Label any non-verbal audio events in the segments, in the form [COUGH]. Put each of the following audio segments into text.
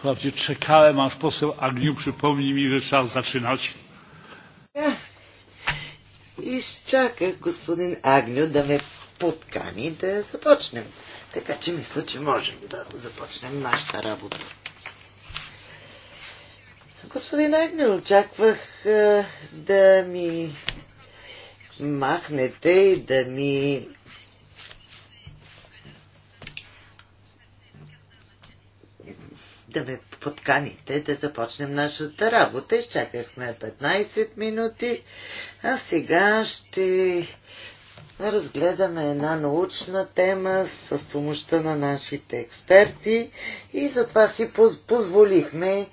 Wprawdzie czekałem, aż poseł Agniu przypomni mi, że trzeba zaczynać. Изчаках господин Агню да ме подкани да започнем. Така че мисля, че можем да започнем нашата работа. Господин Агню, очаквах да ми махнете и да ми подканите да започнем нашата работа. Изчакахме 15 минути, а сега ще разгледаме една научна тема с помощта на нашите експерти и затова си позволихме е,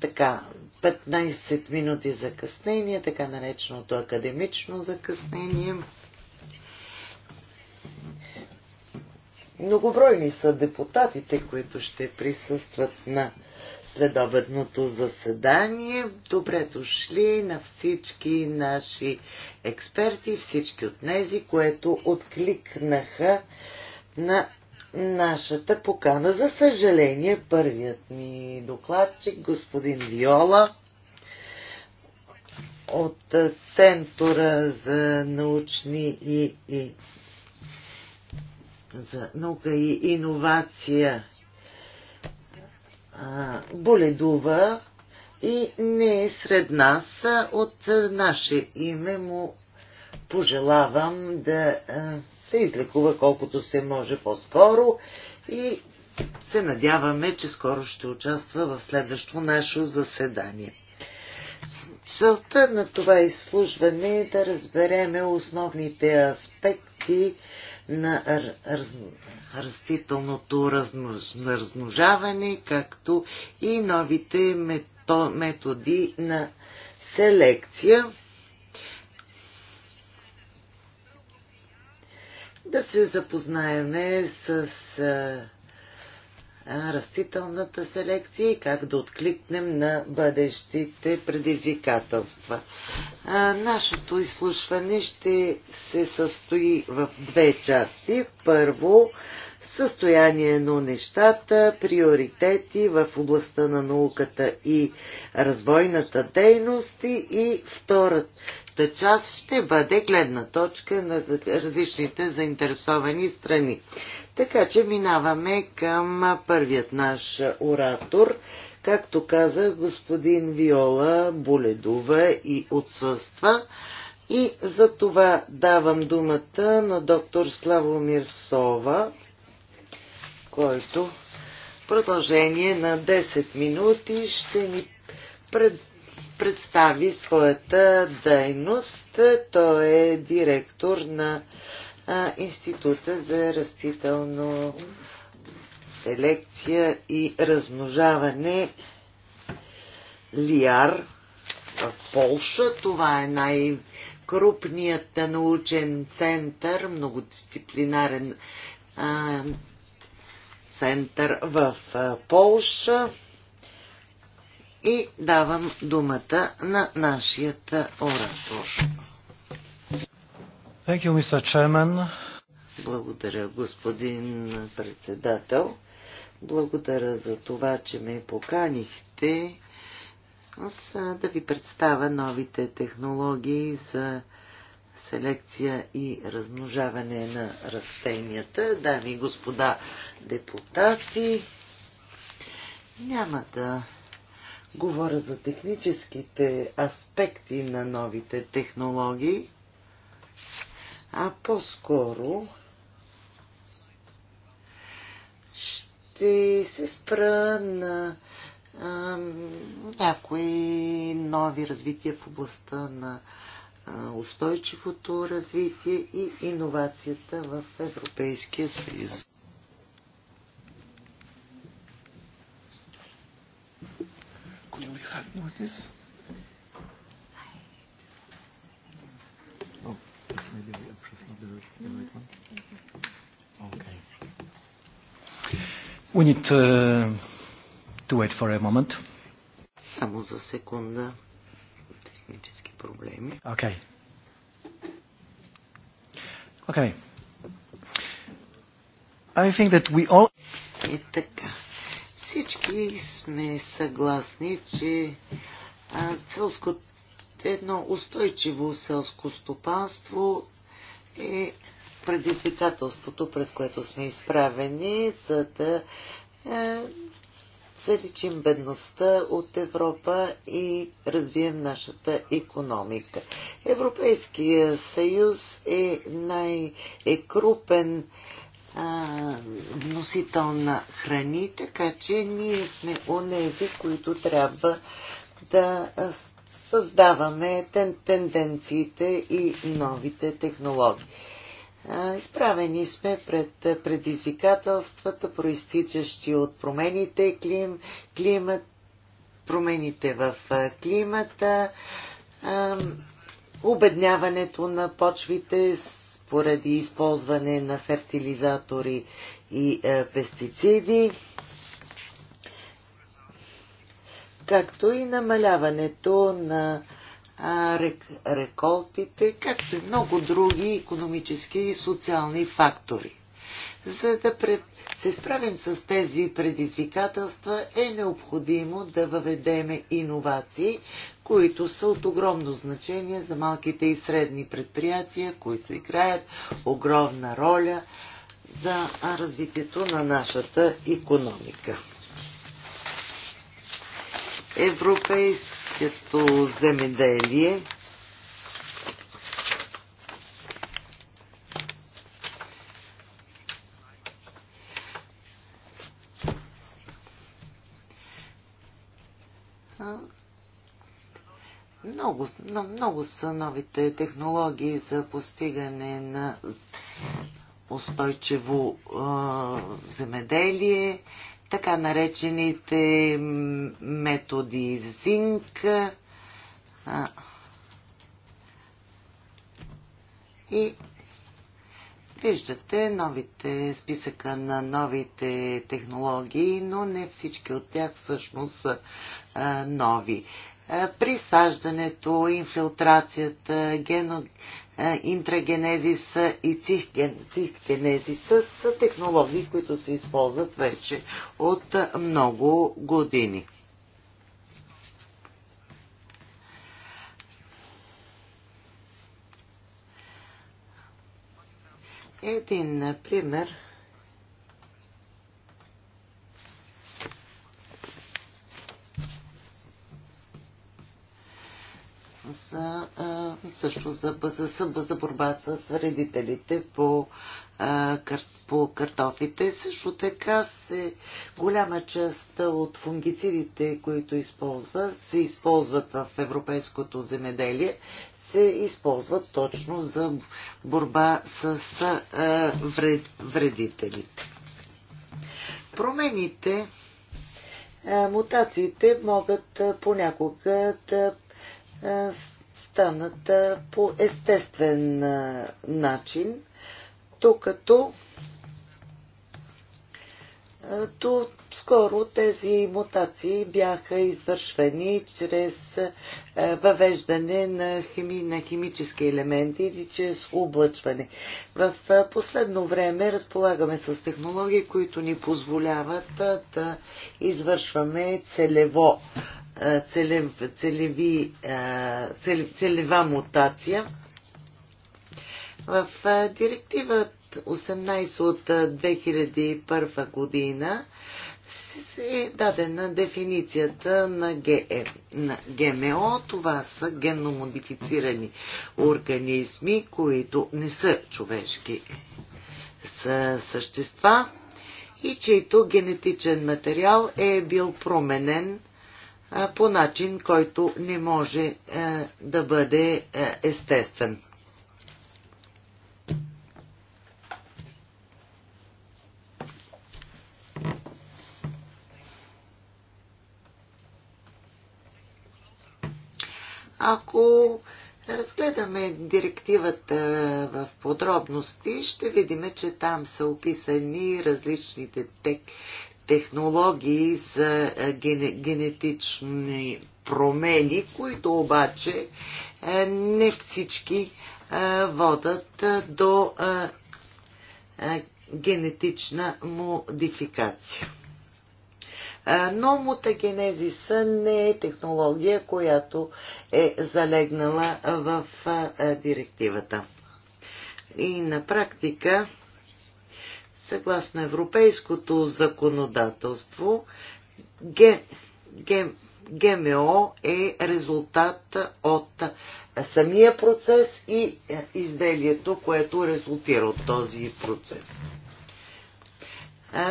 така 15 минути закъснение, така нареченото академично закъснение. Многобройни са депутатите, които ще присъстват на следобедното заседание. Добре дошли на всички наши експерти, всички от нези, които откликнаха на нашата покана. За съжаление, първият ни докладчик, господин Виола, от Центъра за научни и, и за наука и иновация боледува и не е сред нас. От наше име му пожелавам да се излекува колкото се може по-скоро и се надяваме, че скоро ще участва в следващо наше заседание. Целта на това изслужване е да разбереме основните аспекти на раз, растителното размножаване, както и новите мето, методи на селекция. Да се запознаеме с растителната селекция и как да откликнем на бъдещите предизвикателства. Нашето изслушване ще се състои в две части. Първо, състояние на нещата, приоритети в областта на науката и развойната дейност и втората част ще бъде гледна точка на различните заинтересовани страни. Така че минаваме към първият наш оратор, както каза господин Виола боледува и отсъства. И за това давам думата на доктор Славомир Сова, който в продължение на 10 минути ще ни пред, представи своята дейност. Той е директор на а, Института за растително селекция и размножаване Лиар в Полша. Това е най-крупният научен център, многодисциплинарен а, център в а, Полша и давам думата на нашият оратор. Thank you, Mr. Chairman. Благодаря, господин председател. Благодаря за това, че ме поканихте да ви представя новите технологии за селекция и размножаване на растенията. Дами и господа депутати, няма да Говоря за техническите аспекти на новите технологии, а по-скоро ще се спра на а, някои нови развития в областта на устойчивото развитие и иновацията в Европейския съюз. gerade noch das? Oh, that's Okay. We need to, uh, to wait for a moment. Само за секунда. Технически проблеми. Okay. Okay. I think that we all... И така всички сме съгласни, че целско, едно устойчиво селско стопанство е предизвикателството, пред което сме изправени, за да е, заличим бедността от Европа и развием нашата економика. Европейския съюз е най-екрупен е Вносител на храни, така че ние сме онези, които трябва да създаваме тен, тенденциите и новите технологии. Изправени сме пред предизвикателствата, проистичащи от промените клим, климат, промените в климата, обедняването на почвите, поради използване на фертилизатори и е, пестициди, както и намаляването на а, рек, реколтите, както и много други економически и социални фактори. За да пред... се справим с тези предизвикателства е необходимо да въведеме иновации, които са от огромно значение за малките и средни предприятия, които играят огромна роля за развитието на нашата економика. Европейското земеделие но много са новите технологии за постигане на устойчиво а, земеделие, така наречените методи зинк а, и Виждате новите списъка на новите технологии, но не всички от тях всъщност са а, нови. Е, присаждането, инфилтрацията, гено, е, интрагенезис и цихгенезис с технологии, които се използват вече от много години. Един пример – за, също за, за, за борба с вредителите по, по картофите. Също така се голяма част от фунгицидите, които използва, се използват в европейското земеделие, се използват точно за борба с, с а, вред, вредителите. Промените Мутациите могат понякога да е, станат е, по естествен е, начин, докато то скоро тези мутации бяха извършвани чрез въвеждане на, хими, на химически елементи или чрез облъчване. В последно време разполагаме с технологии, които ни позволяват да извършваме целево целев, целеви, цел, целева мутация. В директива 18 от 2001 година се е дадена дефиницията на, ГМ, е, на ГМО. Това са генномодифицирани организми, които не са човешки са същества и чието генетичен материал е бил променен по начин, който не може да бъде естествен. Ако разгледаме директивата в подробности, ще видим, че там са описани различните технологии за е, генетични промени, които обаче е, не всички е, водат до генетична модификация. Но мутагенезиса не е технология, която е залегнала в директивата. И на практика Съгласно европейското законодателство, Г, Г, ГМО е резултат от самия процес и изделието, което резултира от този процес.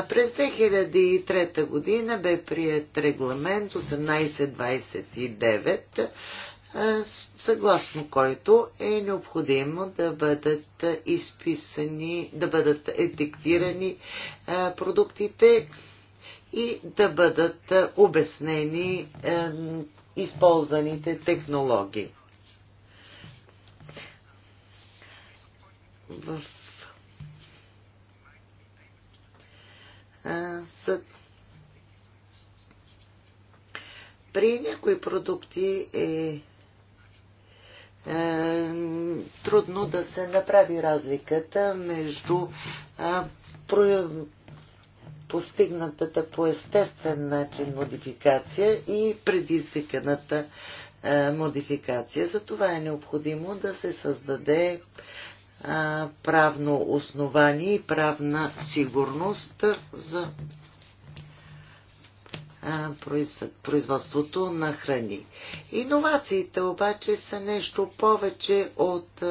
През 2003 година бе прият регламент 1829 съгласно който е необходимо да бъдат изписани, да бъдат етиктирани продуктите и да бъдат обяснени използваните технологии. В при някои продукти е е, трудно да се направи разликата между постигнатата по естествен начин модификация и предизвиканата е, модификация. За това е необходимо да се създаде правно основание и правна сигурност за производството на храни. Иновациите обаче са нещо повече от,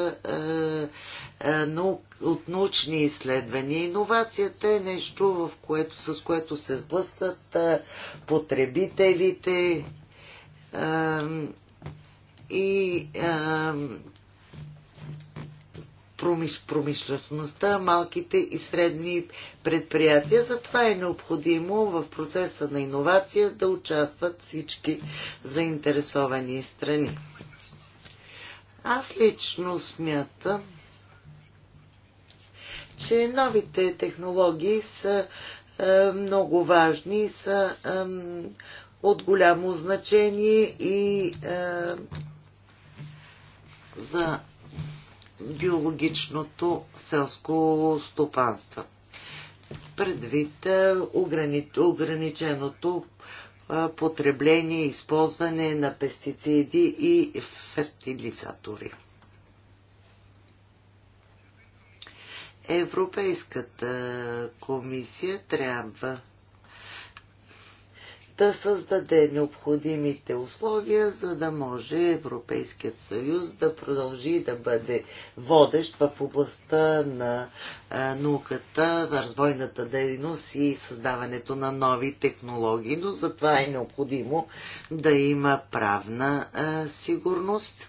от научни изследвания. Иновацията е нещо, в което, с което се сблъскват потребителите и промиш, промишлеността, малките и средни предприятия. Затова е необходимо в процеса на иновация да участват всички заинтересовани страни. Аз лично смятам, че новите технологии са е, много важни и са е, от голямо значение и е, за биологичното селско стопанство. Предвид ограниченото потребление, и използване на пестициди и фертилизатори. Европейската комисия трябва да създаде необходимите условия, за да може Европейският съюз да продължи да бъде водещ в областта на науката, развойната дейност и създаването на нови технологии, но за това е необходимо да има правна сигурност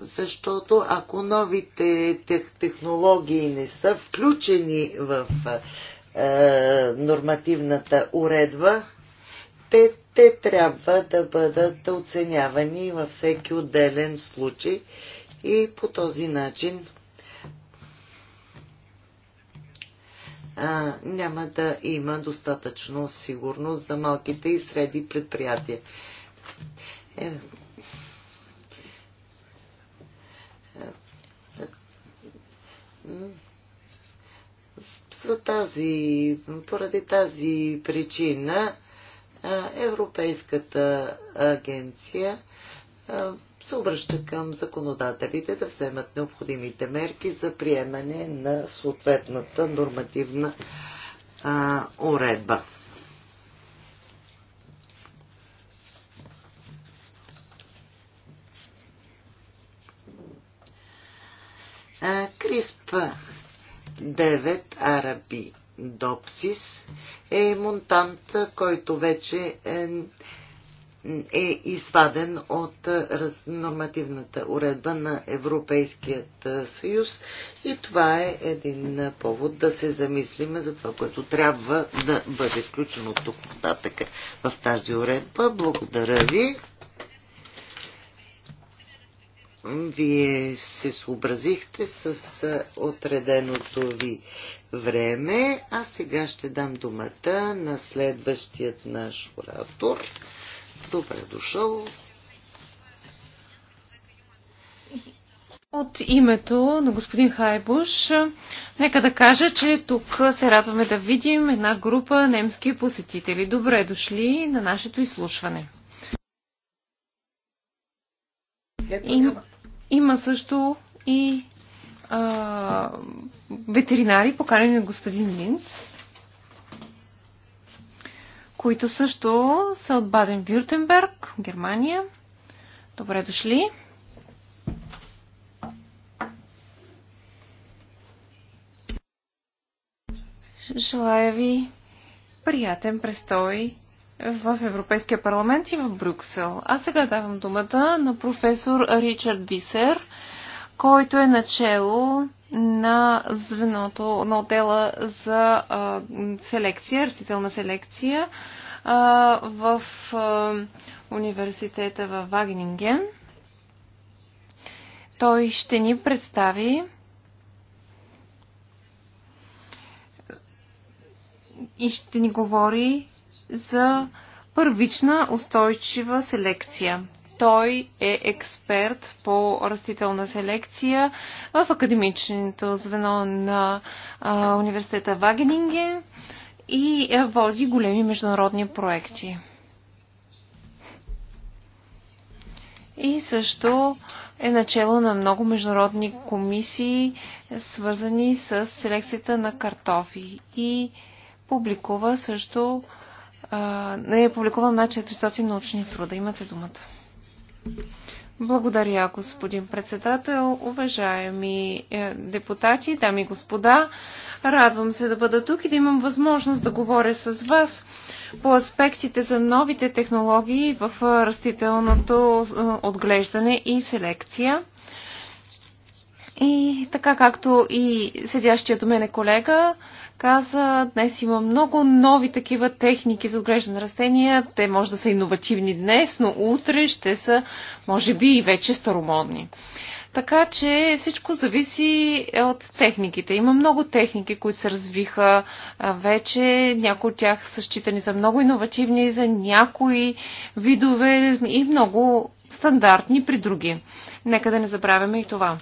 защото ако новите тех, технологии не са включени в е, нормативната уредба, те, те трябва да бъдат оценявани във всеки отделен случай и по този начин а, няма да има достатъчно сигурност за малките и среди предприятия. Е, е, за тази, поради тази причина Европейската агенция се обръща към законодателите да вземат необходимите мерки за приемане на съответната нормативна а, уредба. Криспа 9 Араби Допсис е монтант, който вече е, е изваден от нормативната уредба на Европейският е, съюз и това е един повод да се замислиме за това, което трябва да бъде включено тук нататък в тази уредба. Благодаря ви вие се съобразихте с отреденото ви време, а сега ще дам думата на следващият наш оратор. Добре дошъл. От името на господин Хайбуш, нека да кажа, че тук се радваме да видим една група немски посетители. Добре дошли на нашето изслушване. И... Има също и а, ветеринари, поканени от господин Линц, които също са от Баден-Вюртенберг, Германия. Добре дошли! Желая ви приятен престой в Европейския парламент и в Брюксел. А сега давам думата на професор Ричард Бисер, който е начело на звеното на отдела за а, селекция, растителна селекция а, в а, университета в Вагнинген. Той ще ни представи и ще ни говори за първична устойчива селекция. Той е експерт по растителна селекция в академичното звено на а, университета Вагенинге и води големи международни проекти. И също е начало на много международни комисии, свързани с селекцията на картофи. И публикува също е публикувал над 400 научни труда. Имате думата. Благодаря, господин председател, уважаеми е, депутати, дами и господа. Радвам се да бъда тук и да имам възможност да говоря с вас по аспектите за новите технологии в е, растителното е, отглеждане и селекция. И така както и седящия до мене колега, каза, днес има много нови такива техники за отглеждане на растения. Те може да са иновативни днес, но утре ще са, може би, и вече старомодни. Така че всичко зависи от техниките. Има много техники, които се развиха вече. Някои от тях са считани за много иновативни, за някои видове и много стандартни при други. Нека да не забравяме и това.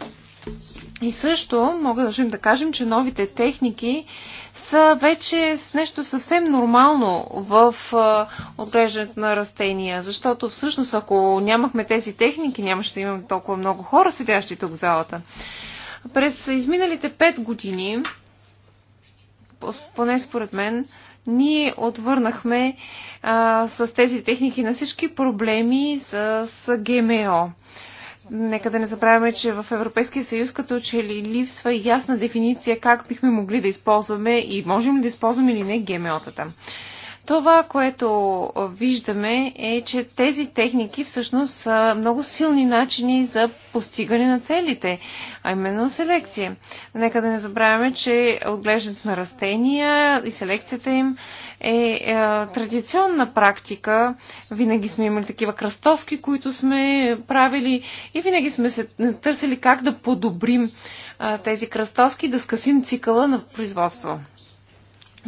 И също можем да кажем, че новите техники са вече с нещо съвсем нормално в отглеждането на растения, защото всъщност ако нямахме тези техники, нямаше да имаме толкова много хора, седящи тук в залата. През изминалите 5 години, поне според мен, ние отвърнахме а, с тези техники на всички проблеми с, с ГМО. Нека да не забравяме, че в Европейския съюз като че ли липсва ясна дефиниция как бихме могли да използваме и можем да използваме или не ГМО-тата. Това, което виждаме е, че тези техники всъщност са много силни начини за постигане на целите, а именно селекция. Нека да не забравяме, че отглеждането на растения и селекцията им е, е традиционна практика. Винаги сме имали такива кръстоски, които сме правили и винаги сме се търсили как да подобрим тези кръстоски, да скъсим цикъла на производство.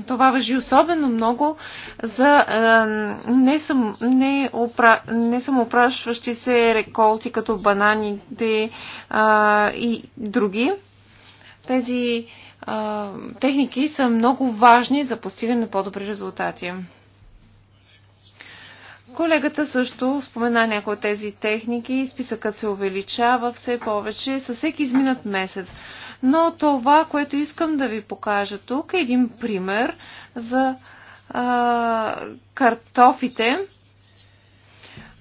Това въжи особено много за е, не, съм, не, опра, не самоопрашващи се реколти, като бананите е, и други. Тези е, техники са много важни за постигане на по-добри резултати. Колегата също спомена някои от тези техники. Списъкът се увеличава все повече със всеки изминат месец. Но това, което искам да ви покажа тук е един пример за а, картофите,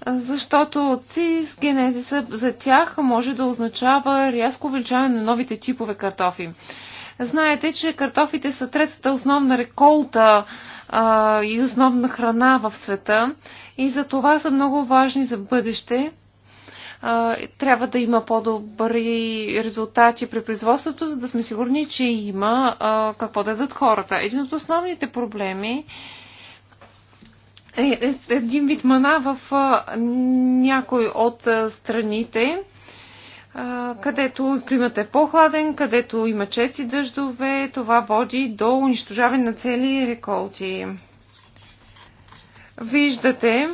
защото цис генезиса за тях може да означава рязко увеличаване на новите типове картофи. Знаете, че картофите са третата основна реколта а, и основна храна в света и за това са много важни за бъдеще трябва да има по-добри резултати при производството, за да сме сигурни, че има какво да дадат хората. Един от основните проблеми е, е един вид мана в някой от страните, където климата е по-хладен, където има чести дъждове, това води до унищожаване на цели реколти. Виждате,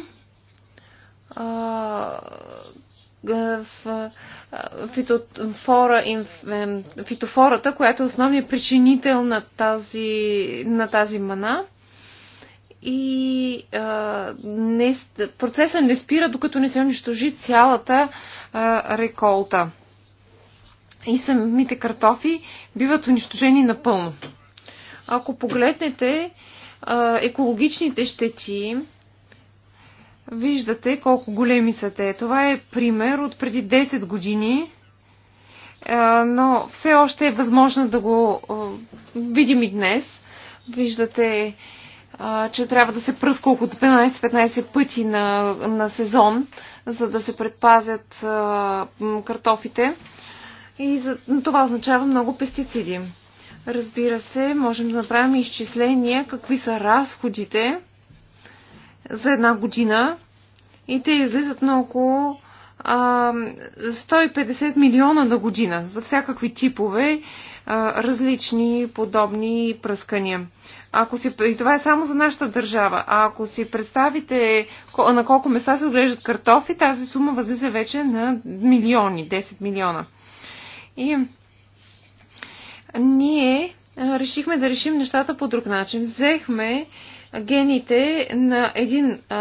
в е, фитофората, която е основният причинител на тази, на тази мана. И а, не, процеса не спира, докато не се унищожи цялата а, реколта. И самите картофи биват унищожени напълно. Ако погледнете а, екологичните щети, Виждате колко големи са те. Това е пример от преди 10 години, но все още е възможно да го видим и днес. Виждате, че трябва да се пръска около 15-15 пъти на, на сезон, за да се предпазят картофите. И за, това означава много пестициди. Разбира се, можем да направим изчисления какви са разходите за една година и те излизат на около а, 150 милиона на година за всякакви типове а, различни подобни пръскания. Ако си, и това е само за нашата държава. А ако си представите на колко места се отглеждат картофи, тази сума възлиза вече на милиони, 10 милиона. И ние решихме да решим нещата по друг начин. Взехме гените на един, а,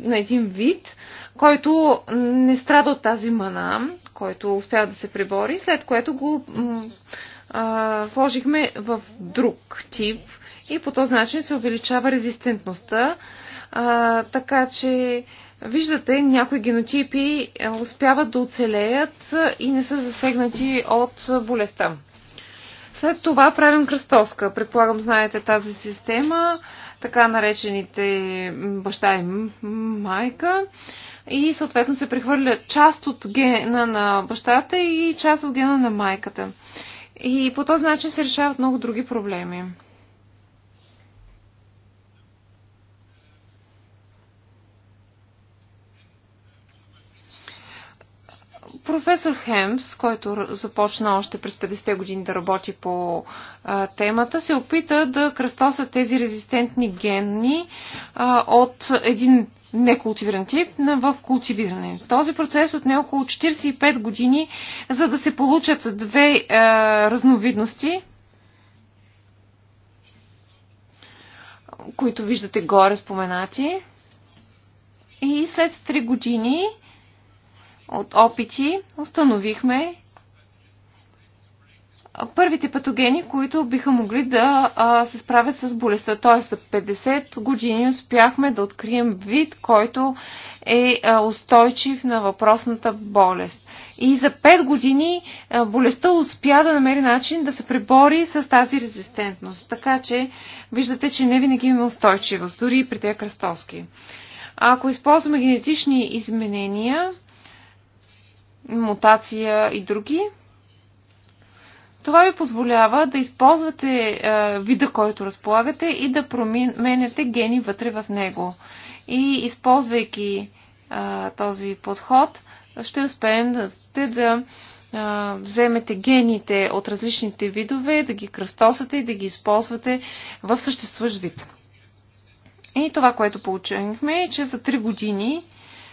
на един вид, който не страда от тази мана, който успява да се прибори, след което го а, сложихме в друг тип и по този начин се увеличава резистентността. А, така че виждате, някои генотипи успяват да оцелеят и не са засегнати от болестта. След това правим кръстоска. Предполагам, знаете тази система, така наречените баща и майка. И съответно се прехвърля част от гена на бащата и част от гена на майката. И по този начин се решават много други проблеми. Професор Хемс, който започна още през 50-те години да работи по а, темата, се опита да кръстоса тези резистентни генни а, от един некултивиран тип в култивиране. Този процес отне около 45 години, за да се получат две а, е, разновидности, които виждате горе споменати. И след 3 години от опити установихме първите патогени, които биха могли да а, се справят с болестта. Т.е. за 50 години успяхме да открием вид, който е а, устойчив на въпросната болест. И за 5 години а, болестта успя да намери начин да се пребори с тази резистентност. Така че виждате, че не винаги има устойчивост, дори и при тези кръстовски. Ако използваме генетични изменения, мутация и други. Това ви позволява да използвате е, вида, който разполагате и да променяте гени вътре в него. И използвайки е, този подход, ще успеем да, сте да е, вземете гените от различните видове, да ги кръстосате и да ги използвате в съществуващ вид. И това, което получихме е, че за 3 години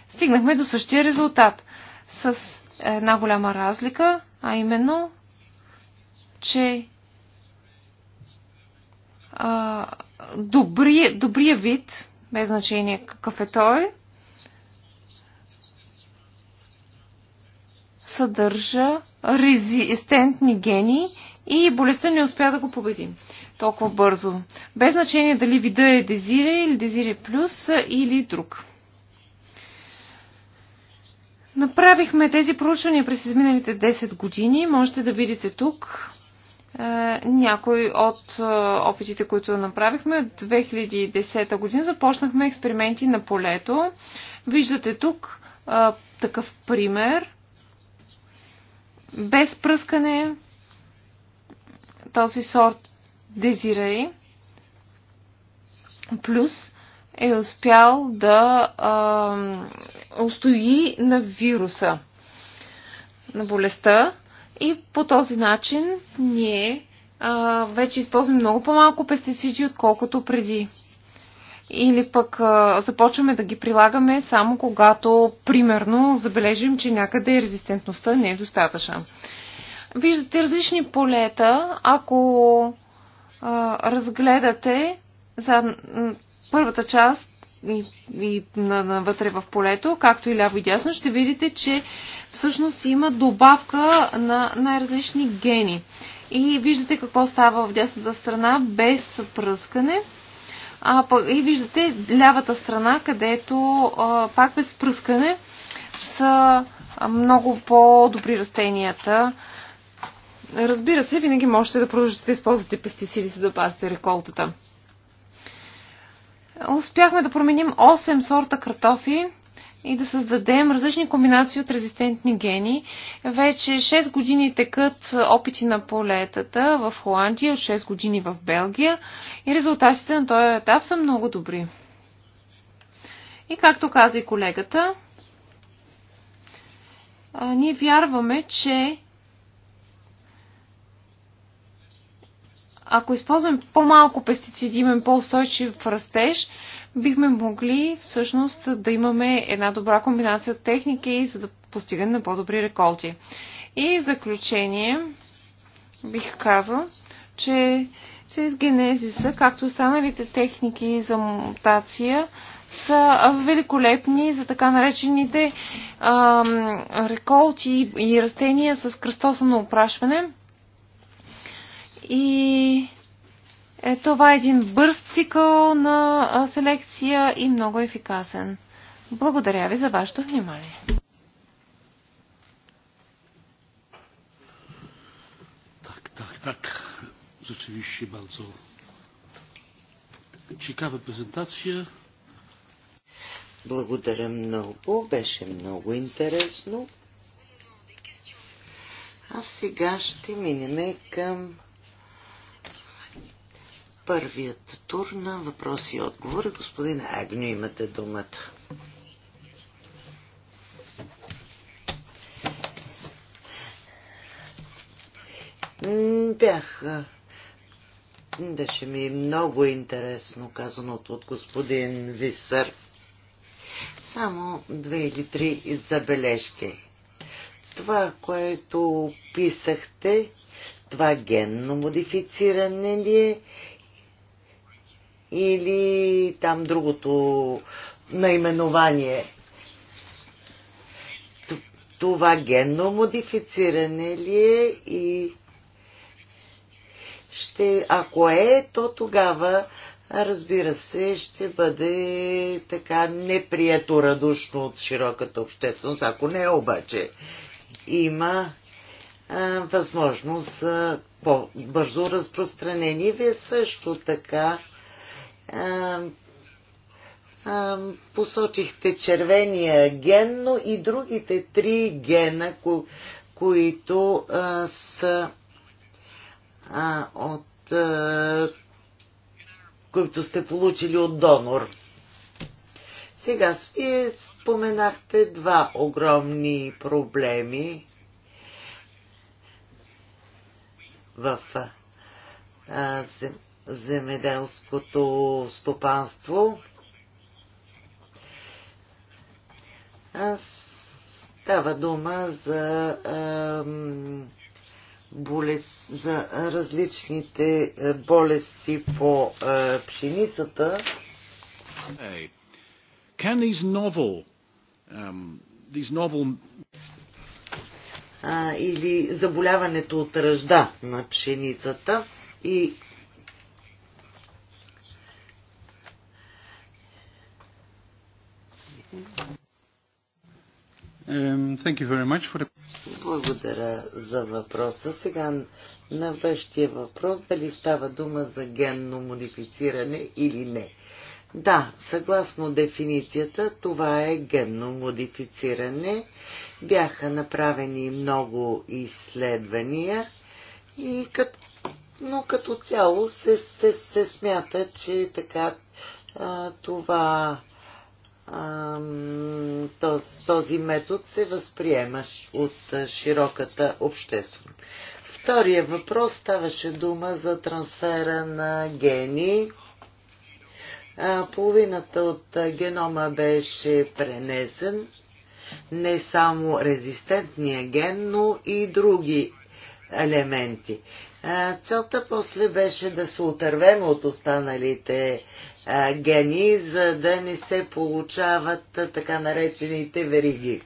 стигнахме до същия резултат с една голяма разлика, а именно, че а, добри, добрия вид, без значение какъв е той, съдържа резистентни гени и болестта не успя да го победи толкова бързо. Без значение дали вида е Дезире или Дезире Плюс или друг. Направихме тези проучвания през изминалите 10 години. Можете да видите тук е, някои от е, опитите, които направихме. От 2010 година започнахме експерименти на полето. Виждате тук е, такъв пример. Без пръскане този сорт Дезирей плюс е успял да а, устои на вируса, на болестта. И по този начин ние а, вече използваме много по-малко пестициди, отколкото преди. Или пък а, започваме да ги прилагаме само когато, примерно, забележим, че някъде резистентността не е достатъчна. Виждате различни полета, ако а, разгледате за първата част и, и навътре в полето, както и ляво и дясно, ще видите, че всъщност има добавка на най-различни гени. И виждате какво става в дясната страна без пръскане. А, и виждате лявата страна, където а, пак без пръскане са много по-добри растенията. Разбира се, винаги можете да продължите да използвате пестициди, за да пазите реколтата успяхме да променим 8 сорта картофи и да създадем различни комбинации от резистентни гени. Вече 6 години текат опити на полетата в Холандия, 6 години в Белгия и резултатите на този етап са много добри. И както каза и колегата, ние вярваме, че Ако използваме по-малко пестициди, имаме по-устойчив растеж, бихме могли всъщност да имаме една добра комбинация от техники, за да постигане на по-добри реколти. И в заключение бих казал, че с генезиса, както останалите техники за мутация, са великолепни за така наречените а, реколти и растения с кръстосано опрашване. И е, това е един бърз цикъл на селекция и много ефикасен. Благодаря ви за вашето внимание. Так, так, так. Rzeczywiście bardzo Чекава презентация. Благодаря много. Беше много интересно. А сега ще минеме към първият тур на въпроси и отговори. Господин Агню, имате думата. Бях. Беше ми много интересно казаното от господин Висър. Само две или три забележки. Това, което писахте, това генно модифициране ли е или там другото наименование. Това генно модифициране ли е и ще, ако е, то тогава разбира се, ще бъде така неприето радушно от широката общественост. Ако не, обаче, има а, възможност за по-бързо разпространение. Вие също така посочихте червения ген, но и другите три гена, ко, които а, са а, от а, които сте получили от донор. Сега, вие споменахте два огромни проблеми в а, земеделското стопанство. Става дума за болез, за различните е, болести по е, пшеницата. Can these novel, um, these novel... А, или заболяването от ръжда на пшеницата и For... Благодаря за въпроса. Сега на вещия въпрос, дали става дума за генно модифициране или не. Да, съгласно дефиницията, това е генно модифициране. Бяха направени много изследвания и като, но като цяло се, се, се смята, че така а, това този, този метод се възприема от широката общественост. Втория въпрос ставаше дума за трансфера на гени. Половината от генома беше пренесен. Не само резистентния ген, но и други елементи. Целта после беше да се отървем от останалите гени, за да не се получават така наречените вериги.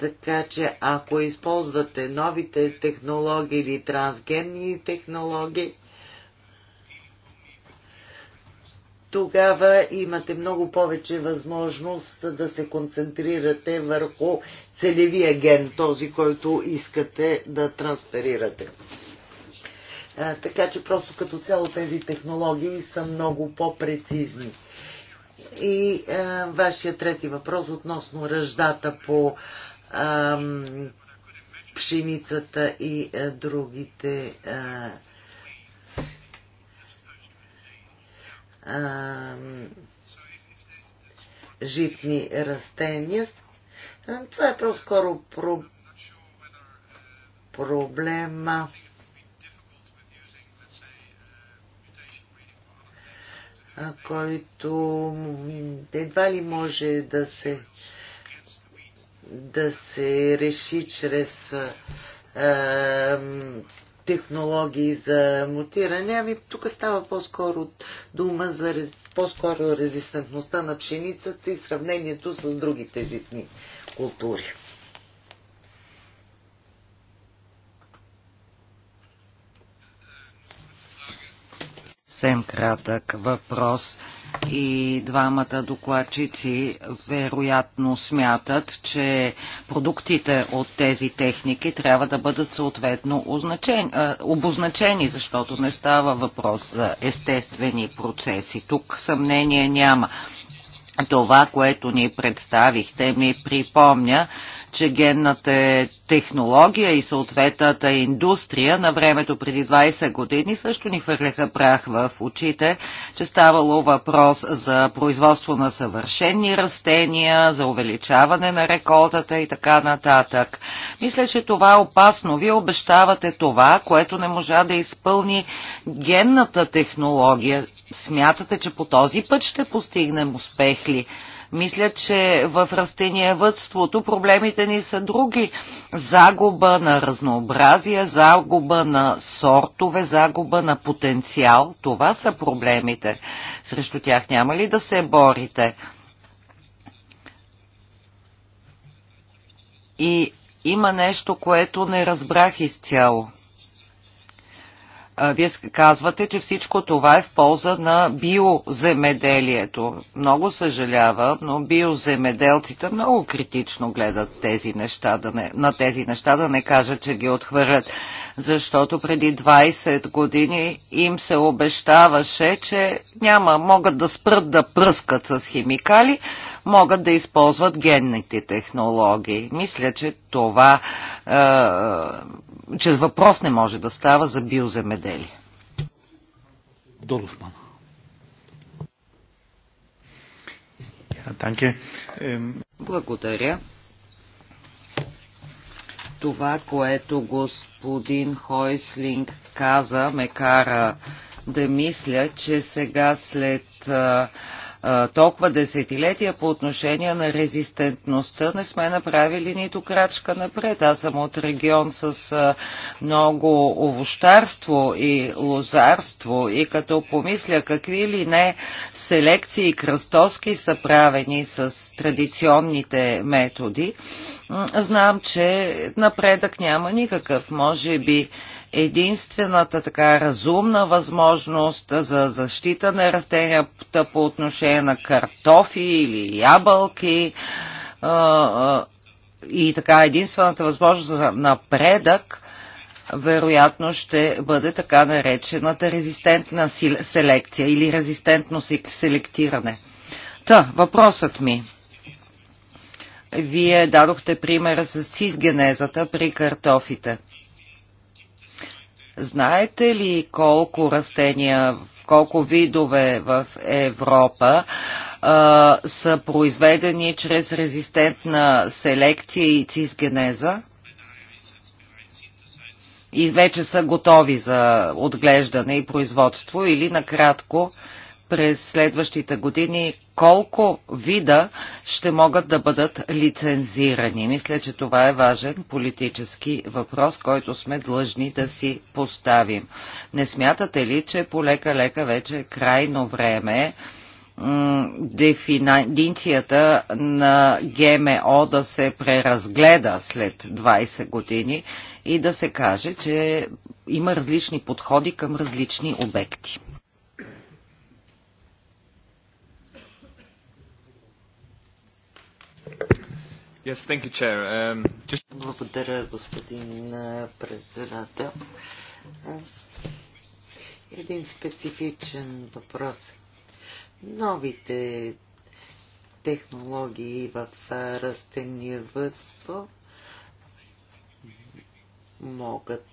Така че ако използвате новите технологии или трансгенни технологии, тогава имате много повече възможност да се концентрирате върху целевия ген, този, който искате да трансферирате така че просто като цяло тези технологии са много по-прецизни. И а, вашия трети въпрос относно ръждата по а, пшеницата и а, другите а, а, житни растения. Това е просто скоро про... проблема. който едва ли може да се, да се реши чрез а, технологии за мутиране. Ами тук става по-скоро дума за по-скоро резистентността на пшеницата и сравнението с другите житни култури. съвсем кратък въпрос и двамата докладчици вероятно смятат, че продуктите от тези техники трябва да бъдат съответно обозначени, защото не става въпрос за естествени процеси. Тук съмнение няма. Това, което ни представихте, ми припомня, че генната е технология и съответната индустрия на времето преди 20 години също ни фърляха прах в очите, че ставало въпрос за производство на съвършенни растения, за увеличаване на реколтата и така нататък. Мисля, че това е опасно. Вие обещавате това, което не можа да изпълни генната технология. Смятате, че по този път ще постигнем успех ли? Мисля, че в растениевътството проблемите ни са други. Загуба на разнообразие, загуба на сортове, загуба на потенциал. Това са проблемите. Срещу тях няма ли да се борите? И има нещо, което не разбрах изцяло вие казвате, че всичко това е в полза на биоземеделието. Много съжалявам, но биоземеделците много критично гледат тези неща, да не, на тези неща, да не кажат, че ги отхвърлят. Защото преди 20 години им се обещаваше, че няма, могат да спрат да пръскат с химикали, могат да използват генните технологии. Мисля, че това е, че въпрос не може да става за биоземеделие. Доловман. Ehm, Благодаря. Това, което господин Хойслинг каза, ме кара да мисля, че сега след а, толкова десетилетия по отношение на резистентността не сме направили нито крачка напред. Аз съм от регион с много овощарство и лозарство и като помисля какви ли не селекции и кръстоски са правени с традиционните методи, знам, че напредък няма никакъв. Може би единствената така разумна възможност за защита на растенията по отношение на картофи или ябълки и така единствената възможност за напредък вероятно ще бъде така наречената резистентна селекция или резистентно селектиране. Та, въпросът ми. Вие дадохте примера с цизгенезата при картофите – Знаете ли колко растения, колко видове в Европа а, са произведени чрез резистентна селекция и цизгенеза? И вече са готови за отглеждане и производство или накратко през следващите години колко вида ще могат да бъдат лицензирани. Мисля, че това е важен политически въпрос, който сме длъжни да си поставим. Не смятате ли, че полека-лека вече е крайно време дефиницията на ГМО да се преразгледа след 20 години и да се каже, че има различни подходи към различни обекти. Yes, thank you, Chair. Um, just... Благодаря, господин председател. Аз един специфичен въпрос. Новите технологии в растениевътство могат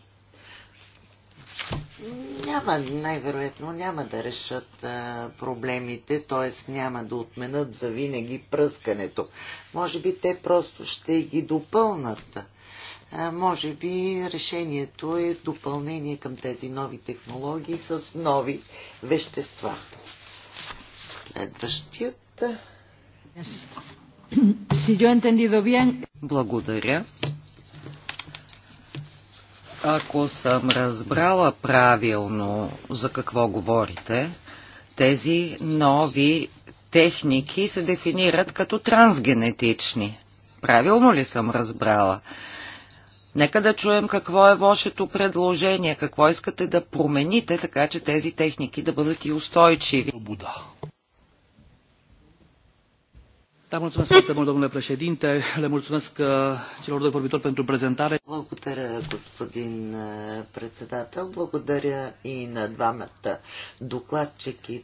няма, най-вероятно няма да решат а, проблемите, т.е. няма да отменят за винаги пръскането. Може би те просто ще ги допълнат. А, може би решението е допълнение към тези нови технологии с нови вещества. Следващият. Благодаря. Ако съм разбрала правилно за какво говорите, тези нови техники се дефинират като трансгенетични. Правилно ли съм разбрала? Нека да чуем какво е вашето предложение, какво искате да промените, така че тези техники да бъдат и устойчиви. Буда. Da, mulțumesc foarte mult, domnule președinte. Le mulțumesc uh, celor doi vorbitori pentru prezentare. Благодаря, господин uh, председател. Благодаря и на двамата докладчици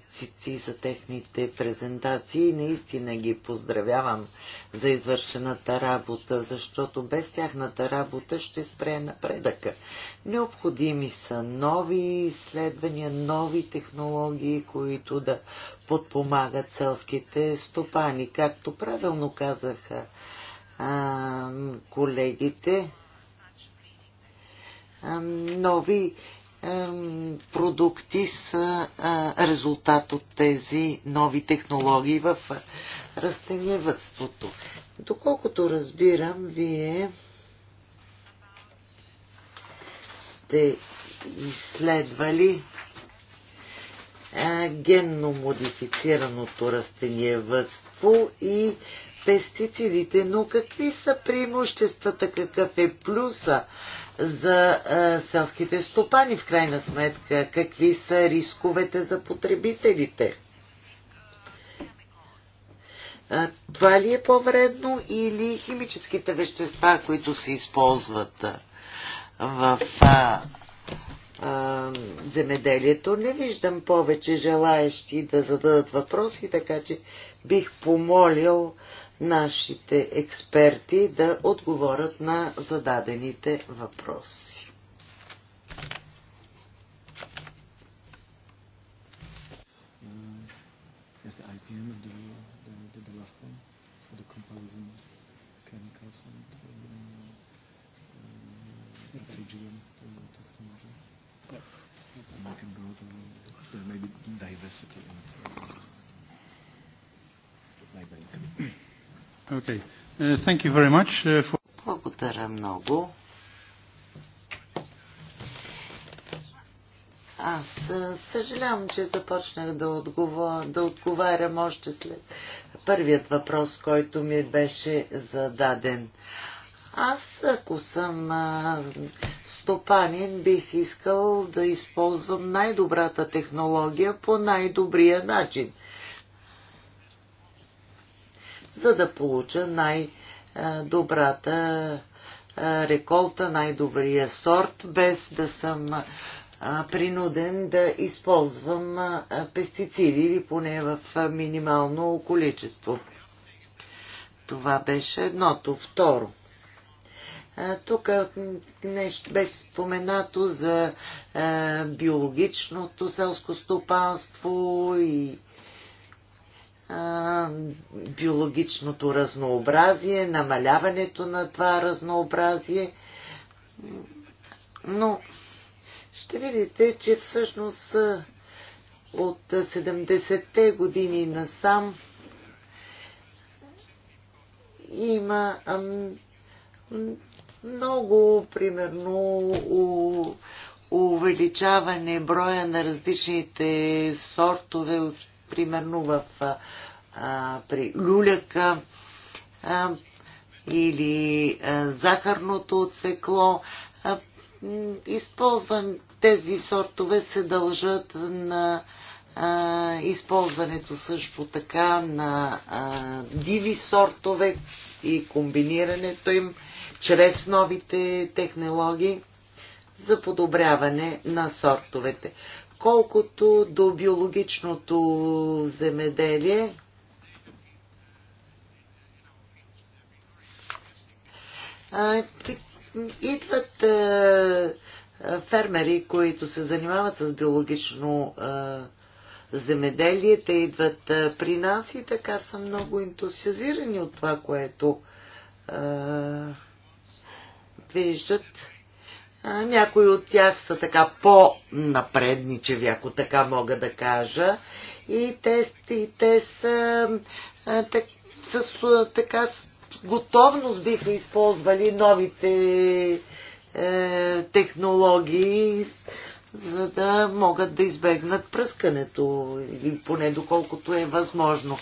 за техните презентации. Наистина ги поздравявам за извършената работа, защото без тяхната работа ще спре напредъка. Необходими са нови изследвания, нови технологии, които да подпомагат селските стопани. Както правилно казаха а, колегите, а, нови а, продукти са а, резултат от тези нови технологии в растениевътството. Доколкото разбирам, вие сте изследвали генно модифицираното растениевътство и пестицидите. Но какви са преимуществата, какъв е плюса за а, селските стопани в крайна сметка? Какви са рисковете за потребителите? А, това ли е по-вредно или химическите вещества, които се използват в а, а, земеделието. Не виждам повече желаещи да зададат въпроси, така че бих помолил нашите експерти да отговорят на зададените въпроси. there may be diversity in Okay. Uh, thank you very much uh, for... Благодаря много. Аз съжалявам, че започнах да, отговор, да отговарям още след първият въпрос, който ми беше зададен. Аз, ако съм а, стопанин, бих искал да използвам най-добрата технология по най-добрия начин, за да получа най-добрата реколта, най-добрия сорт, без да съм принуден да използвам пестициди или поне в минимално количество. Това беше едното. Второ – тук нещо бе споменато за биологичното селско стопанство и биологичното разнообразие, намаляването на това разнообразие. Но ще видите, че всъщност от 70-те години насам има много, примерно, у, увеличаване броя на различните сортове, примерно в а, при люляка а, или а, захарното цвекло. А, използвам тези сортове се дължат на а, използването също така на а, диви сортове и комбинирането им чрез новите технологии за подобряване на сортовете. Колкото до биологичното земеделие, идват фермери, които се занимават с биологично земеделие, те идват при нас и така са много ентусиазирани от това, което предвиждат. Някои от тях са така по-напредничеви, ако така мога да кажа. И те, и те са так, с, така с готовност биха използвали новите е, технологии, за да могат да избегнат пръскането, или поне доколкото е възможно.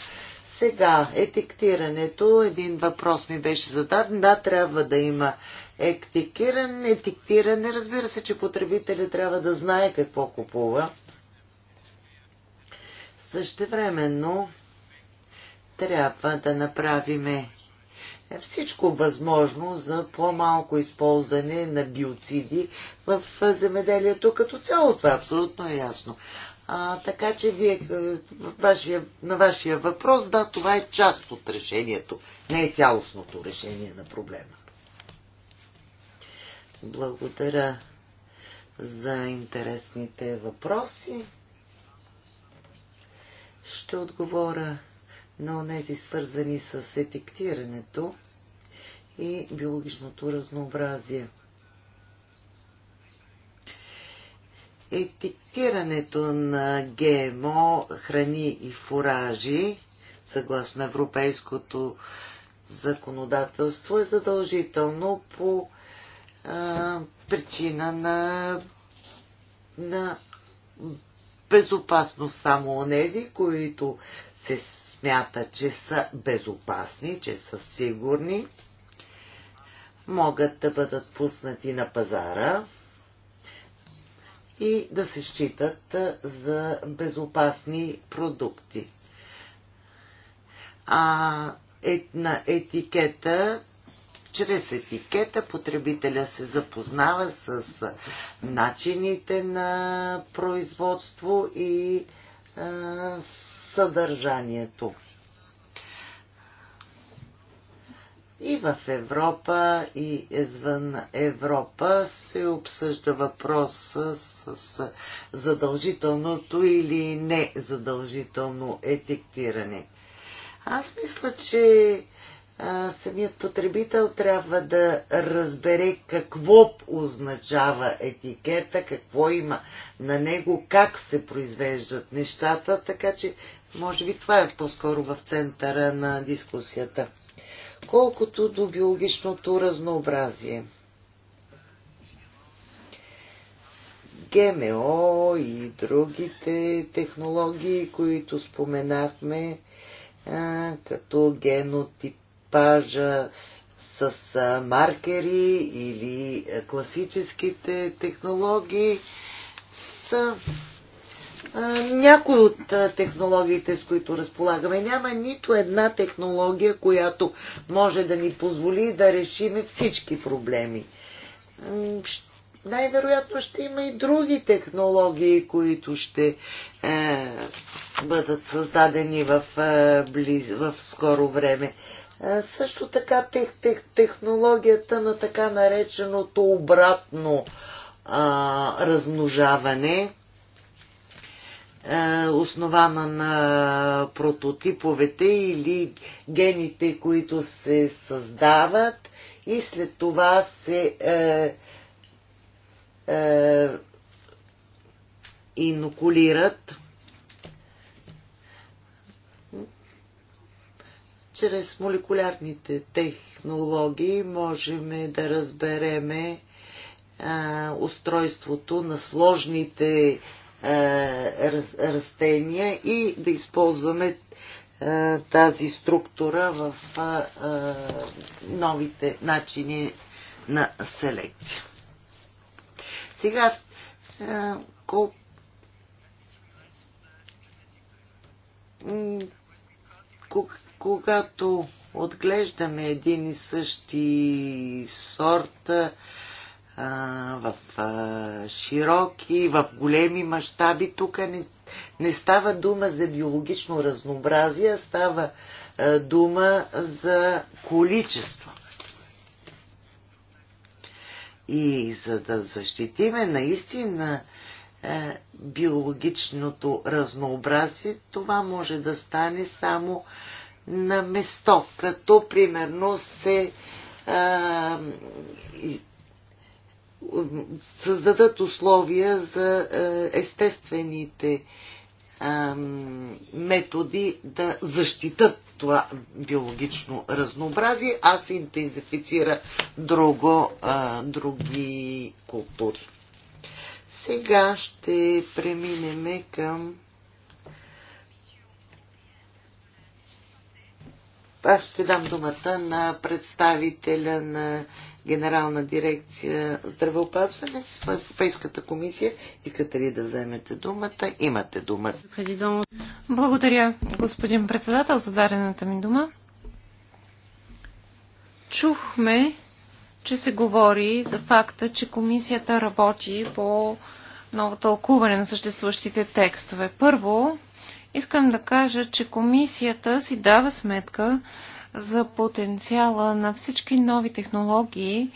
Сега, етиктирането, един въпрос ми беше зададен. Да, трябва да има ектикиране, етиктиране. Разбира се, че потребителя трябва да знае какво купува. Същевременно трябва да направиме всичко възможно за по-малко използване на биоциди в земеделието като цяло. Това е абсолютно ясно. А, така че вие, вашия, на вашия въпрос, да, това е част от решението. Не е цялостното решение на проблема. Благодаря за интересните въпроси. Ще отговоря на тези, свързани с етиктирането и биологичното разнообразие. Етиктирането на ГМО, храни и фуражи, съгласно европейското законодателство, е задължително по а, причина на, на безопасност само онези, които се смята, че са безопасни, че са сигурни, могат да бъдат пуснати на пазара и да се считат за безопасни продукти. А на етикета чрез етикета потребителя се запознава с начините на производство и съдържанието. И в Европа, и извън Европа се обсъжда въпроса с, с задължителното или незадължително етиктиране. Аз мисля, че самият потребител трябва да разбере какво означава етикета, какво има на него, как се произвеждат нещата, така че може би това е по-скоро в центъра на дискусията. Колкото до биологичното разнообразие. ГМО и другите технологии, които споменахме, като генотип пажа с маркери или класическите технологии са някои от технологиите, с които разполагаме. Няма нито една технология, която може да ни позволи да решиме всички проблеми. Най-вероятно ще има и други технологии, които ще е, бъдат създадени в, е, близ, в скоро време. Също така тех, тех, технологията на така нареченото обратно а, размножаване, а, основана на прототиповете или гените, които се създават и след това се а, е, а, е, инокулират чрез молекулярните технологии можем да разбереме а, устройството на сложните а, растения и да използваме а, тази структура в а, а, новите начини на селекция. Сега, а, колко когато отглеждаме един и същи сорт а, в а, широки, в големи мащаби, тук не, не става дума за биологично разнообразие, става а, дума за количество. И за да защитиме наистина биологичното разнообразие, това може да стане само на место, като примерно се а, създадат условия за естествените а, методи да защитат това биологично разнообразие, а се интензифицира друго, а, други култури. Сега ще преминеме към Аз ще дам думата на представителя на Генерална дирекция здравеопазване с Европейската комисия. Искате ли да вземете думата? Имате думата. Благодаря, господин председател, за дарената ми дума. Чухме, че се говори за факта, че комисията работи по ново тълкуване на съществуващите текстове. Първо, Искам да кажа, че комисията си дава сметка за потенциала на всички нови технологии,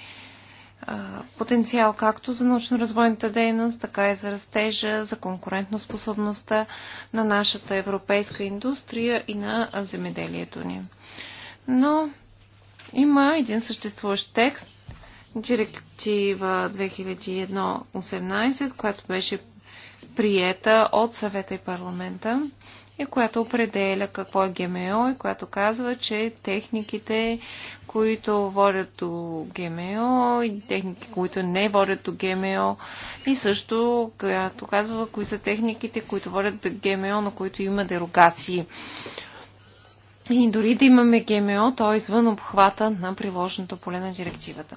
потенциал както за научно-развойната дейност, така и за растежа, за конкурентоспособността на нашата европейска индустрия и на земеделието ни. Но има един съществуващ текст, директива 2001-18, която беше приета от съвета и парламента и която определя какво е ГМО и която казва, че техниките, които водят до ГМО и техники, които не водят до ГМО и също която казва кои са техниките, които водят до ГМО, на които има дерогации. И дори да имаме ГМО, то е извън обхвата на приложеното поле на директивата.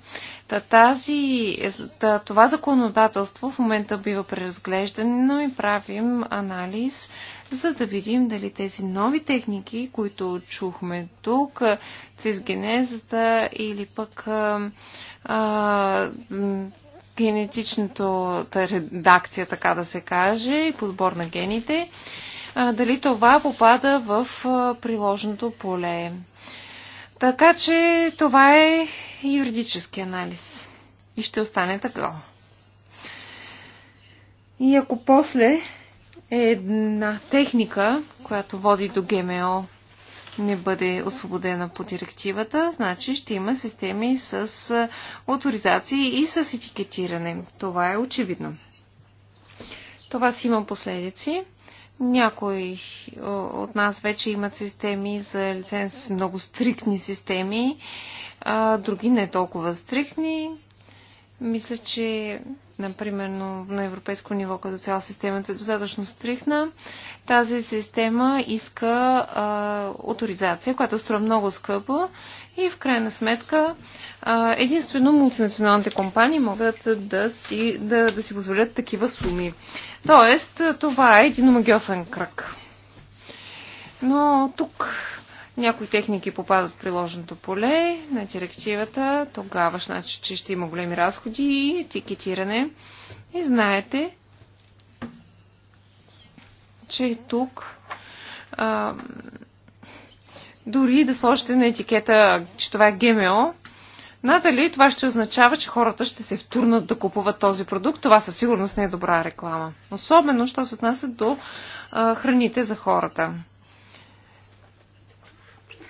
Та, тази, та, това законодателство в момента бива преразглеждано и правим анализ, за да видим дали тези нови техники, които чухме тук, цизгенезата или пък а, а, генетичната редакция, така да се каже, и подбор на гените, а, дали това попада в приложното поле. Така че това е юридически анализ и ще остане така. И ако после е една техника, която води до ГМО, не бъде освободена по директивата, значи ще има системи с авторизации и с етикетиране. Това е очевидно. Това си има последици. Някои от нас вече имат системи за лиценз, много стриктни системи, а други не толкова стриктни. Мисля, че, например, на европейско ниво като цяло системата е достатъчно стрихна. Тази система иска а, авторизация, която струва много скъпо и в крайна сметка единствено мултинационалните компании могат да си, да, да си позволят такива суми. Тоест, това е един магиосен кръг. Но тук някои техники попадат в приложеното поле на директивата, тогава значи, че ще има големи разходи и етикетиране. И знаете, че тук а, дори да сложите на етикета, че това е ГМО, Надали това ще означава, че хората ще се втурнат да купуват този продукт. Това със сигурност не е добра реклама. Особено, що се отнася до а, храните за хората.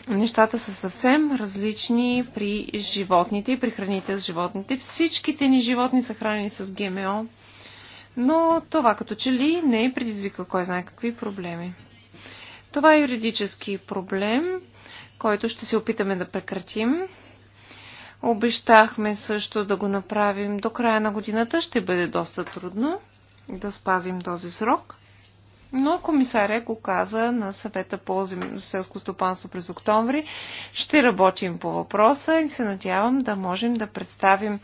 Нещата са съвсем различни при животните и при храните с животните. Всичките ни животни са хранени с ГМО, но това като че ли не е предизвиква кой знае какви проблеми. Това е юридически проблем, който ще се опитаме да прекратим Обещахме също да го направим до края на годината. Ще бъде доста трудно да спазим този срок. Но комисаря го каза на съвета по селско стопанство през октомври. Ще работим по въпроса и се надявам да можем да представим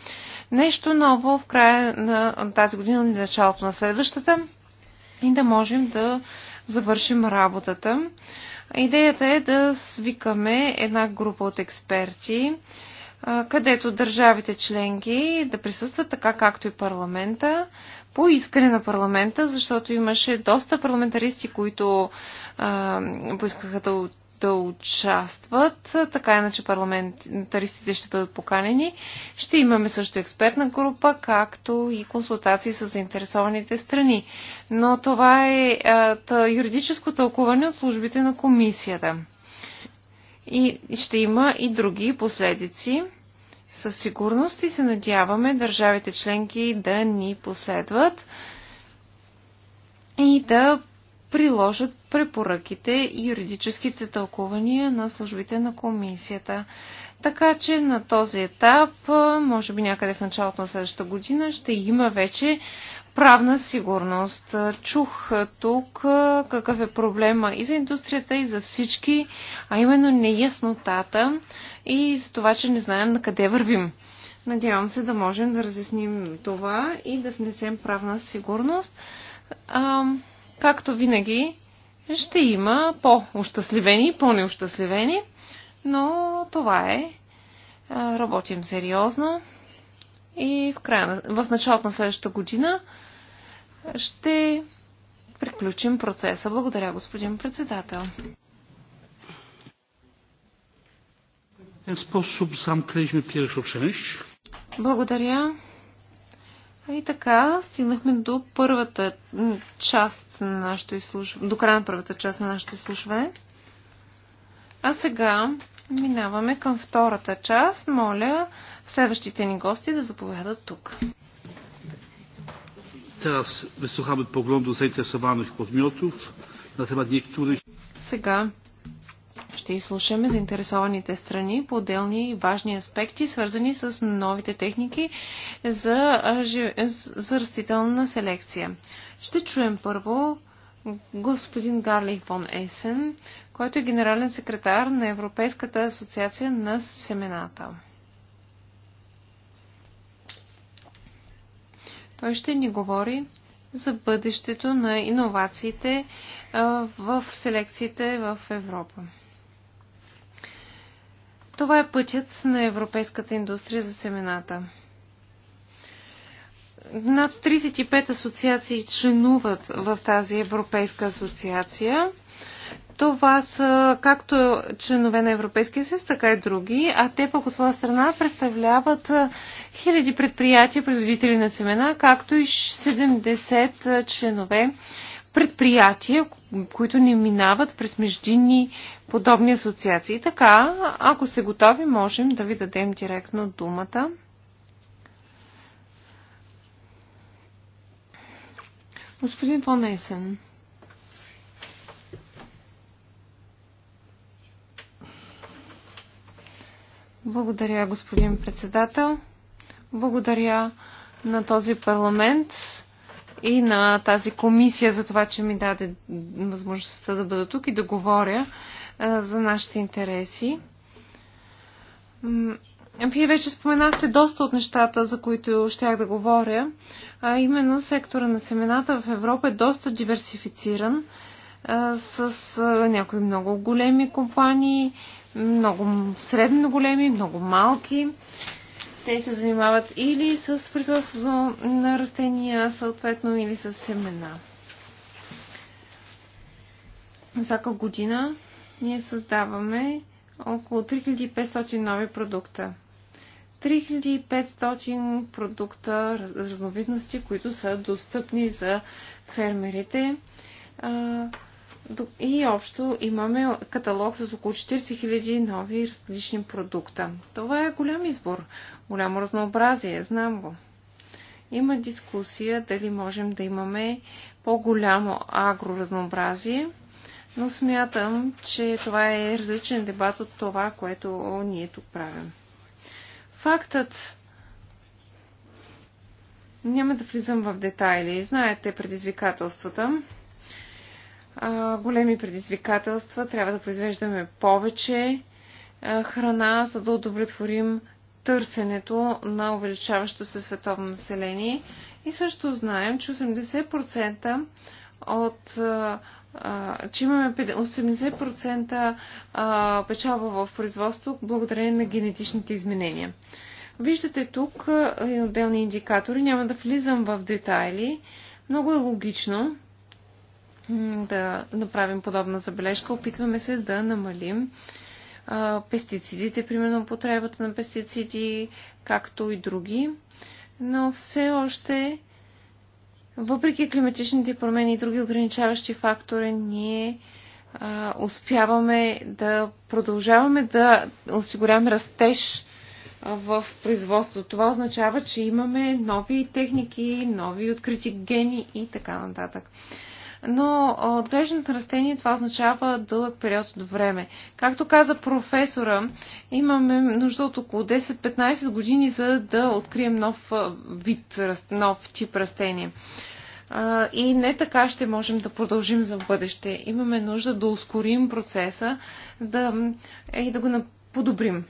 нещо ново в края на тази година, началото на следващата и да можем да завършим работата. Идеята е да свикаме една група от експерти, където държавите членки да присъстват така както и парламента, по искане на парламента, защото имаше доста парламентаристи, които а, поискаха да, да участват. Така иначе парламентаристите ще бъдат поканени. Ще имаме също експертна група, както и консултации с заинтересованите страни. Но това е а, та, юридическо тълкуване от службите на комисията и ще има и други последици. Със сигурност и се надяваме държавите членки да ни последват и да приложат препоръките и юридическите тълкувания на службите на комисията. Така че на този етап, може би някъде в началото на следващата година, ще има вече правна сигурност. Чух тук какъв е проблема и за индустрията, и за всички, а именно неяснотата и за това, че не знаем на къде вървим. Надявам се да можем да разясним това и да внесем правна сигурност. А, както винаги, ще има по-ощастливени и по-неощастливени, но това е. А, работим сериозно и в, края, в началото на следващата година ще приключим процеса. Благодаря, господин председател. ten sposób Благодаря. И така, стигнахме до първата част на нашето изслушване, до края на първата част на нашето изслушване. А сега минаваме към втората част. Моля следващите ни гости да заповядат тук. Teraz wysłuchamy poglądu zainteresowanych podmiotów na temat niektórych. Сега ще изслушаме заинтересованите страни по отделни важни аспекти, свързани с новите техники за, за растителна селекция. Ще чуем първо господин Гарлих фон Есен, който е генерален секретар на Европейската асоциация на семената. Той ще ни говори за бъдещето на иновациите в селекциите в Европа. Това е пътят на европейската индустрия за семената. Над 35 асоциации членуват в тази Европейска асоциация това са както членове на Европейския съюз, така и други, а те пък от своя страна представляват хиляди предприятия, производители на семена, както и 70 членове предприятия, които не минават през междинни подобни асоциации. Така, ако сте готови, можем да ви дадем директно думата. Господин Фонесен. Благодаря, господин председател. Благодаря на този парламент и на тази комисия за това, че ми даде възможността да бъда тук и да говоря е, за нашите интереси. Вие вече споменахте доста от нещата, за които щях да говоря, а именно сектора на семената в Европа е доста диверсифициран е, с е, някои много големи компании, много средно големи, много малки. Те се занимават или с производството на растения, съответно, или с семена. Всяка година ние създаваме около 3500 нови продукта. 3500 продукта, разновидности, които са достъпни за фермерите. И общо имаме каталог с около 40 000 нови различни продукта. Това е голям избор, голямо разнообразие, знам го. Има дискусия дали можем да имаме по-голямо агроразнообразие, но смятам, че това е различен дебат от това, което ние тук правим. Фактът, няма да влизам в детайли, знаете предизвикателствата, а, големи предизвикателства. Трябва да произвеждаме повече а, храна, за да удовлетворим търсенето на увеличаващо се световно население. И също знаем, че 80% от че имаме 80% печалба в производство благодарение на генетичните изменения. Виждате тук отделни индикатори, няма да влизам в детайли. Много е логично да направим подобна забележка. Опитваме се да намалим а, пестицидите, примерно употребата на пестициди, както и други. Но все още, въпреки климатичните промени и други ограничаващи фактори, ние а, успяваме да продължаваме да осигуряваме растеж в производството. Това означава, че имаме нови техники, нови открити гени и така нататък но отглеждането на растение това означава дълъг период от време. Както каза професора, имаме нужда от около 10-15 години, за да открием нов вид, нов тип растение. И не така ще можем да продължим за бъдеще. Имаме нужда да ускорим процеса да, е, и да го подобрим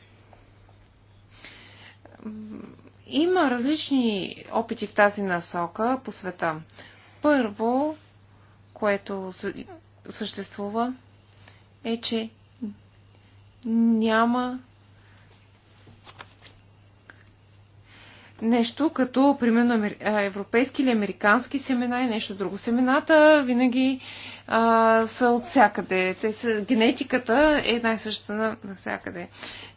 има различни опити в тази насока по света. Първо, което съществува, е, че няма нещо като, примерно, европейски или американски семена и нещо друго. Семената винаги а, са от всякъде. Те са, генетиката е най съща на, навсякъде.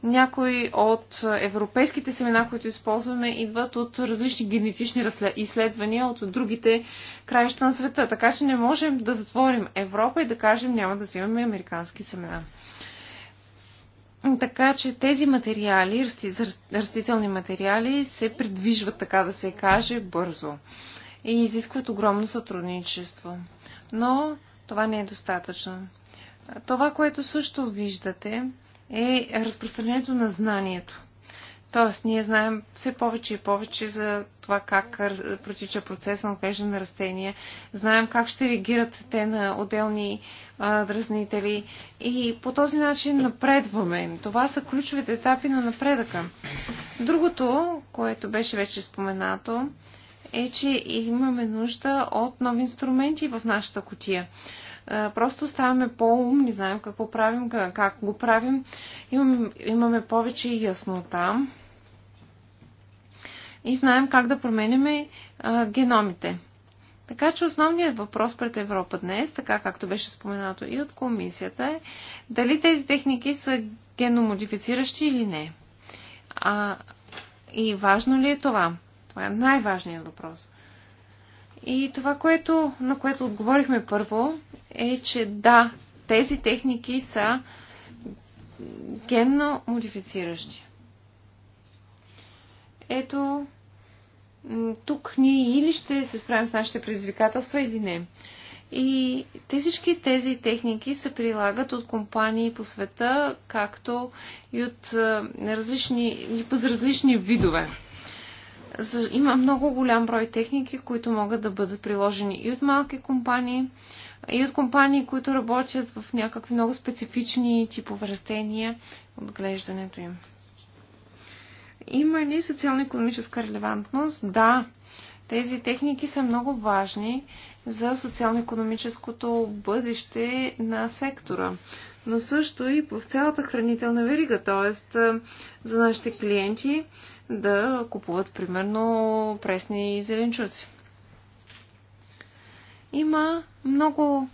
Някои от европейските семена, които използваме, идват от различни генетични изследвания от другите краища на света. Така че не можем да затворим Европа и да кажем няма да взимаме американски семена. Така че тези материали, растителни материали, се придвижват, така да се каже, бързо и изискват огромно сътрудничество. Но това не е достатъчно. Това, което също виждате, е разпространението на знанието. Тоест, ние знаем все повече и повече за това как протича процес на отглеждане на растения. Знаем как ще реагират те на отделни а, дразнители. И по този начин напредваме. Това са ключовите етапи на напредъка. Другото, което беше вече споменато, е, че имаме нужда от нови инструменти в нашата котия. Просто ставаме по-умни, знаем какво правим, как го правим. Имаме, имаме повече яснота и знаем как да променяме геномите. Така че основният въпрос пред Европа днес, така както беше споменато и от комисията, е дали тези техники са геномодифициращи или не. А, и важно ли е това? Това е най-важният въпрос. И това, което, на което отговорихме първо, е, че да, тези техники са генно модифициращи ето, тук ние или ще се справим с нашите предизвикателства или не. И те, всички тези техники се прилагат от компании по света, както и от различни, и различни видове. Има много голям брой техники, които могат да бъдат приложени и от малки компании, и от компании, които работят в някакви много специфични типове растения, отглеждането им. Има ли социално-економическа релевантност? Да. Тези техники са много важни за социално-економическото бъдеще на сектора, но също и в цялата хранителна верига, т.е. за нашите клиенти да купуват примерно пресни зеленчуци. Има много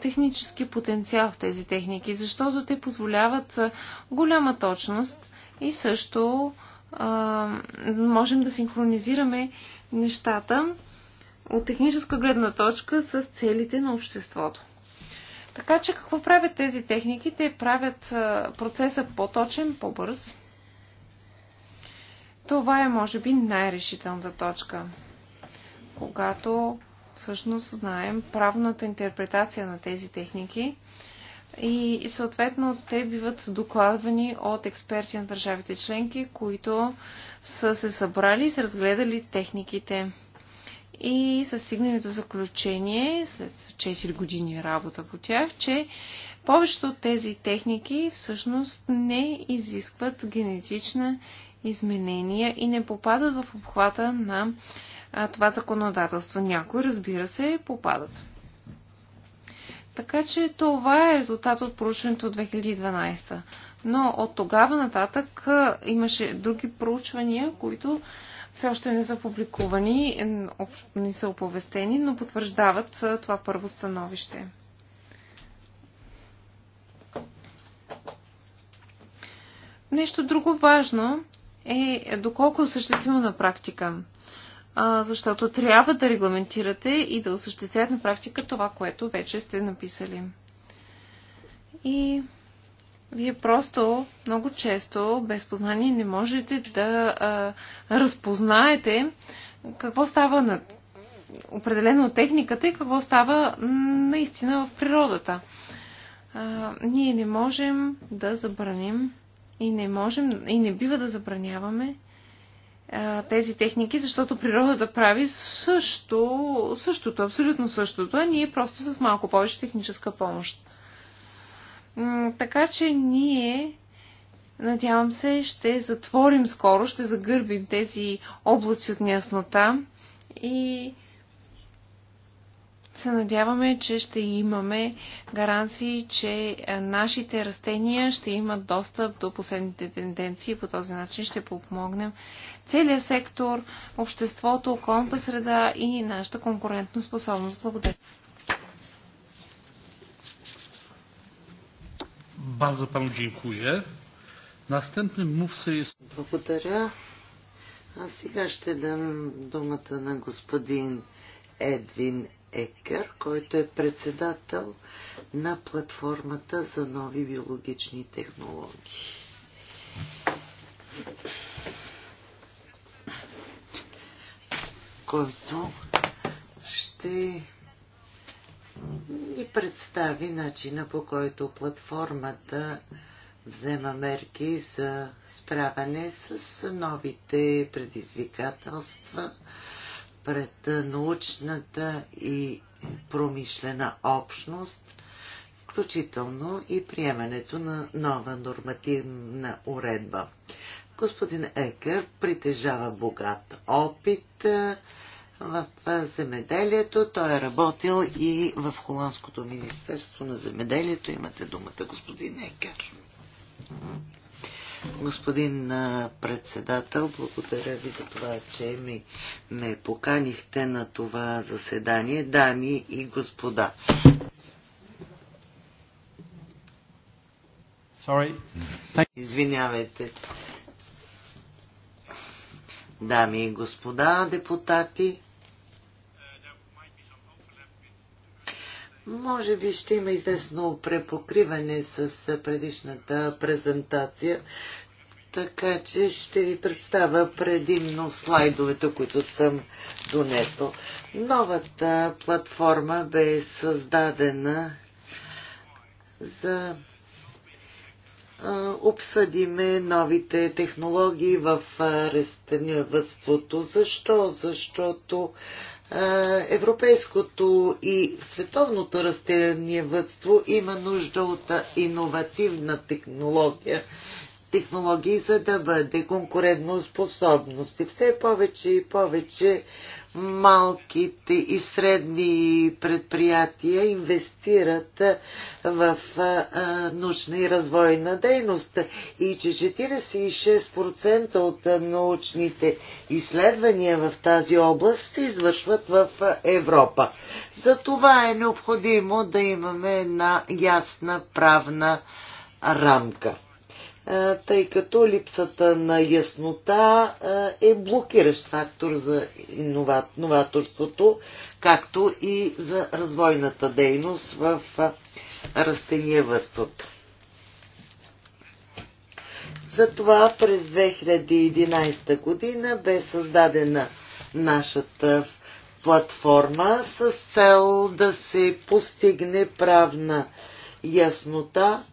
технически потенциал в тези техники, защото те позволяват голяма точност и също а, можем да синхронизираме нещата от техническа гледна точка с целите на обществото. Така че какво правят тези техники? Те правят процеса по-точен, по-бърз. Това е, може би, най-решителната точка, когато всъщност знаем правната интерпретация на тези техники и съответно те биват докладвани от експерти на държавите членки, които са се събрали и са разгледали техниките. И са стигнали до заключение, след 4 години работа по тях, че повечето от тези техники всъщност не изискват генетична изменения и не попадат в обхвата на това законодателство. Някои, разбира се, попадат. Така че това е резултат от проучването от 2012. Но от тогава нататък имаше други проучвания, които все още не са публикувани, не са оповестени, но потвърждават това първо становище. Нещо друго важно е доколко осъществимо е на практика защото трябва да регламентирате и да осъществят на практика това, което вече сте написали. И вие просто много често без познание не можете да а, разпознаете какво става над определено от техниката и какво става наистина в природата. А, ние не можем да забраним и не можем и не бива да забраняваме тези техники, защото природата прави също, същото, абсолютно същото, а ние просто с малко повече техническа помощ. Така че ние, надявам се, ще затворим скоро, ще загърбим тези облаци от няснота и се надяваме, че ще имаме гаранции, че нашите растения ще имат достъп до последните тенденции. По този начин ще помогнем целият сектор, обществото, околната среда и нашата конкурентна способност. Благодаря. Bardzo panu dziękuję. Następnym mówcą jest... Благодаря. А сега ще дам думата на господин Едвин Екер, който е председател на платформата за нови биологични технологии. който ще ни представи начина по който платформата взема мерки за справяне с новите предизвикателства пред научната и промишлена общност, включително и приемането на нова нормативна уредба. Господин Екер притежава богат опит в земеделието. Той е работил и в Холандското министерство на земеделието. Имате думата, господин Екер. Господин председател, благодаря ви за това, че ми ме поканихте на това заседание, дами и господа. Sorry. Извинявайте. Дами и господа депутати, Може би ще има известно препокриване с предишната презентация, така че ще ви представя предимно слайдовете, които съм донесъл. Новата платформа бе създадена за обсъдиме новите технологии в растениевътството. Защо? Защото европейското и световното растениевътство има нужда от иновативна технология технологии, за да бъде конкурентно способност. И все повече и повече малките и средни предприятия инвестират в научна и развойна дейност и че 46% от научните изследвания в тази област се извършват в Европа. За това е необходимо да имаме една ясна правна рамка тъй като липсата на яснота е блокиращ фактор за новаторството, както и за развойната дейност в растениевъдството. Затова през 2011 година бе създадена нашата платформа с цел да се постигне правна яснота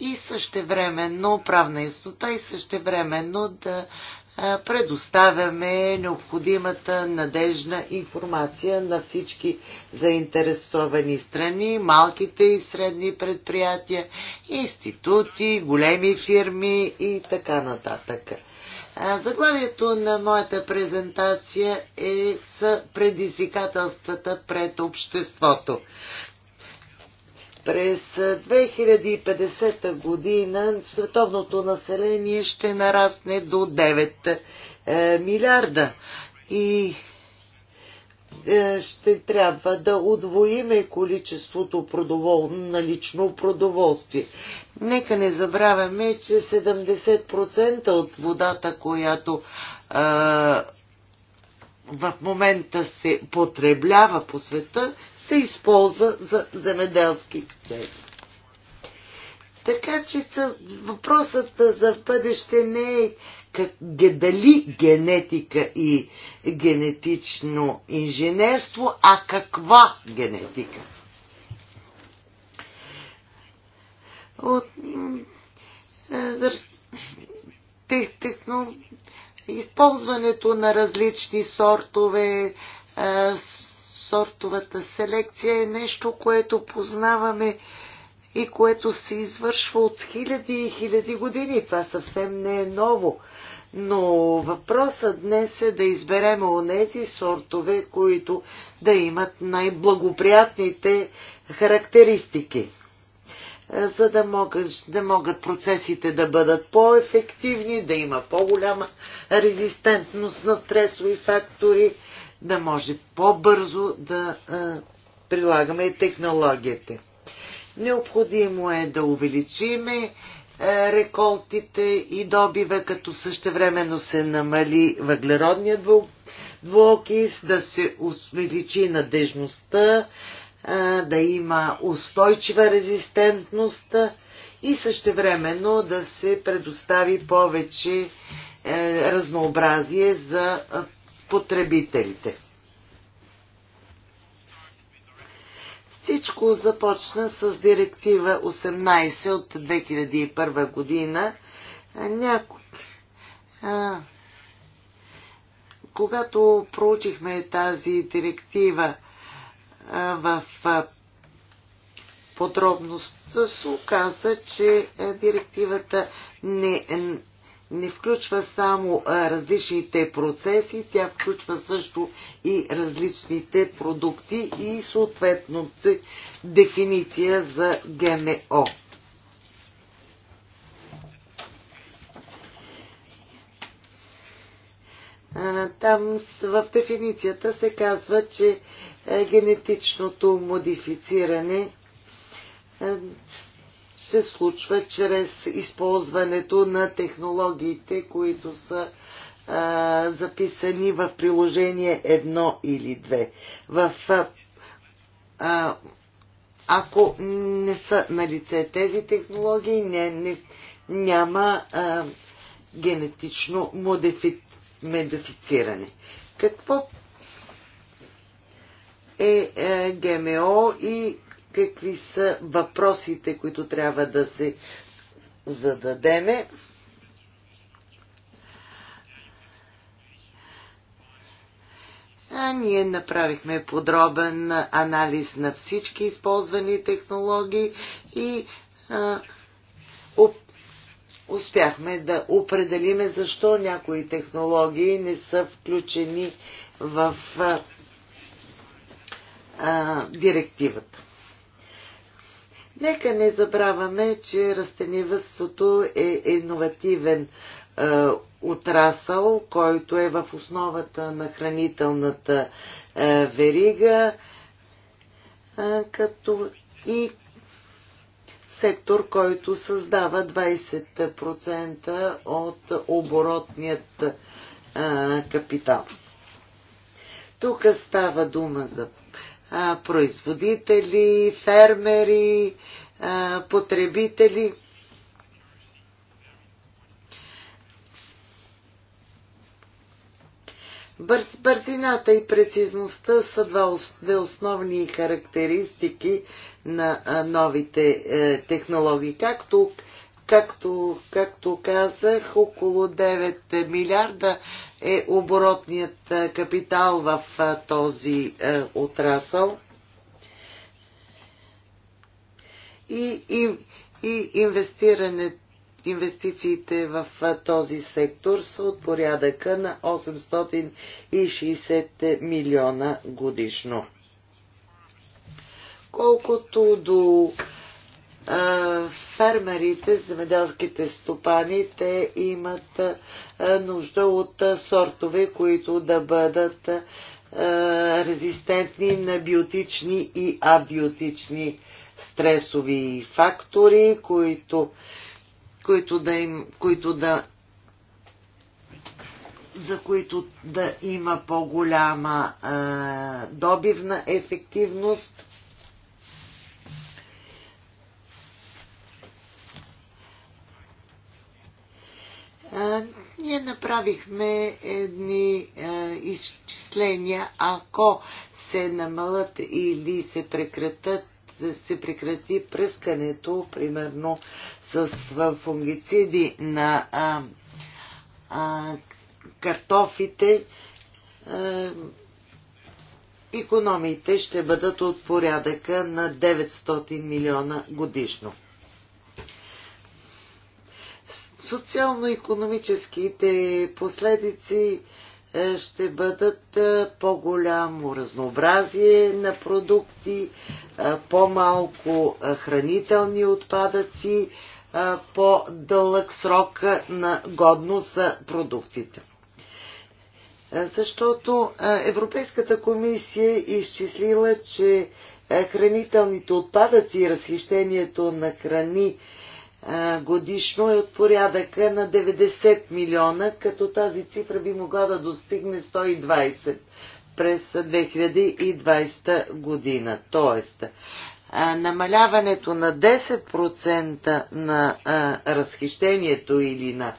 и същевременно правна яснота и същевременно да предоставяме необходимата надежна информация на всички заинтересовани страни, малките и средни предприятия, институти, големи фирми и така нататък. Заглавието на моята презентация е с предизвикателствата пред обществото. През 2050 година световното население ще нарасне до 9 е, милиарда и е, ще трябва да удвоиме количеството продовол... налично продоволствие. Нека не забравяме, че 70% от водата, която е, в момента се потреблява по света, се използва за земеделски цели. Така че въпросът за бъдеще не е как, дали генетика и генетично инженерство, а каква генетика. От, е, тех, техно, използването на различни сортове, е, сортовата селекция е нещо, което познаваме и което се извършва от хиляди и хиляди години. Това съвсем не е ново. Но въпросът днес е да изберем онези сортове, които да имат най-благоприятните характеристики. Е, за да могат, да могат процесите да бъдат по-ефективни, да има по-голяма резистентност на стресови фактори, да може по-бързо да а, е, прилагаме технологията. Необходимо е да увеличиме е, реколтите и добива, като същевременно се намали въглеродният двуокис, да се увеличи надежността, да има устойчива резистентност и същевременно да се предостави повече е, разнообразие за потребителите. Всичко започна с директива 18 от 2001 година. Няко... А... Когато проучихме тази директива в подробност се оказа, че директивата не, не включва само различните процеси, тя включва също и различните продукти и съответната дефиниция за ГМО. Там в дефиницията се казва, че е, генетичното модифициране е, се случва чрез използването на технологиите, които са записани в приложение 1 или 2. В, а, ако не са на лице тези технологии, не, не, няма а, генетично модифициране медифициране. Какво е, е ГМО и какви са въпросите, които трябва да се зададеме? А ние направихме подробен анализ на всички използвани технологии и а, успяхме да определиме защо някои технологии не са включени в а, а, директивата. Нека не забравяме, че растениевътството е иновативен а, отрасъл, който е в основата на хранителната а, верига, а, като и сектор, който създава 20% от оборотният а, капитал. Тук става дума за а, производители, фермери, а, потребители. Бърз, бързината и прецизността са два, две основни характеристики на новите е, технологии. Както, както, както казах, около 9 милиарда е оборотният е, капитал в е, този е, отрасъл. И, и, и инвестирането Инвестициите в този сектор са от порядъка на 860 милиона годишно. Колкото до фермерите, земеделските стопани, те имат нужда от сортове, които да бъдат резистентни на биотични и абиотични стресови фактори, които които да им, които да за които да има по-голяма е, добивна ефективност. ние направихме едни е, изчисления, ако се намалят или се прекратят се прекрати пръскането, примерно с фунгициди на а, а, картофите, а, економиите ще бъдат от порядъка на 900 милиона годишно. Социално-економическите последици е, ще бъдат е, по-голямо разнообразие на продукти, е, по-малко хранителни отпадъци, по-дълъг срок на годност за продуктите. Защото Европейската комисия изчислила, че хранителните отпадъци и разхищението на храни годишно е от порядъка на 90 милиона, като тази цифра би могла да достигне 120 през 2020 година. Тоест, намаляването на 10% на разхищението или на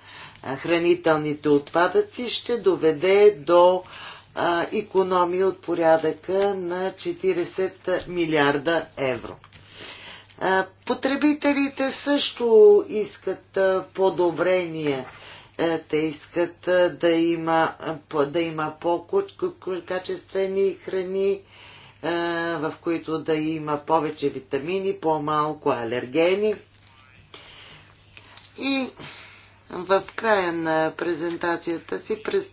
хранителните отпадъци ще доведе до економия от порядъка на 40 милиарда евро. Потребителите също искат подобрения. Те искат да има, да има по-качествени храни, в които да има повече витамини, по-малко алергени. И в края на презентацията си през...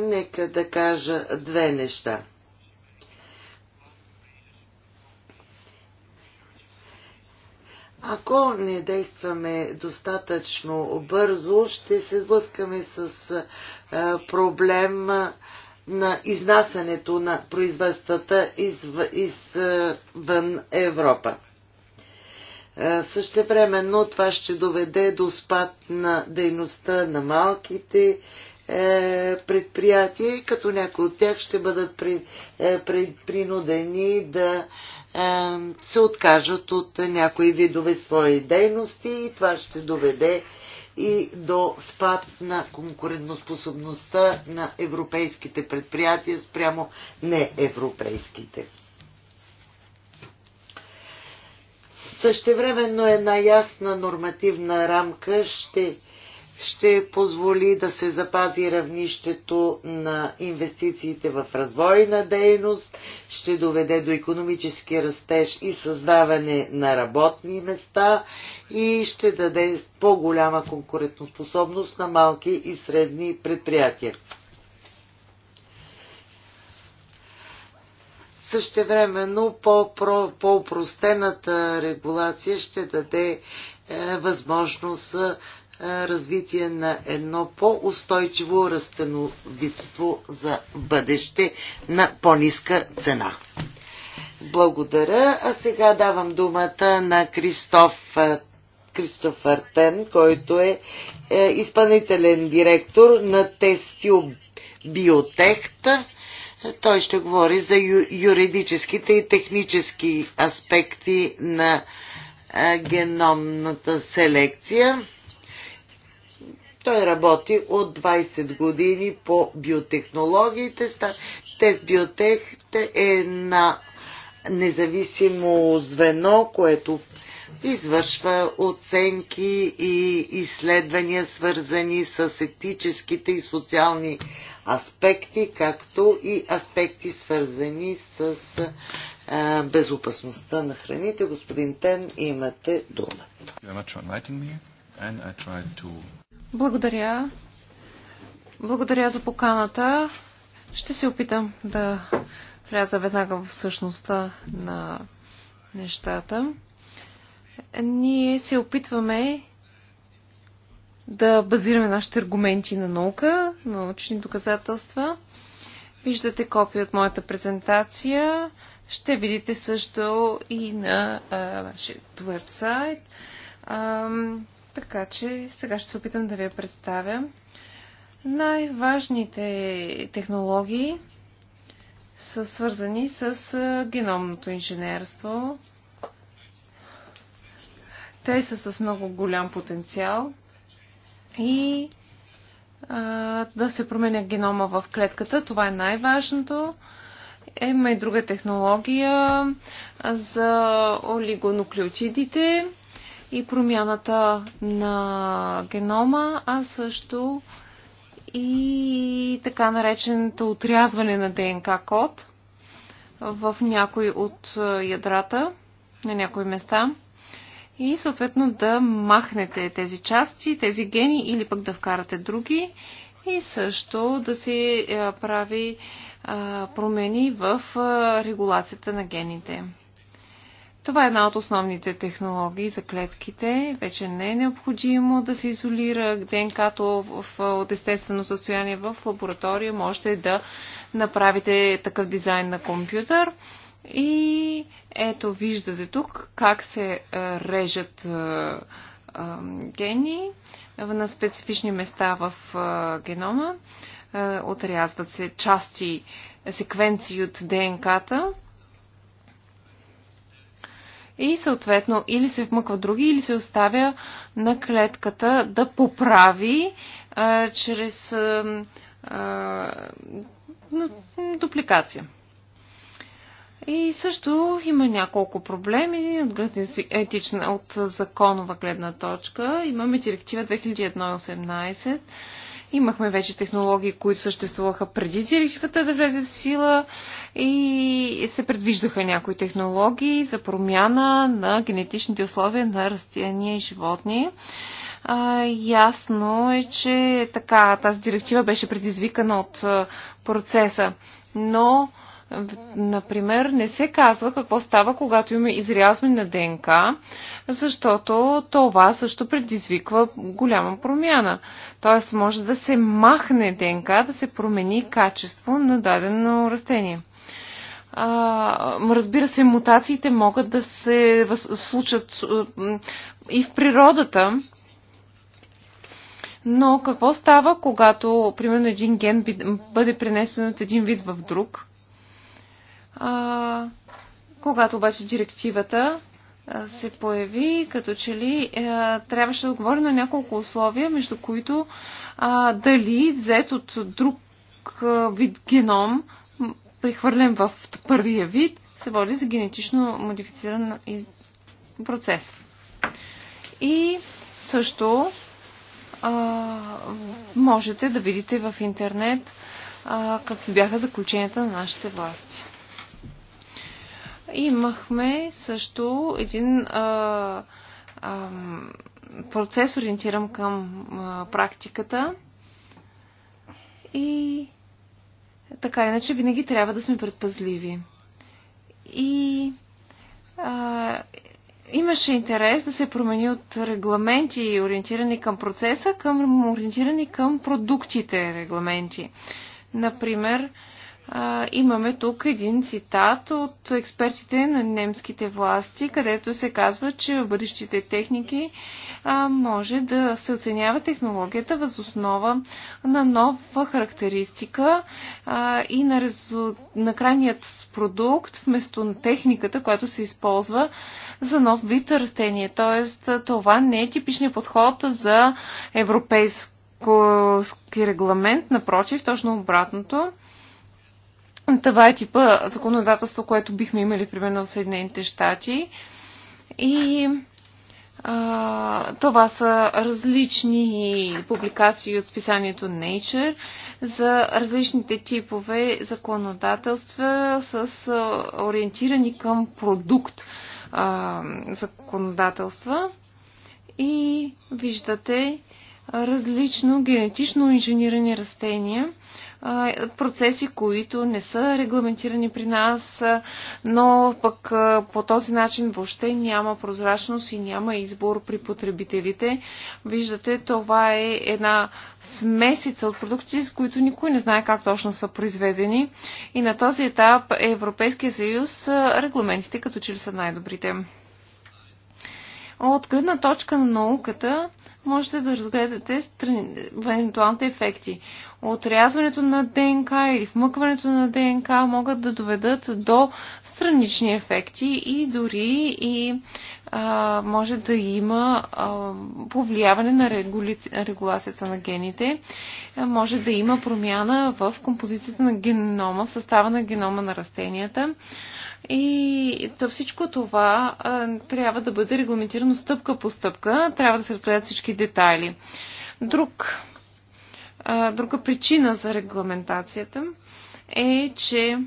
нека да кажа две неща – Ако не действаме достатъчно бързо, ще се сблъскаме с проблем на изнасянето на производствата извън Европа. времено това ще доведе до спад на дейността на малките е, предприятия, като някои от тях ще бъдат е, принудени да се откажат от някои видове свои дейности и това ще доведе и до спад на конкурентоспособността на европейските предприятия спрямо неевропейските. Същевременно една ясна нормативна рамка ще ще позволи да се запази равнището на инвестициите в развойна дейност, ще доведе до економически растеж и създаване на работни места и ще даде по-голяма конкурентоспособност на малки и средни предприятия. Същевременно по-упростената регулация ще даде е, възможност е, развитие на едно по-устойчиво растеновидство за бъдеще на по-ниска цена. Благодаря. А сега давам думата на Кристоф Кристофър Тен, който е, е изпълнителен директор на Тестио Биотехта. Той ще говори за юридическите и технически аспекти на геномната селекция. Той работи от 20 години по биотехнологиите. Тест биотех е на независимо звено, което извършва оценки и изследвания, свързани с етическите и социални аспекти, както и аспекти, свързани с а, безопасността на храните. Господин Тен, имате дума. Благодаря. Благодаря за поканата. Ще се опитам да вляза веднага в същността на нещата. Ние се опитваме да базираме нашите аргументи на наука, на научни доказателства. Виждате копия от моята презентация. Ще видите също и на а, нашия вебсайт. А, така че сега ще се опитам да ви я представя. Най-важните технологии са свързани с геномното инженерство. Те са с много голям потенциал и а, да се променя генома в клетката, това е най-важното. Има и друга технология за олигонуклеотидите и промяната на генома, а също и така нареченото отрязване на ДНК код в някои от ядрата на някои места и съответно да махнете тези части, тези гени или пък да вкарате други и също да се прави промени в регулацията на гените. Това е една от основните технологии за клетките. Вече не е необходимо да се изолира ДНК-то от естествено състояние в лаборатория. Можете да направите такъв дизайн на компютър. И ето виждате тук как се е, режат е, е, гени на специфични места в генома. Отрязват се части, секвенции от ДНК-та и съответно или се вмъква други, или се оставя на клетката да поправи а, чрез а, а, дупликация. И също има няколко проблеми от, етична, от законова гледна точка. Имаме директива 2001 Имахме вече технологии, които съществуваха преди директивата да влезе в сила и се предвиждаха някои технологии за промяна на генетичните условия на растения и животни. А, ясно е, че така тази директива беше предизвикана от процеса, но Например, не се казва какво става, когато имаме изрязване на ДНК, защото това също предизвиква голяма промяна. Тоест, може да се махне ДНК, да се промени качество на дадено растение. А, разбира се, мутациите могат да се случат и в природата, но какво става, когато, примерно, един ген бъде пренесен от един вид в друг? А, когато обаче директивата се появи, като че ли а, е, трябваше да отговори на няколко условия, между които а, дали взет от друг а, вид геном, прихвърлен в първия вид, се води за генетично модифициран из... процес. И също а, можете да видите в интернет а, какви бяха заключенията на нашите власти. Имахме също един а, а, процес ориентиран към а, практиката и така иначе винаги трябва да сме предпазливи. И а, имаше интерес да се промени от регламенти, ориентирани към процеса, към ориентирани към продуктите регламенти. Например, а, а, имаме тук един цитат от експертите на немските власти, където се казва, че в бъдещите техники а, може да се оценява технологията въз основа на нова характеристика а, и на, резу... на крайният продукт вместо на техниката, която се използва за нов вид растение. Тоест, това не е типичният подход за европейски регламент, напротив, точно обратното това е типа законодателство, което бихме имали примерно в Съединените щати. И а, това са различни публикации от списанието Nature за различните типове законодателства с а, ориентирани към продукт а, законодателства. И виждате различно генетично инженирани растения, процеси, които не са регламентирани при нас, но пък по този начин въобще няма прозрачност и няма избор при потребителите. Виждате, това е една смесица от продукти, с които никой не знае как точно са произведени. И на този етап Европейския съюз регламентите като че ли са най-добрите. От гледна точка на науката, можете да разгледате евентуалните ефекти. Отрязването на ДНК или вмъкването на ДНК могат да доведат до странични ефекти и дори и а, може да има а, повлияване на регули... регулацията на гените, а, може да има промяна в композицията на генома, в състава на генома на растенията. И то всичко това а, трябва да бъде регламентирано стъпка по стъпка, трябва да се разгледат всички детайли. Друг, а, друга причина за регламентацията е, че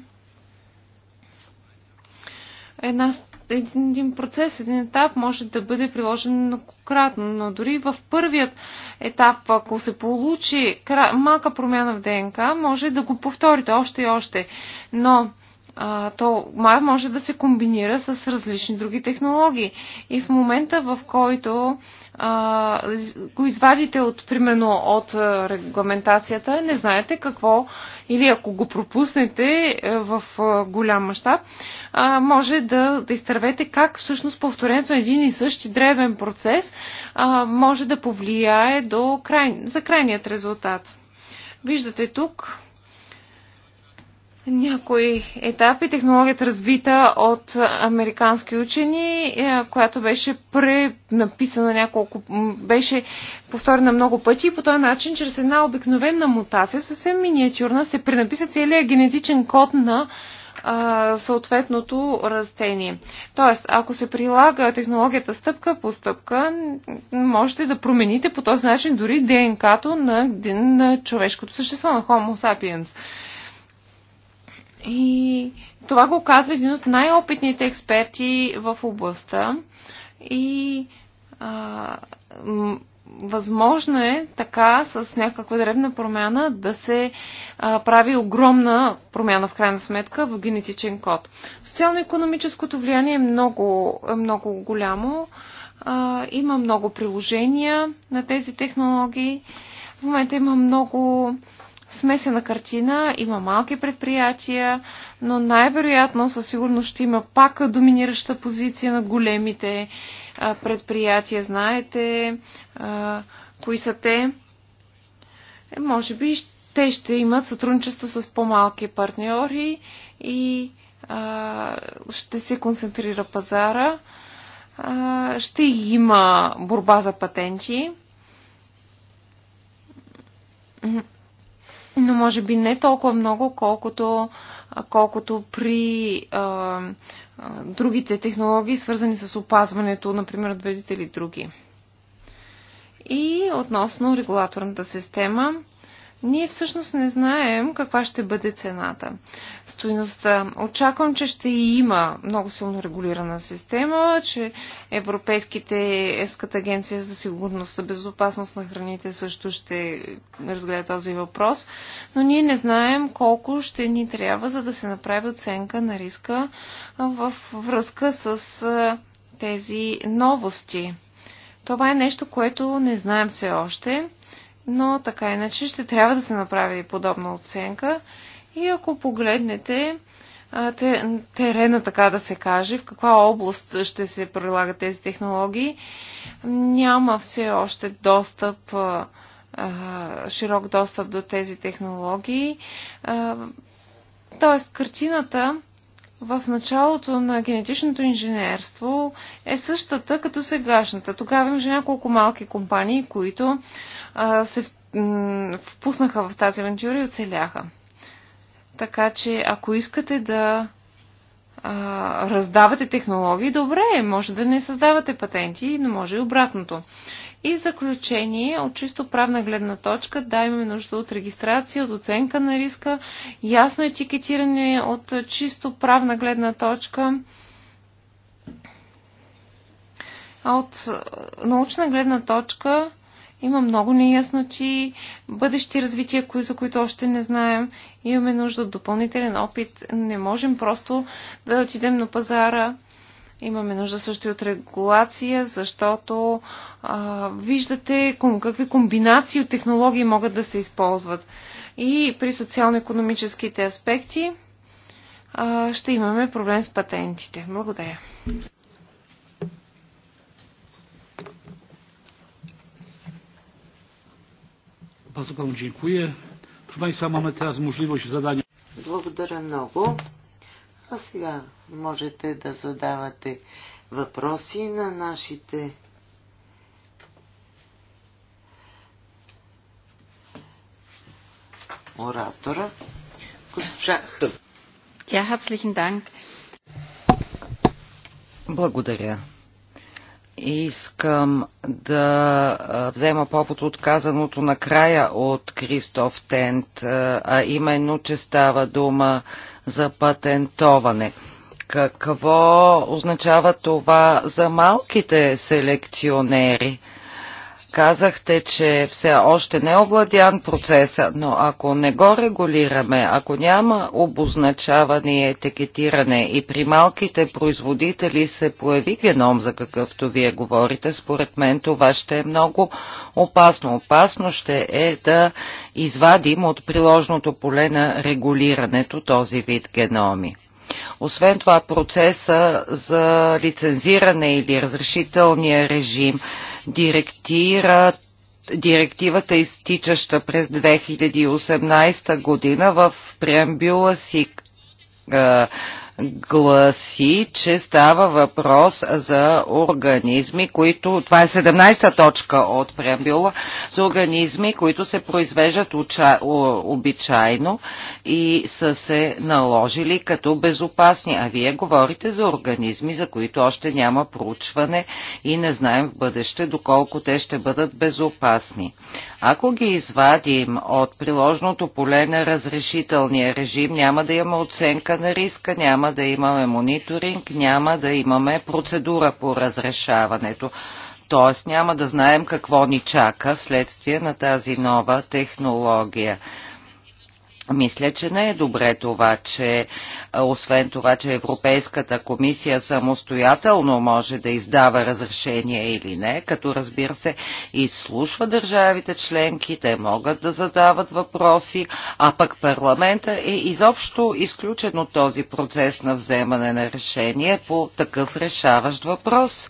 една, един процес, един етап може да бъде приложен многократно, но дори в първият етап, ако се получи малка промяна в ДНК, може да го повторите още и още. Но а, то може да се комбинира с различни други технологии. И в момента, в който а, го извадите от, примерно, от регламентацията, не знаете какво, или ако го пропуснете е, в голям мащаб, може да, да изтървете как всъщност повторението на един и същи древен процес а, може да повлияе до край, за крайният резултат. Виждате тук някои етапи технологията развита от американски учени, е, която беше пренаписана няколко, беше повторена много пъти и по този начин, чрез една обикновена мутация, съвсем миниатюрна, се пренаписа целият генетичен код на съответното растение. Тоест, ако се прилага технологията стъпка по стъпка, можете да промените по този начин дори ДНК-то на, на човешкото същество, на Homo sapiens. И това го казва един от най-опитните експерти в областта. И а, възможно е така с някаква древна промяна да се а, прави огромна промяна в крайна сметка в генетичен код. Социално-економическото влияние е много, е много голямо. А, има много приложения на тези технологии. В момента има много смесена картина, има малки предприятия, но най-вероятно със сигурност ще има пак доминираща позиция на големите предприятия. Знаете кои са те. Е, може би те ще имат сътрудничество с по-малки партньори и а, ще се концентрира пазара. А, ще има борба за патенти но може би не толкова много, колкото, колкото при а, а, другите технологии, свързани с опазването, например, от вредители други. И относно регулаторната система, ние всъщност не знаем каква ще бъде цената. Стоиността. Очаквам, че ще има много силно регулирана система, че Европейските еската агенция за сигурност и безопасност на храните също ще разгледа този въпрос, но ние не знаем колко ще ни трябва, за да се направи оценка на риска в връзка с тези новости. Това е нещо, което не знаем все още но така иначе ще трябва да се направи подобна оценка. И ако погледнете терена, така да се каже, в каква област ще се прилагат тези технологии, няма все още достъп, широк достъп до тези технологии. Тоест, картината в началото на генетичното инженерство е същата като сегашната. Тогава имаше няколко малки компании, които а, се впуснаха в тази авантюра и оцеляха. Така че, ако искате да а, раздавате технологии, добре, може да не създавате патенти, но може и обратното. И в заключение, от чисто правна гледна точка, да, имаме нужда от регистрация, от оценка на риска, ясно е етикетиране от чисто правна гледна точка. А от научна гледна точка има много неясноти, бъдещи развития, кои, за които още не знаем. Имаме нужда от допълнителен опит. Не можем просто да отидем на пазара Имаме нужда също и от регулация, защото а, виждате какви комбинации от технологии могат да се използват. И при социално-економическите аспекти а, ще имаме проблем с патентите. Благодаря. Благодаря много. А сега можете да задавате въпроси на нашите оратора. Госпожа хацлихен данк. Благодаря. Искам да взема повод от казаното накрая от Кристоф Тент, а именно, че става дума за патентоване. Какво означава това за малките селекционери? Казахте, че все още не е овладян процеса, но ако не го регулираме, ако няма обозначаване и етикетиране и при малките производители се появи геном, за какъвто вие говорите, според мен това ще е много опасно. Опасно ще е да извадим от приложното поле на регулирането този вид геноми. Освен това процеса за лицензиране или разрешителния режим Директира, директивата изтичаща през 2018 година в преамбюла си гласи, че става въпрос за организми, които, това е 17-та точка от преамбюла, за организми, които се произвеждат уча, обичайно и са се наложили като безопасни. А вие говорите за организми, за които още няма проучване и не знаем в бъдеще доколко те ще бъдат безопасни. Ако ги извадим от приложното поле на разрешителния режим, няма да има оценка на риска, няма няма да имаме мониторинг, няма да имаме процедура по разрешаването. Тоест няма да знаем какво ни чака вследствие на тази нова технология. Мисля, че не е добре това, че освен това, че Европейската комисия самостоятелно може да издава разрешение или не, като разбира се изслушва държавите членки, те могат да задават въпроси, а пък парламента е изобщо изключен от този процес на вземане на решение по такъв решаващ въпрос.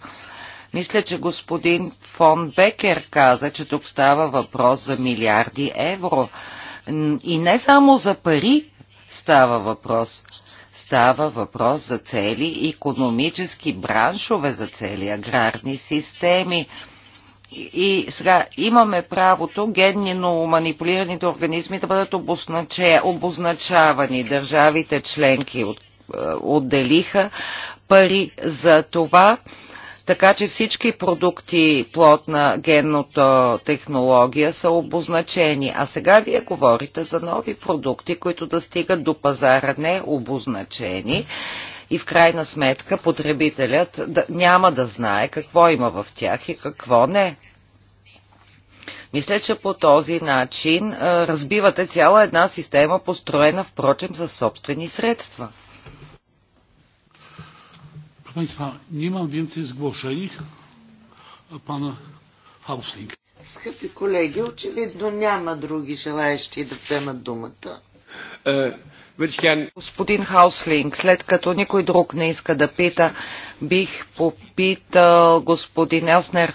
Мисля, че господин фон Бекер каза, че тук става въпрос за милиарди евро. И не само за пари става въпрос. Става въпрос за цели економически браншове, за цели аграрни системи. И, и сега имаме правото но манипулираните организми да бъдат обозначавани. Държавите членки от, е, отделиха пари за това така че всички продукти плод на генната технология са обозначени. А сега вие говорите за нови продукти, които да стигат до пазара не обозначени и в крайна сметка потребителят няма да знае какво има в тях и какво не. Мисля, че по този начин разбивате цяла една система, построена, впрочем, със собствени средства. Państwa, nie mam więcej zgłoszeń. Pan Hausling. Скъпи колеги, очевидно няма други желаящи да вземат думата. Е, господин Хауслинг, след като никой друг не иска да пита, бих попитал господин Елснер,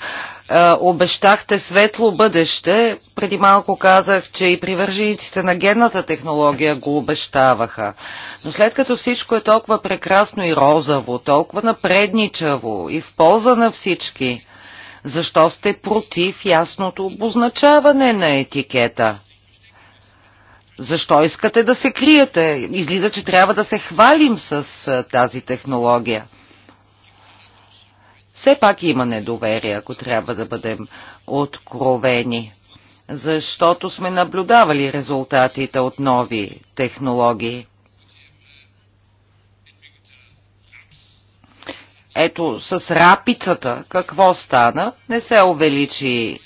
обещахте светло бъдеще. Преди малко казах, че и привържениците на генната технология го обещаваха. Но след като всичко е толкова прекрасно и розово, толкова напредничаво и в полза на всички, защо сте против ясното обозначаване на етикета? Защо искате да се криете? Излиза, че трябва да се хвалим с тази технология все пак има недоверие, ако трябва да бъдем откровени, защото сме наблюдавали резултатите от нови технологии. Ето с рапицата какво стана? Не се увеличи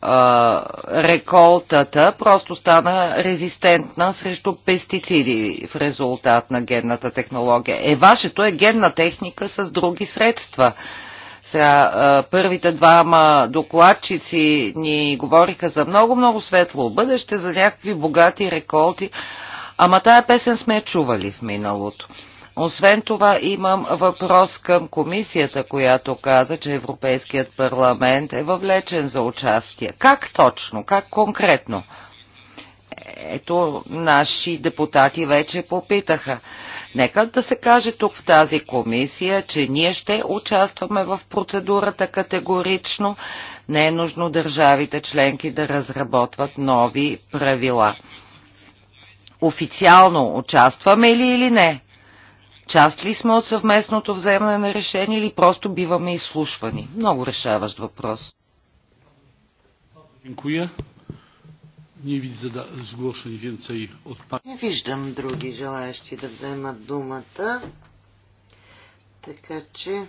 а, реколтата, просто стана резистентна срещу пестициди в резултат на генната технология. Е, вашето е генна техника с други средства. Сега, първите двама докладчици ни говориха за много-много светло бъдеще, за някакви богати реколти, ама тая песен сме чували в миналото. Освен това имам въпрос към комисията, която каза, че Европейският парламент е въвлечен за участие. Как точно? Как конкретно? Ето, наши депутати вече попитаха. Нека да се каже тук в тази комисия, че ние ще участваме в процедурата категорично. Не е нужно държавите членки да разработват нови правила. Официално участваме ли или не? Част ли сме от съвместното вземане на решение или просто биваме изслушвани? Много решаващ въпрос. Не widzę zgłoszeń więcej od pani. Не виждам други желаящи да вземат думата. Така че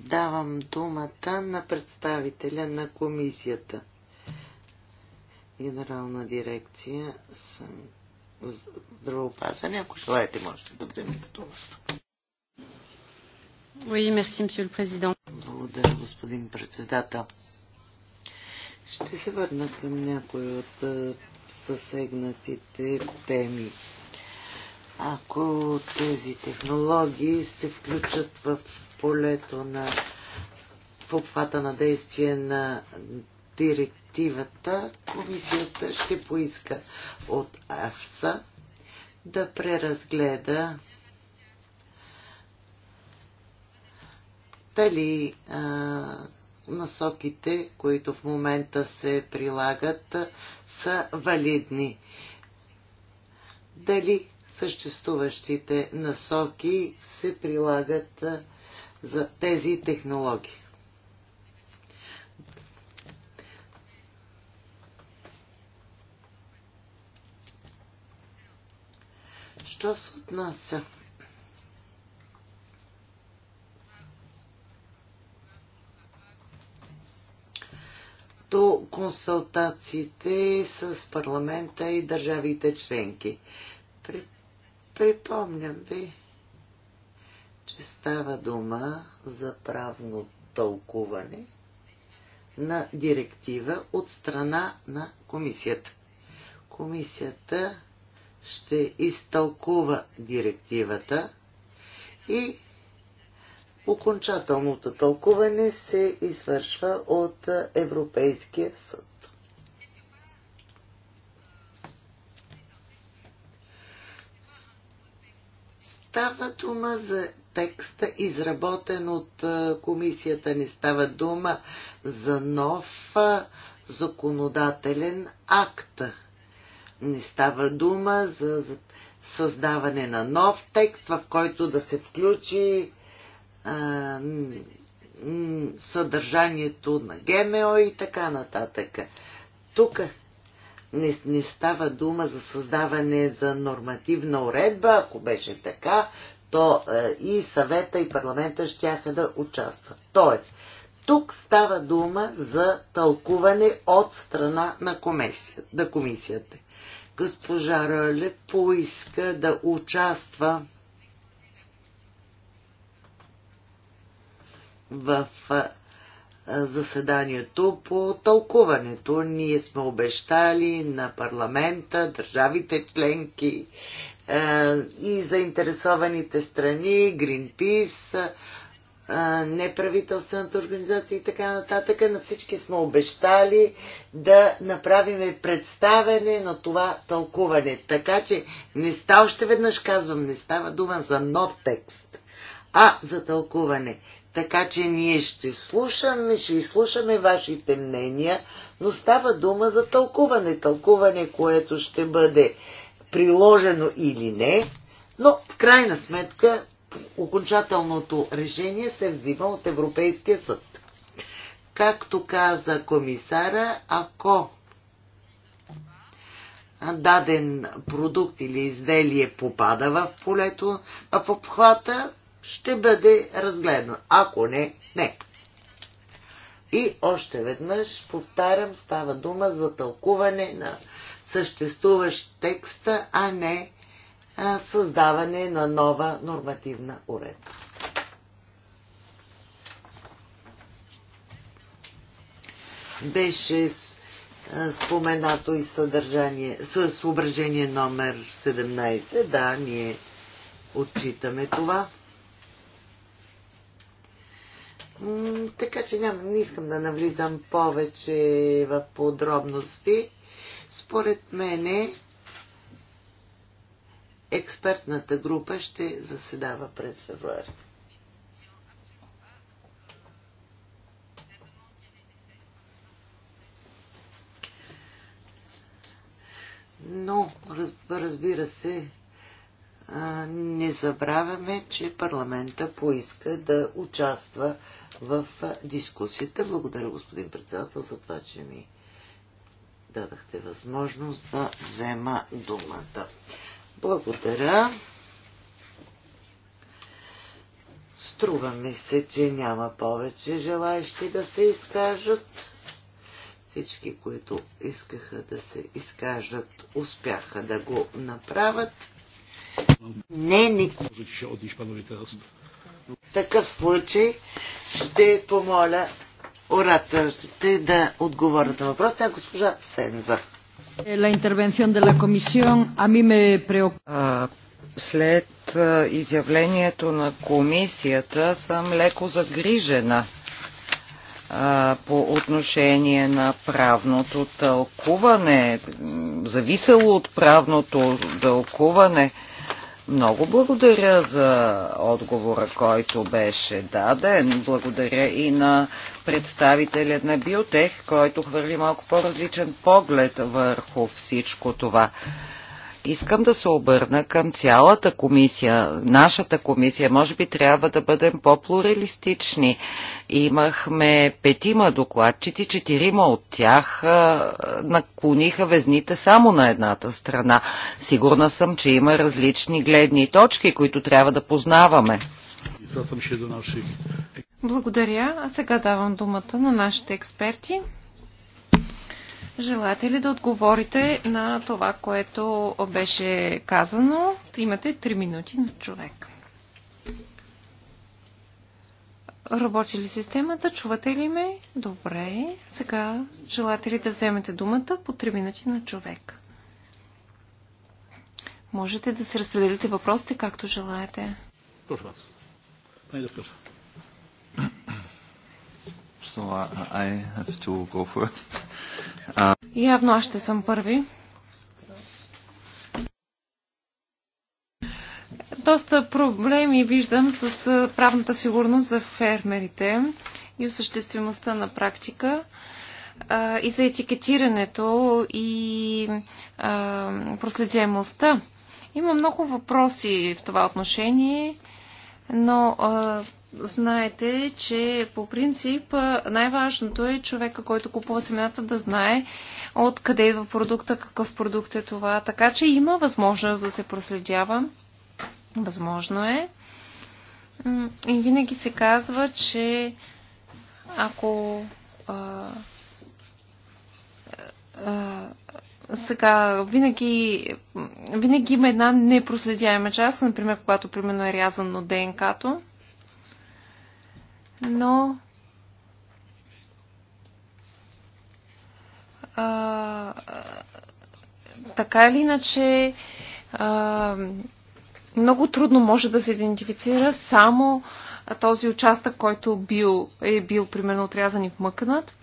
давам думата на представителя на комисията. Генерална дирекция съм здравеопазване. Ако желаете, можете да вземете думата. Благодаря, господин председател. Ще се върна към някои от съсегнатите теми. Ако тези технологии се включат в полето на в обхвата на действие на директивата, комисията ще поиска от АФСА да преразгледа дали а, насоките, които в момента се прилагат, са валидни. Дали съществуващите насоки се прилагат за тези технологии? Що се отнася? до консултациите с парламента и държавите членки. При, припомням ви, че става дума за правно тълкуване на директива от страна на комисията. Комисията ще изтълкува директивата и Окончателното тълкуване се извършва от Европейския съд. Става дума за текста, изработен от комисията. Не става дума за нов законодателен акт. Не става дума за създаване на нов текст, в който да се включи съдържанието на ГМО и така нататък. Тук не, не става дума за създаване за нормативна уредба. Ако беше така, то е, и съвета и парламента ще да участват. Тоест, тук става дума за тълкуване от страна на комисията. Госпожа Роле поиска да участва в заседанието по тълкуването. Ние сме обещали на парламента, държавите членки и заинтересованите страни, Гринпис, неправителствената организация и така нататък. На всички сме обещали да направим представене на това тълкуване. Така че не става, още веднъж казвам, не става дума за нов текст, а за тълкуване. Така че ние ще слушаме, ще изслушаме вашите мнения, но става дума за тълкуване. Тълкуване, което ще бъде приложено или не, но в крайна сметка окончателното решение се взима от Европейския съд. Както каза комисара, ако даден продукт или изделие попада в полето, в обхвата, ще бъде разгледан. Ако не, не. И още веднъж, повтарям, става дума за тълкуване на съществуващ текста, а не а, създаване на нова нормативна уредба. Беше споменато и съдържание, съображение номер 17. Да, ние отчитаме това. Така че няма, не искам да навлизам повече в подробности. Според мене експертната група ще заседава през февруари. Но, разбира се, не забравяме, че парламента поиска да участва в дискусията. Благодаря, господин председател, за това, че ми дадахте възможност да взема думата. Благодаря. Струва ми се, че няма повече желаящи да се изкажат. Всички, които искаха да се изкажат, успяха да го направят. Не, не. Може, Можете ще отиш, панове, терас. В такъв случай ще помоля ораторите да отговорят на въпроса. Госпожа Сенза. La intervención de la comisión a mí me preocupa. След изявлението на комисията съм леко загрижена по отношение на правното тълкуване, зависело от правното тълкуване. Много благодаря за отговора, който беше даден. Благодаря и на представителя на Биотех, който хвърли малко по-различен поглед върху всичко това. Искам да се обърна към цялата комисия, нашата комисия. Може би трябва да бъдем по-плуралистични. Имахме петима докладчици, четирима от тях наклониха везните само на едната страна. Сигурна съм, че има различни гледни точки, които трябва да познаваме. Благодаря. А сега давам думата на нашите експерти. Желаете ли да отговорите на това, което беше казано? Имате 3 минути на човек. Работи ли системата? Чувате ли ме? Добре. Сега желаете ли да вземете думата по 3 минути на човек? Можете да се разпределите въпросите както желаете. Прошу вас. Пане да so I have to go first. Uh, Явно аз ще съм първи. Доста проблеми виждам с правната сигурност за фермерите и осъществимостта на практика и за етикетирането и проследяемостта. Има много въпроси в това отношение, но а, знаете, че по принцип най-важното е човека, който купува семената, да знае откъде идва продукта, какъв продукт е това. Така че има възможност да се проследява. Възможно е. И винаги се казва, че ако а, а, сега, винаги, винаги има една непроследяема част, например, когато примерно е рязано ДНК-то, но а, така или иначе а, много трудно може да се идентифицира само този участък, който бил, е бил примерно отрязан и вмъкнат.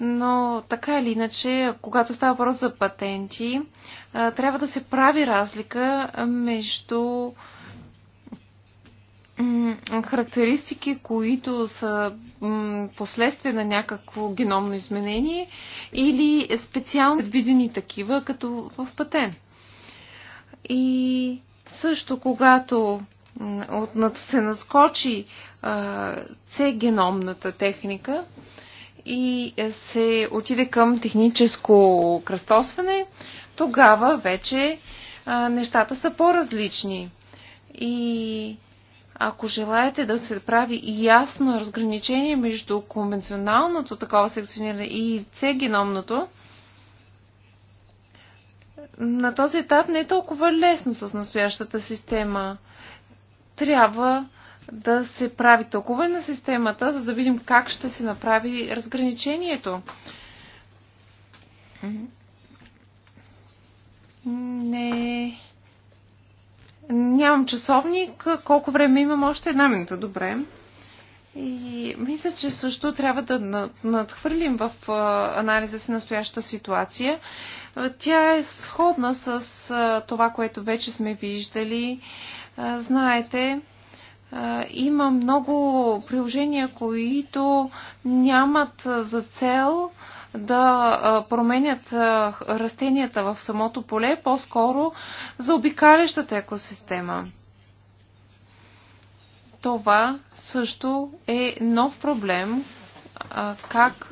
Но така или иначе, когато става въпрос за патенти, трябва да се прави разлика между характеристики, които са последствие на някакво геномно изменение или специално предвидени такива, като в патент. И също, когато се наскочи c геномната техника и се отиде към техническо кръстосване, тогава вече нещата са по-различни. И ако желаете да се прави ясно разграничение между конвенционалното такова секциониране и цегеномното, на този етап не е толкова лесно с настоящата система. Трябва да се прави тълкуване на системата, за да видим как ще се направи разграничението. Не е Нямам часовник. Колко време имам? Още една минута. Добре. И мисля, че също трябва да надхвърлим в анализа си настоящата ситуация. Тя е сходна с това, което вече сме виждали. Знаете, има много приложения, които нямат за цел да променят растенията в самото поле, по-скоро за обикалящата екосистема. Това също е нов проблем. Как,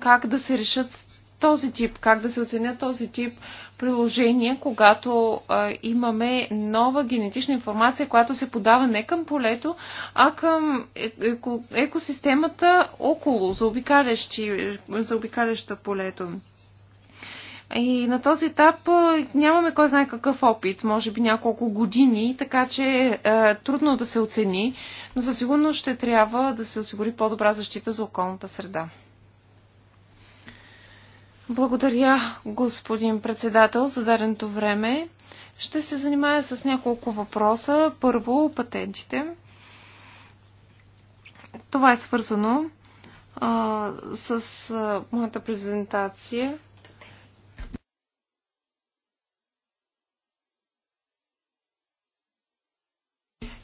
как да се решат този тип, как да се оценят този тип приложение, когато а, имаме нова генетична информация, която се подава не към полето, а към е, еко, екосистемата около, заобикаляща полето. И на този етап нямаме кой знае какъв опит, може би няколко години, така че е трудно да се оцени, но със сигурност ще трябва да се осигури по-добра защита за околната среда. Благодаря, господин председател, за даденото време. Ще се занимая с няколко въпроса. Първо, патентите. Това е свързано а, с а, моята презентация.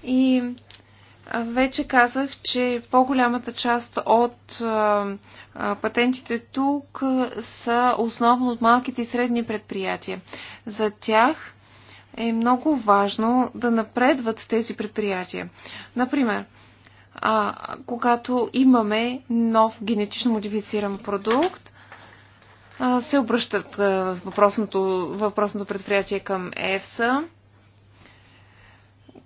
И вече казах, че по-голямата част от патентите тук са основно от малките и средни предприятия. За тях е много важно да напредват тези предприятия. Например, а, когато имаме нов генетично модифициран продукт, а, се обръщат а, въпросното, въпросното предприятие към ЕФСА.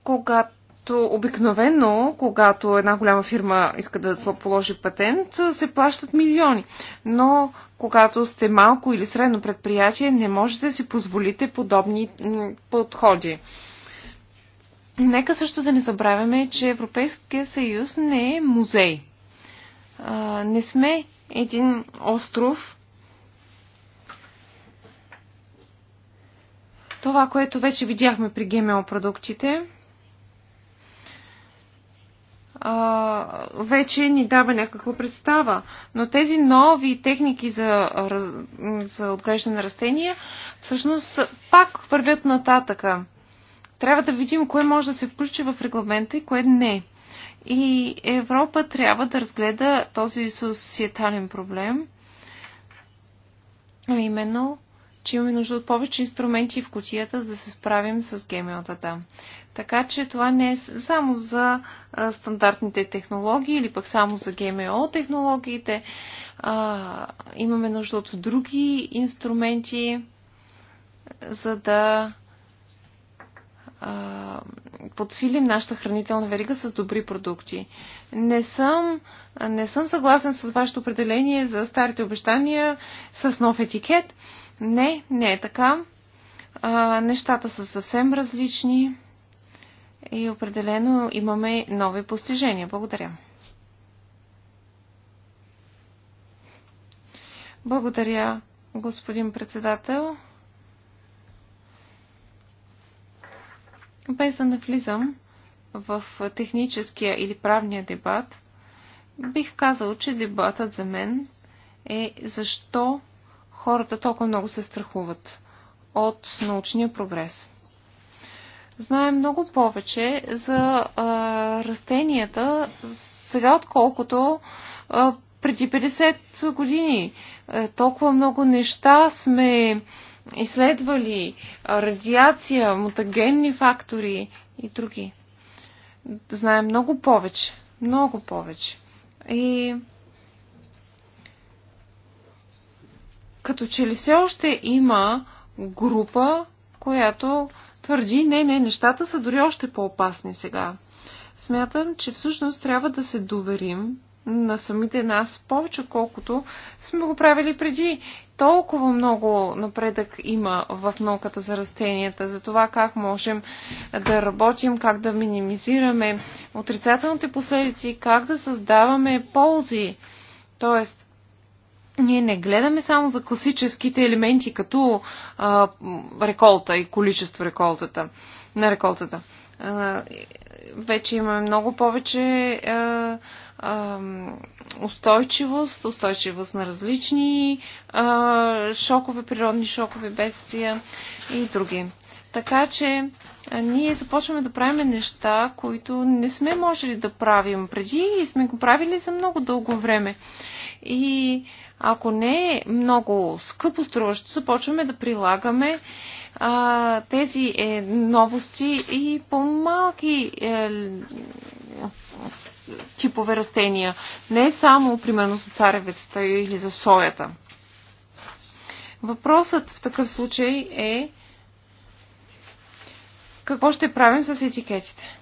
Когато като обикновено, когато една голяма фирма иска да положи патент, се плащат милиони. Но когато сте малко или средно предприятие, не можете да си позволите подобни подходи. Нека също да не забравяме, че Европейския съюз не е музей. не сме един остров, Това, което вече видяхме при ГМО продуктите, а, вече ни дава някаква представа. Но тези нови техники за, за отглеждане на растения всъщност пак вървят нататъка. Трябва да видим кое може да се включи в регламента и кое не. И Европа трябва да разгледа този социетален проблем, а именно че имаме нужда от повече инструменти в котията, за да се справим с ГМО-тата. Така че това не е само за а, стандартните технологии или пък само за ГМО технологиите. А, имаме нужда от други инструменти, за да а, подсилим нашата хранителна верига с добри продукти. Не съм, не съм съгласен с вашето определение за старите обещания с нов етикет. А, не, не е така. А, нещата са съвсем различни и определено имаме нови постижения. Благодаря. Благодаря, господин председател. Без да навлизам в техническия или правния дебат, бих казал, че дебатът за мен е защо хората толкова много се страхуват от научния прогрес. Знаем много повече за а, растенията сега, отколкото а, преди 50 години. А, е, толкова много неща сме изследвали, а, радиация, мутагенни фактори и други. Знаем много повече. Много повече. И като че ли все още има група, която твърди, не, не, нещата са дори още по-опасни сега. Смятам, че всъщност трябва да се доверим на самите нас повече, отколкото сме го правили преди. Толкова много напредък има в науката за растенията, за това как можем да работим, как да минимизираме отрицателните последици, как да създаваме ползи. Тоест, ние не гледаме само за класическите елементи, като а, реколта и количество реколтата, на реколтата. А, вече имаме много повече а, а, устойчивост, устойчивост на различни а, шокове, природни шокове, бедствия и други. Така че ние започваме да правим неща, които не сме можели да правим преди и сме го правили за много дълго време. И ако не е много скъпо струващо, започваме да прилагаме а, тези е, новости и по-малки е, типове растения. Не само, примерно, за царевецата или за соята. Въпросът в такъв случай е какво ще правим с етикетите?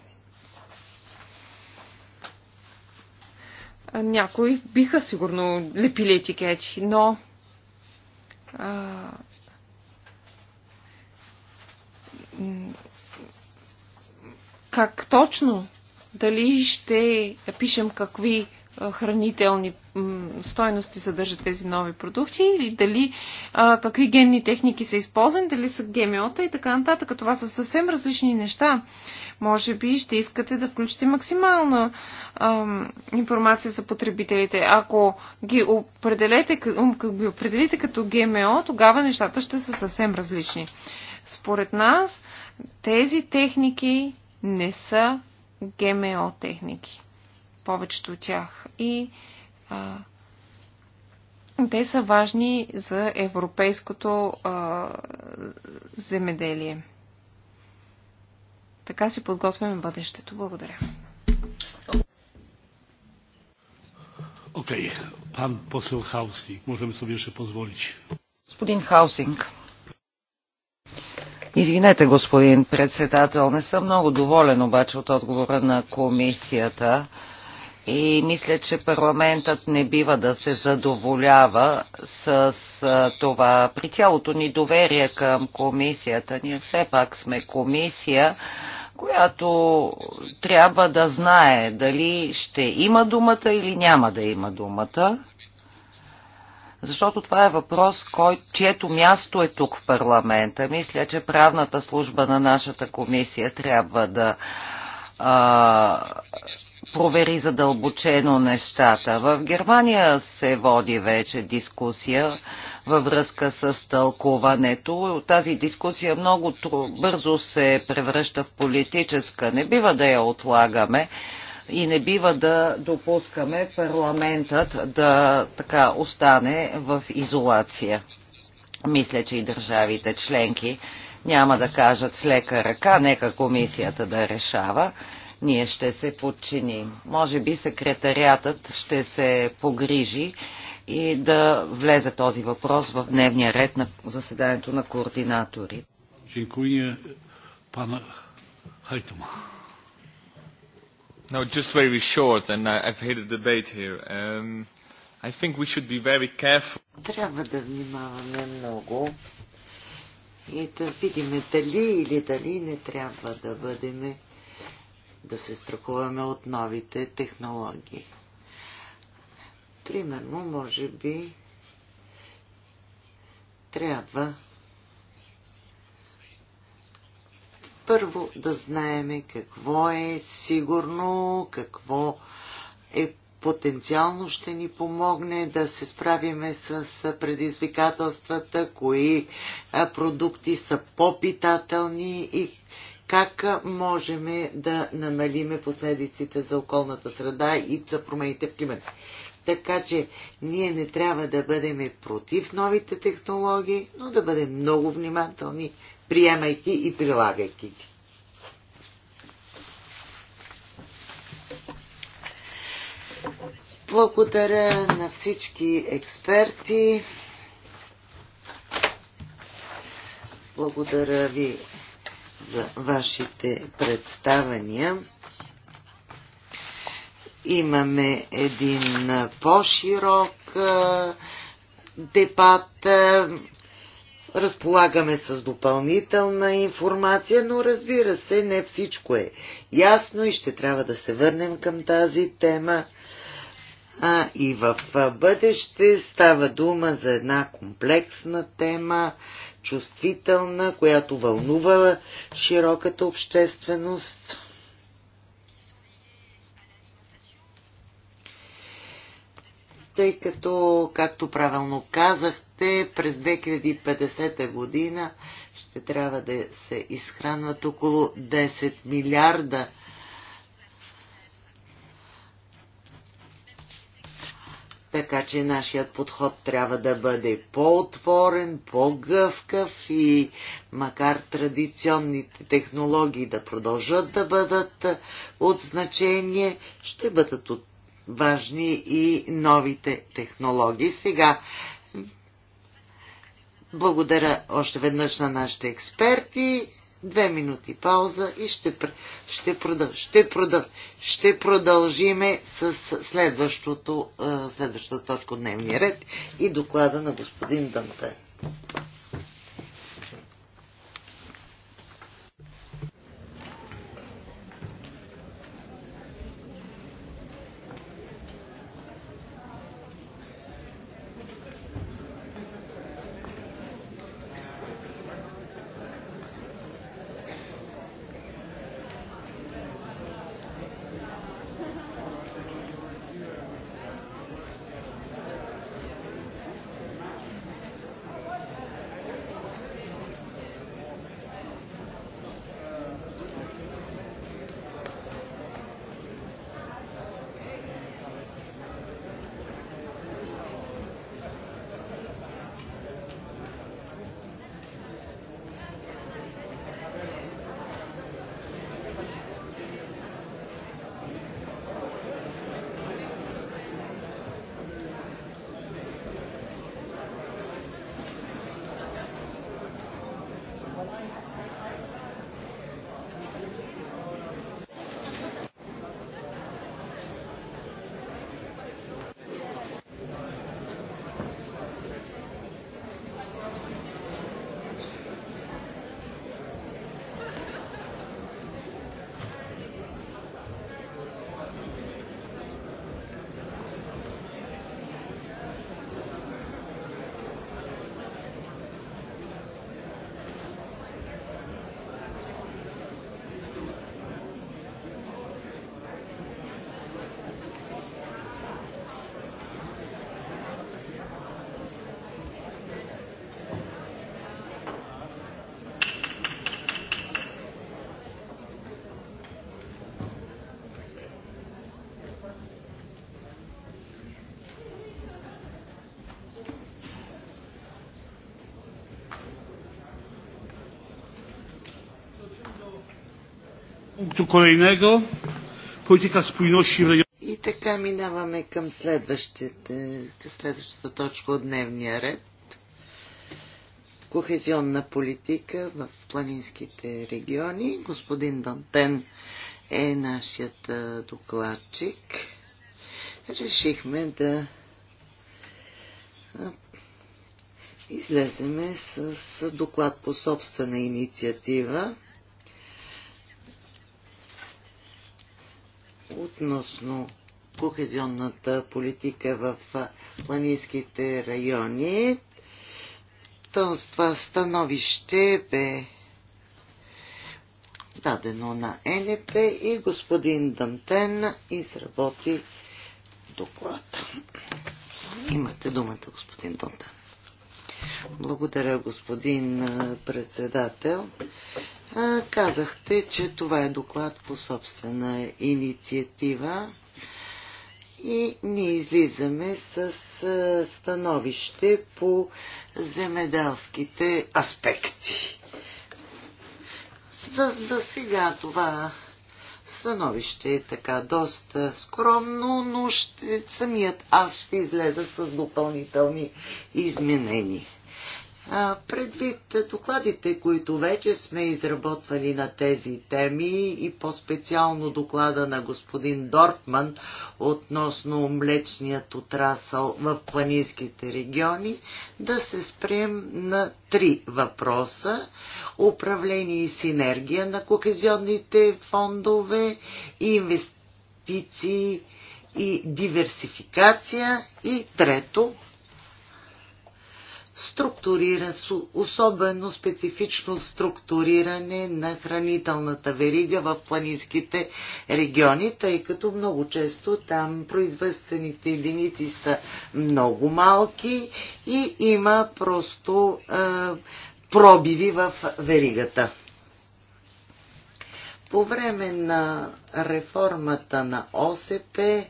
някои биха сигурно лепили етикети, но а, как точно, дали ще пишем какви хранителни стойности съдържат тези нови продукти или дали а, какви генни техники са използвани, дали са гемиота и така нататък. Това са съвсем различни неща. Може би ще искате да включите максимална а, информация за потребителите. Ако ги определите, ако ги определите като ГМО, тогава нещата ще са съвсем различни. Според нас тези техники не са ГМО техники. Повечето от тях. И а, те са важни за европейското а, земеделие. Така си подготвяме бъдещето. Благодаря. Окей, okay. pan poseł Hausing. Możemy се jeszcze pozwolić. Господин Хаусинг. Извинете, господин председател, не съм много доволен обаче от отговора на комисията. И мисля, че парламентът не бива да се задоволява с това. При цялото ни доверие към комисията, ние все пак сме комисия, която трябва да знае дали ще има думата или няма да има думата. Защото това е въпрос, кой, чието място е тук в парламента. Мисля, че правната служба на нашата комисия трябва да а, провери задълбочено нещата. В Германия се води вече дискусия във връзка с тълкуването. Тази дискусия много бързо се превръща в политическа. Не бива да я отлагаме и не бива да допускаме парламентът да така остане в изолация. Мисля, че и държавите членки няма да кажат с лека ръка, нека комисията да решава ние ще се подчиним. Може би секретариатът ще се погрижи и да влезе този въпрос в дневния ред на заседанието на координатори. Dziękuję No, just very short, and I've had a debate here. Um, I think we should be very careful. Трябва да внимаваме много и да видим дали или дали не трябва да бъдем да се страхуваме от новите технологии. Примерно, може би трябва първо да знаеме какво е сигурно, какво е потенциално ще ни помогне да се справиме с предизвикателствата, кои продукти са по-питателни и как можем да намалиме последиците за околната среда и за промените в климата. Така че ние не трябва да бъдем против новите технологии, но да бъдем много внимателни, приемайки и прилагайки ги. Благодаря на всички експерти. Благодаря ви за вашите представания. Имаме един по-широк дебат. Разполагаме с допълнителна информация, но разбира се, не всичко е ясно и ще трябва да се върнем към тази тема. А и в бъдеще става дума за една комплексна тема, чувствителна, която вълнува широката общественост. Тъй като, както правилно казахте, през 2050 година ще трябва да се изхранват около 10 милиарда Така че нашият подход трябва да бъде по-отворен, по-гъвкав и макар традиционните технологии да продължат да бъдат от значение, ще бъдат от важни и новите технологии. Сега благодаря още веднъж на нашите експерти. Две минути пауза и ще, ще, продъл, ще, продъл, ще продължиме с следващото, следващата точка от дневния ред и доклада на господин Дантен. kolejnego. Polityka spójności w regionie. I tak minęłamy kam към следващата точка od дневния ред. Kohezjonna polityka w планинските региони. Господин Дантен е нашият докладчик. Решихме да излеземе с доклад по собствена инициатива относно кохезионната политика в планинските райони. То, това становище бе дадено на е НП и господин Дантен изработи доклада. Имате думата, господин Дантен. Благодаря, господин председател. Казахте, че това е доклад по собствена инициатива и ние излизаме с становище по земеделските аспекти. За, за сега това Становище е така доста скромно, но ще, самият аз ще излеза с допълнителни изменения. Предвид докладите, които вече сме изработвали на тези теми и по-специално доклада на господин Дортман относно млечният отрасъл в планинските региони, да се спрем на три въпроса. Управление и синергия на кохезионните фондове, инвестиции и диверсификация и трето – структурира, особено специфично структуриране на хранителната верига в планинските региони, тъй като много често там произведствените единици са много малки и има просто е, пробиви в веригата. По време на реформата на ОСП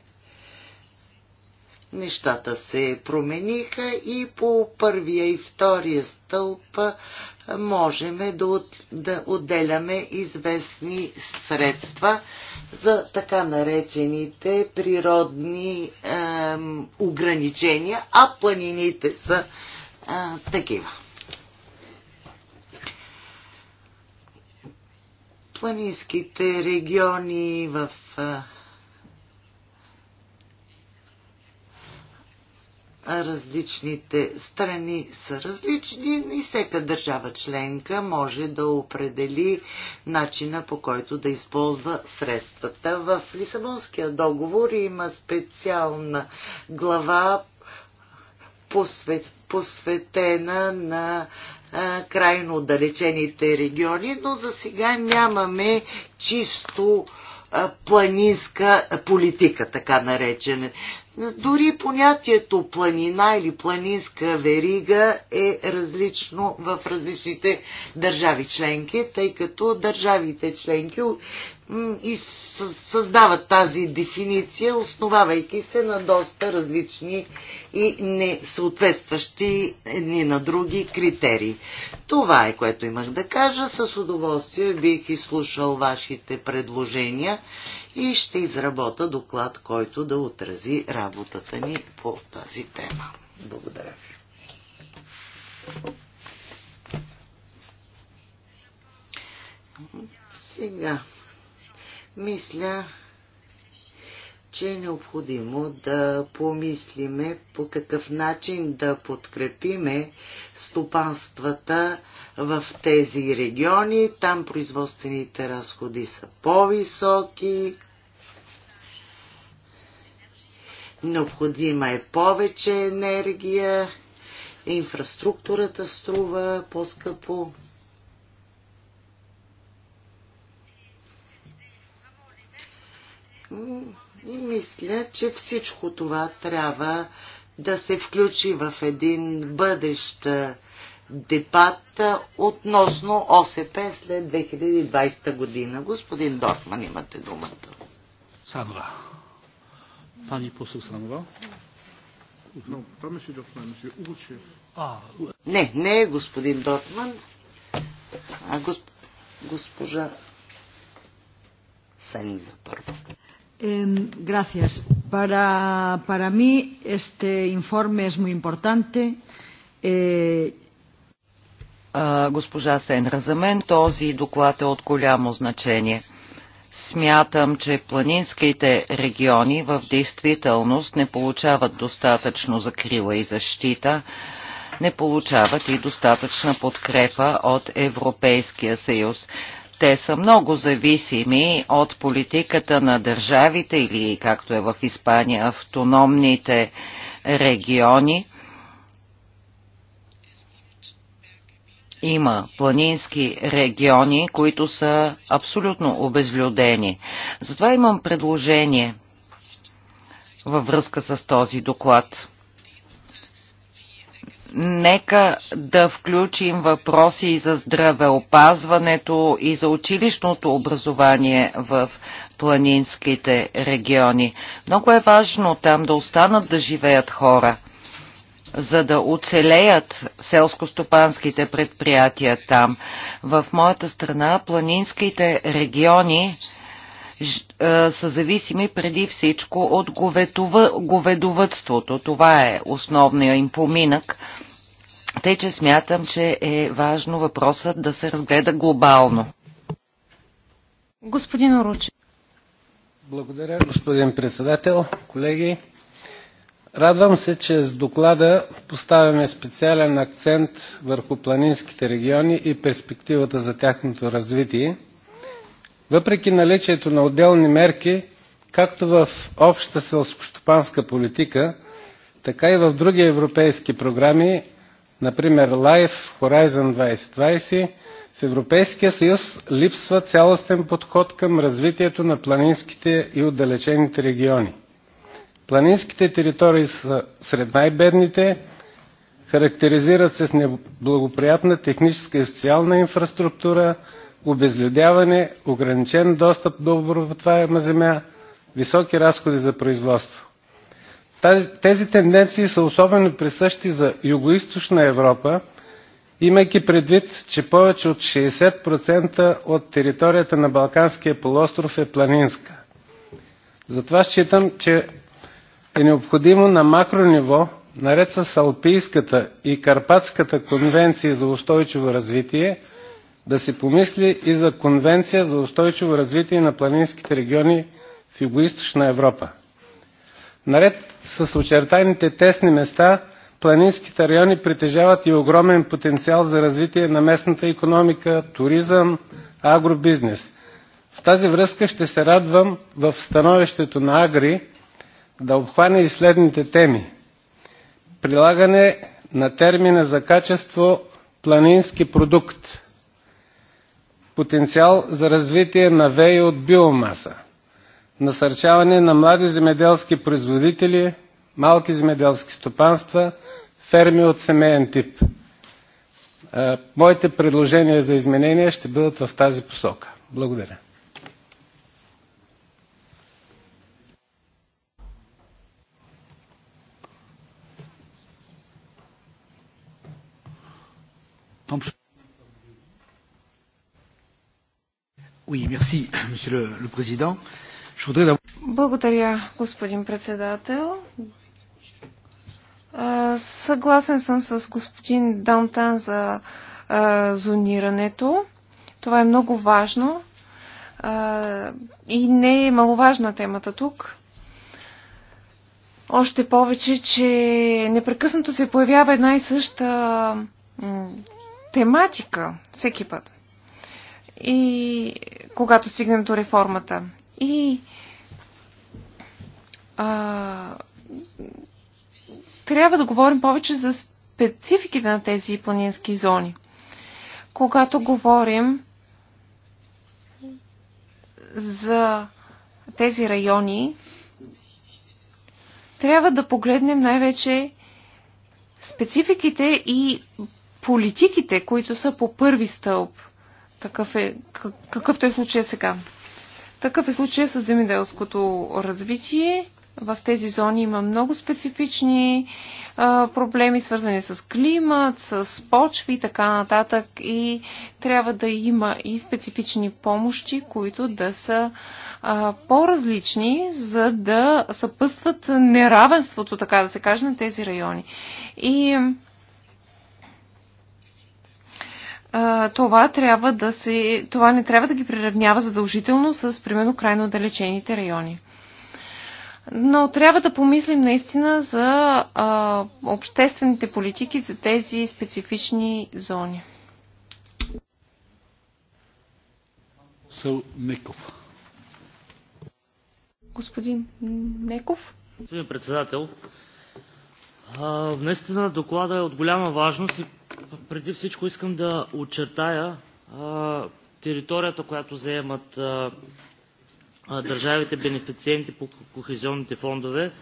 нещата се промениха и по първия и втория стълб можем да, от, да отделяме известни средства за така наречените природни е, ограничения, а планините са е, такива. Планинските региони в е, различните страни са различни и всяка държава членка може да определи начина по който да използва средствата. В Лисабонския договор има специална глава посвет, посветена на а, крайно отдалечените региони, но за сега нямаме чисто планинска политика, така наречена. Дори понятието планина или планинска верига е различно в различните държави членки, тъй като държавите членки и създават тази дефиниция, основавайки се на доста различни и несъответстващи едни на други критерии. Това е което имах да кажа. С удоволствие бих изслушал вашите предложения и ще изработа доклад, който да отрази работата ни по тази тема. Благодаря ви. Сега. Мисля, че е необходимо да помислиме по какъв начин да подкрепиме стопанствата в тези региони. Там производствените разходи са по-високи. Необходима е повече енергия. Инфраструктурата струва по-скъпо. И Мисля, че всичко това трябва да се включи в един бъдещ дебат относно ОСП след 2020 година. Господин Дортман, имате думата. Сандра. Пани посъл Сандра. Е не, не е господин Дортман, а госп... госпожа Сенза първо. Eh, gracias. Para, para mí este informe es muy importante. Eh... госпожа Сенра, за мен този доклад е от голямо значение. Смятам, че планинските региони в действителност не получават достатъчно закрила и защита, не получават и достатъчна подкрепа от Европейския съюз. Те са много зависими от политиката на държавите или, както е в Испания, автономните региони. има планински региони, които са абсолютно обезлюдени. Затова имам предложение във връзка с този доклад нека да включим въпроси и за здравеопазването и за училищното образование в планинските региони. Много е важно там да останат да живеят хора, за да оцелеят селско-стопанските предприятия там. В моята страна планинските региони е, са зависими преди всичко от говедовътството. Това е основния им поминък. Тъй, че смятам, че е важно въпросът да се разгледа глобално. Господин Оруче. Благодаря, господин председател. Колеги, радвам се, че с доклада поставяме специален акцент върху планинските региони и перспективата за тяхното развитие – въпреки наличието на отделни мерки, както в обща селскостопанска политика, така и в други европейски програми, например LIFE, Horizon 2020, в Европейския съюз липсва цялостен подход към развитието на планинските и отдалечените региони. Планинските територии са сред най-бедните, характеризират се с неблагоприятна техническа и социална инфраструктура, обезлюдяване, ограничен достъп до обработваема земя, високи разходи за производство. Тези тенденции са особено присъщи за Югоизточна Европа, имайки предвид, че повече от 60% от територията на Балканския полуостров е планинска. Затова считам, че е необходимо на макрониво, наред с Алпийската и Карпатската конвенции за устойчиво развитие – да се помисли и за Конвенция за устойчиво развитие на планинските региони в Югоизточна Европа. Наред с очертаните тесни места, планинските райони притежават и огромен потенциал за развитие на местната економика, туризъм, агробизнес. В тази връзка ще се радвам в становището на Агри да обхване и следните теми. Прилагане на термина за качество планински продукт – потенциал за развитие на ВЕИ от биомаса, насърчаване на млади земеделски производители, малки земеделски стопанства, ферми от семейен тип. Е, моите предложения за изменения ще бъдат в тази посока. Благодаря. Pan [COUGHS] Благодаря, господин председател. Съгласен съм с господин Дантан за зонирането. Това е много важно и не е маловажна темата тук. Още повече, че непрекъснато се появява една и съща тематика всеки път и когато стигнем до реформата. И а, трябва да говорим повече за спецификите на тези планински зони. Когато говорим за тези райони, трябва да погледнем най-вече спецификите и политиките, които са по първи стълб – такъв е, какъвто е случая сега. Такъв е случая с земеделското развитие. В тези зони има много специфични а, проблеми, свързани с климат, с почви и така нататък. И трябва да има и специфични помощи, които да са по-различни, за да съпътстват неравенството, така да се каже, на тези райони. И това, трябва да се, това не трябва да ги приравнява задължително с, примерно, крайно отдалечените райони. Но трябва да помислим наистина за а, обществените политики за тези специфични зони. Неков. Господин Неков. Господин председател, а, наистина доклада е от голяма важност и преди всичко искам да очертая а, територията, която заемат а, а, държавите бенефициенти по кохезионните фондове.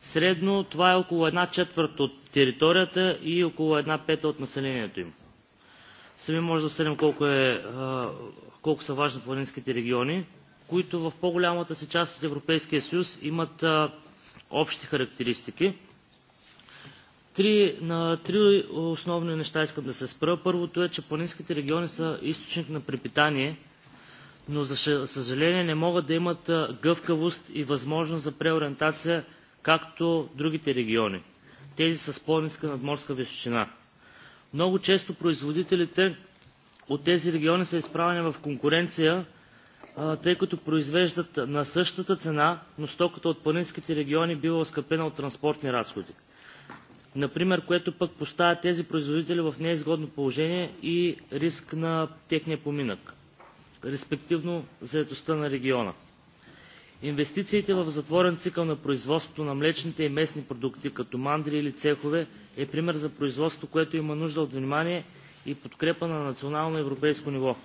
Средно това е около една четвърт от територията и около една пета от населението им. Сами може да съдим колко, е, колко са важни планинските региони, които в по-голямата си част от Европейския съюз имат общи характеристики – Три, на три основни неща искам да се спра. Първото е, че планинските региони са източник на препитание, но за съжаление не могат да имат гъвкавост и възможност за преориентация, както другите региони, тези с по-ниска надморска височина. Много често производителите от тези региони са изправени в конкуренция, тъй като произвеждат на същата цена, но стоката от планинските региони бива оскъпена от транспортни разходи например, което пък поставя тези производители в неизгодно положение и риск на техния поминък, респективно заедостта на региона. Инвестициите в затворен цикъл на производството на млечните и местни продукти, като мандри или цехове, е пример за производство, което има нужда от внимание и подкрепа на национално европейско ниво.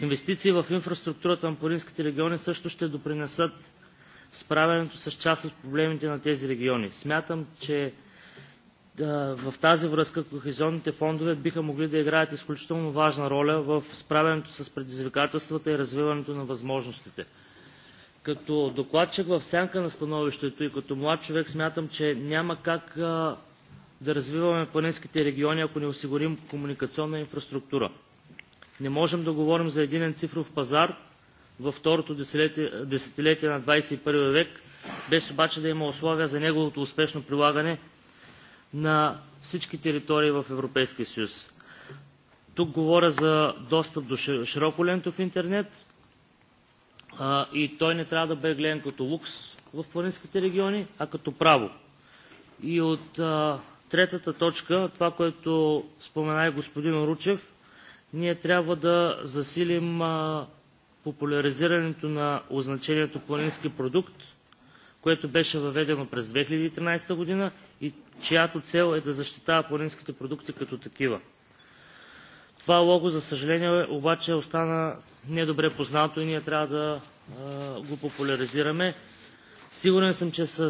Инвестиции в инфраструктурата на поринските региони също ще допринесат справянето с част от проблемите на тези региони. Смятам, че в тази връзка кохезионните фондове биха могли да играят изключително важна роля в справянето с предизвикателствата и развиването на възможностите. Като докладчик в сянка на становището и като млад човек смятам, че няма как да развиваме планинските региони, ако не осигурим комуникационна инфраструктура. Не можем да говорим за единен цифров пазар във второто десетилетие на 21 век, без обаче да има условия за неговото успешно прилагане на всички територии в Европейския съюз. Тук говоря за достъп до широколентов интернет а, и той не трябва да бъде гледан като лукс в планинските региони, а като право. И от а, третата точка, това, което спомена и господин Ручев, ние трябва да засилим а, популяризирането на означението планински продукт, което беше въведено през 2013 година и чиято цел е да защитава планинските продукти като такива. Това лого, за съжаление, обаче остана недобре познато и ние трябва да го популяризираме. Сигурен съм, че с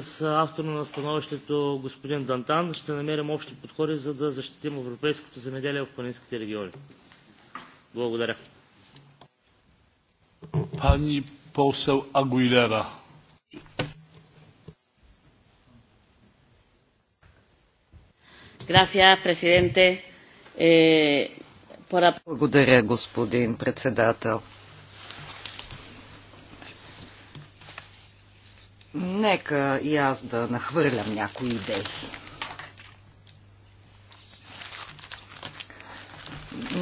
автора на становището господин Дантан ще намерим общи подходи, за да защитим европейското земеделие в планинските региони. Благодаря. Пани посел Агуилера. Eh, Благодаря, господин председател. Нека и аз да нахвърлям някои идеи.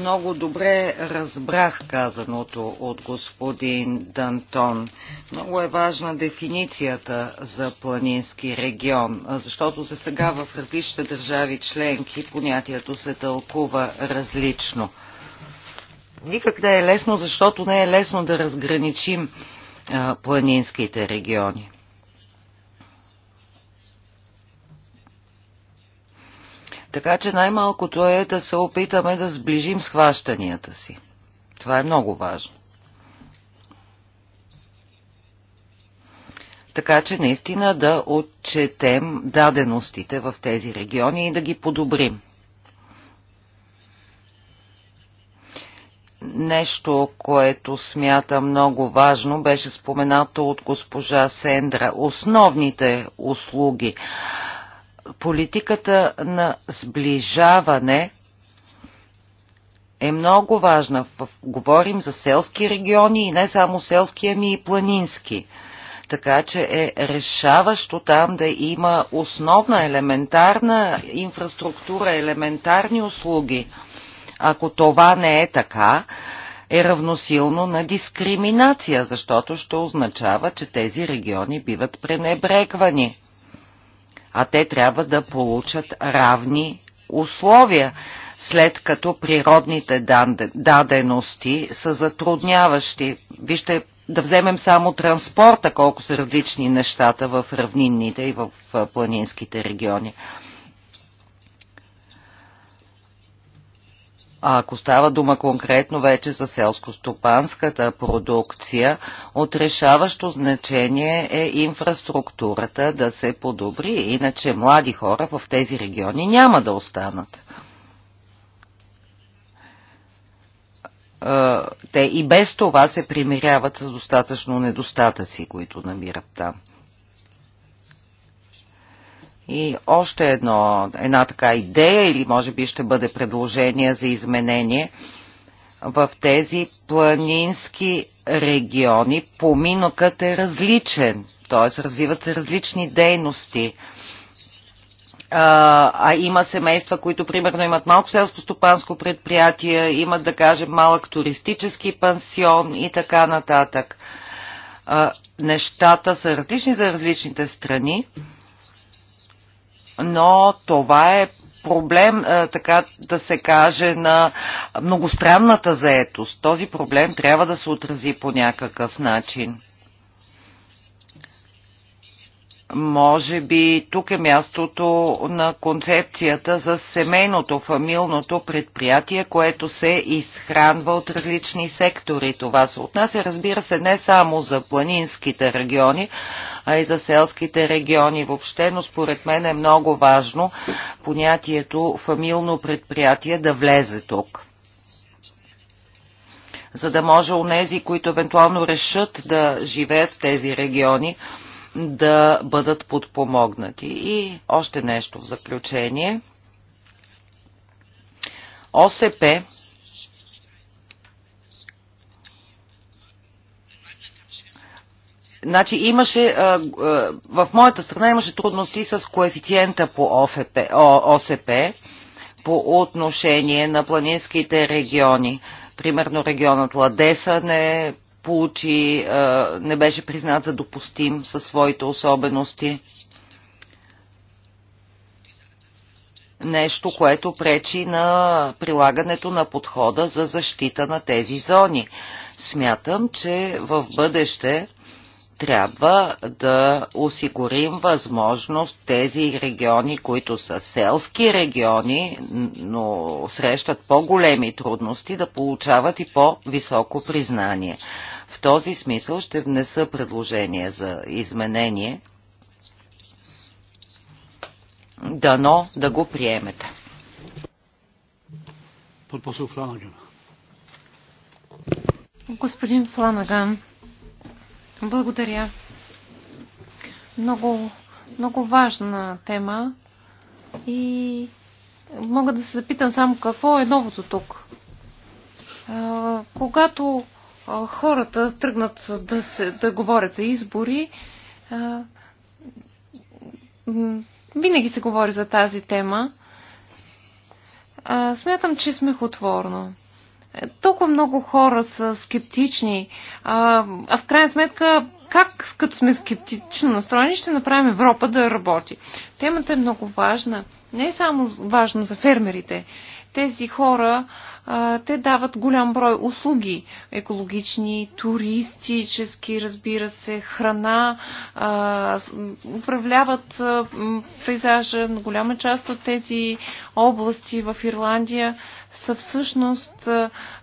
много добре разбрах казаното от господин Дантон. Много е важна дефиницията за планински регион, защото за сега в различните държави членки понятието се тълкува различно. Никак не е лесно, защото не е лесно да разграничим а, планинските региони. Така че най-малкото е да се опитаме да сближим схващанията си. Това е много важно. Така че наистина да отчетем даденостите в тези региони и да ги подобрим. нещо, което смята много важно, беше споменато от госпожа Сендра. Основните услуги политиката на сближаване е много важна. Говорим за селски региони и не само селски, ами и планински. Така че е решаващо там да има основна елементарна инфраструктура, елементарни услуги. Ако това не е така, е равносилно на дискриминация, защото ще означава, че тези региони биват пренебрегвани а те трябва да получат равни условия, след като природните дадености са затрудняващи. Вижте, да вземем само транспорта, колко са различни нещата в равнинните и в планинските региони. А ако става дума конкретно вече за селско-стопанската продукция, от решаващо значение е инфраструктурата да се подобри, иначе млади хора в тези региони няма да останат. Те и без това се примиряват с достатъчно недостатъци, които намират там. И още едно, една така идея или може би ще бъде предложение за изменение в тези планински региони поминокът е различен, т.е. развиват се различни дейности. А, а има семейства, които примерно имат малко селско-стопанско предприятие, имат да кажем малък туристически пансион и така нататък. А, нещата са различни за различните страни но това е проблем, е, така да се каже, на многостранната заетост. Този проблем трябва да се отрази по някакъв начин. Може би тук е мястото на концепцията за семейното, фамилното предприятие, което се изхранва от различни сектори. Това се отнася, разбира се, не само за планинските региони, а и за селските региони въобще, но според мен е много важно понятието фамилно предприятие да влезе тук за да може онези, които евентуално решат да живеят в тези региони, да бъдат подпомогнати. И още нещо в заключение. ОСП Значи имаше, в моята страна имаше трудности с коефициента по ОФП, ОСП по отношение на планинските региони. Примерно регионът Ладеса не получи, не беше признат за допустим със своите особености. Нещо, което пречи на прилагането на подхода за защита на тези зони. Смятам, че в бъдеще трябва да осигурим възможност тези региони, които са селски региони, но срещат по-големи трудности, да получават и по-високо признание. В този смисъл ще внеса предложение за изменение. Дано да го приемете. Подпосъл Фланаган. Господин Фланаган, благодаря. Много, много важна тема и мога да се запитам само какво е новото тук. Когато хората тръгнат да, се, да говорят за избори, винаги се говори за тази тема. Смятам, че смехотворно. Е, толкова много хора са скептични, а, в крайна сметка, как като сме скептично настроени, ще направим Европа да работи. Темата е много важна. Не е само важна за фермерите. Тези хора те дават голям брой услуги. Екологични, туристически, разбира се, храна. Управляват пейзажа на голяма част от тези области в Ирландия са всъщност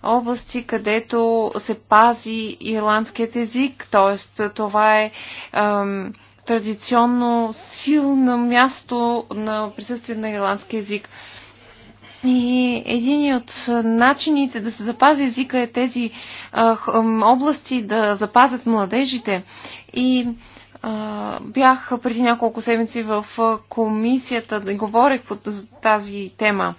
области, където се пази ирландският език, т.е. това е традиционно силно място на присъствие на ирландски език. И един от начините да се запази езика е тези а, области да запазят младежите. И а, бях преди няколко седмици в комисията да говорех по тази тема.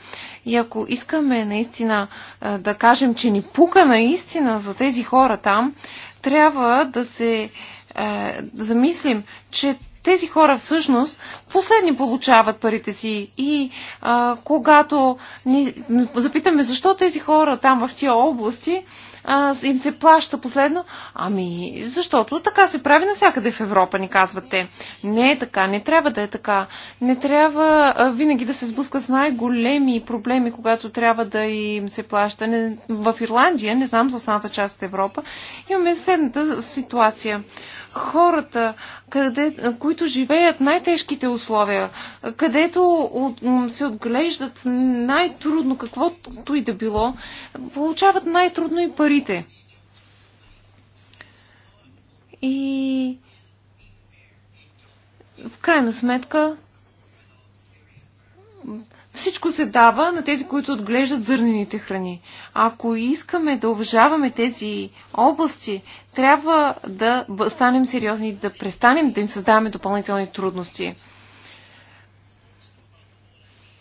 И ако искаме наистина а, да кажем, че ни пука наистина за тези хора там, трябва да се а, да замислим, че тези хора всъщност последни получават парите си и а, когато ни, запитаме защо тези хора там в тия области а, им се плаща последно, ами защото така се прави навсякъде в Европа, ни казват те. Не е така, не трябва да е така. Не трябва а, винаги да се сблъска с най-големи проблеми, когато трябва да им се плаща. Не, в Ирландия, не знам за останата част от Европа, имаме следната ситуация хората, къде, които живеят най-тежките условия, където от, се отглеждат най-трудно, каквото и да било, получават най-трудно и парите. И в крайна сметка всичко се дава на тези, които отглеждат зърнените храни. Ако искаме да уважаваме тези области, трябва да станем сериозни и да престанем да им създаваме допълнителни трудности.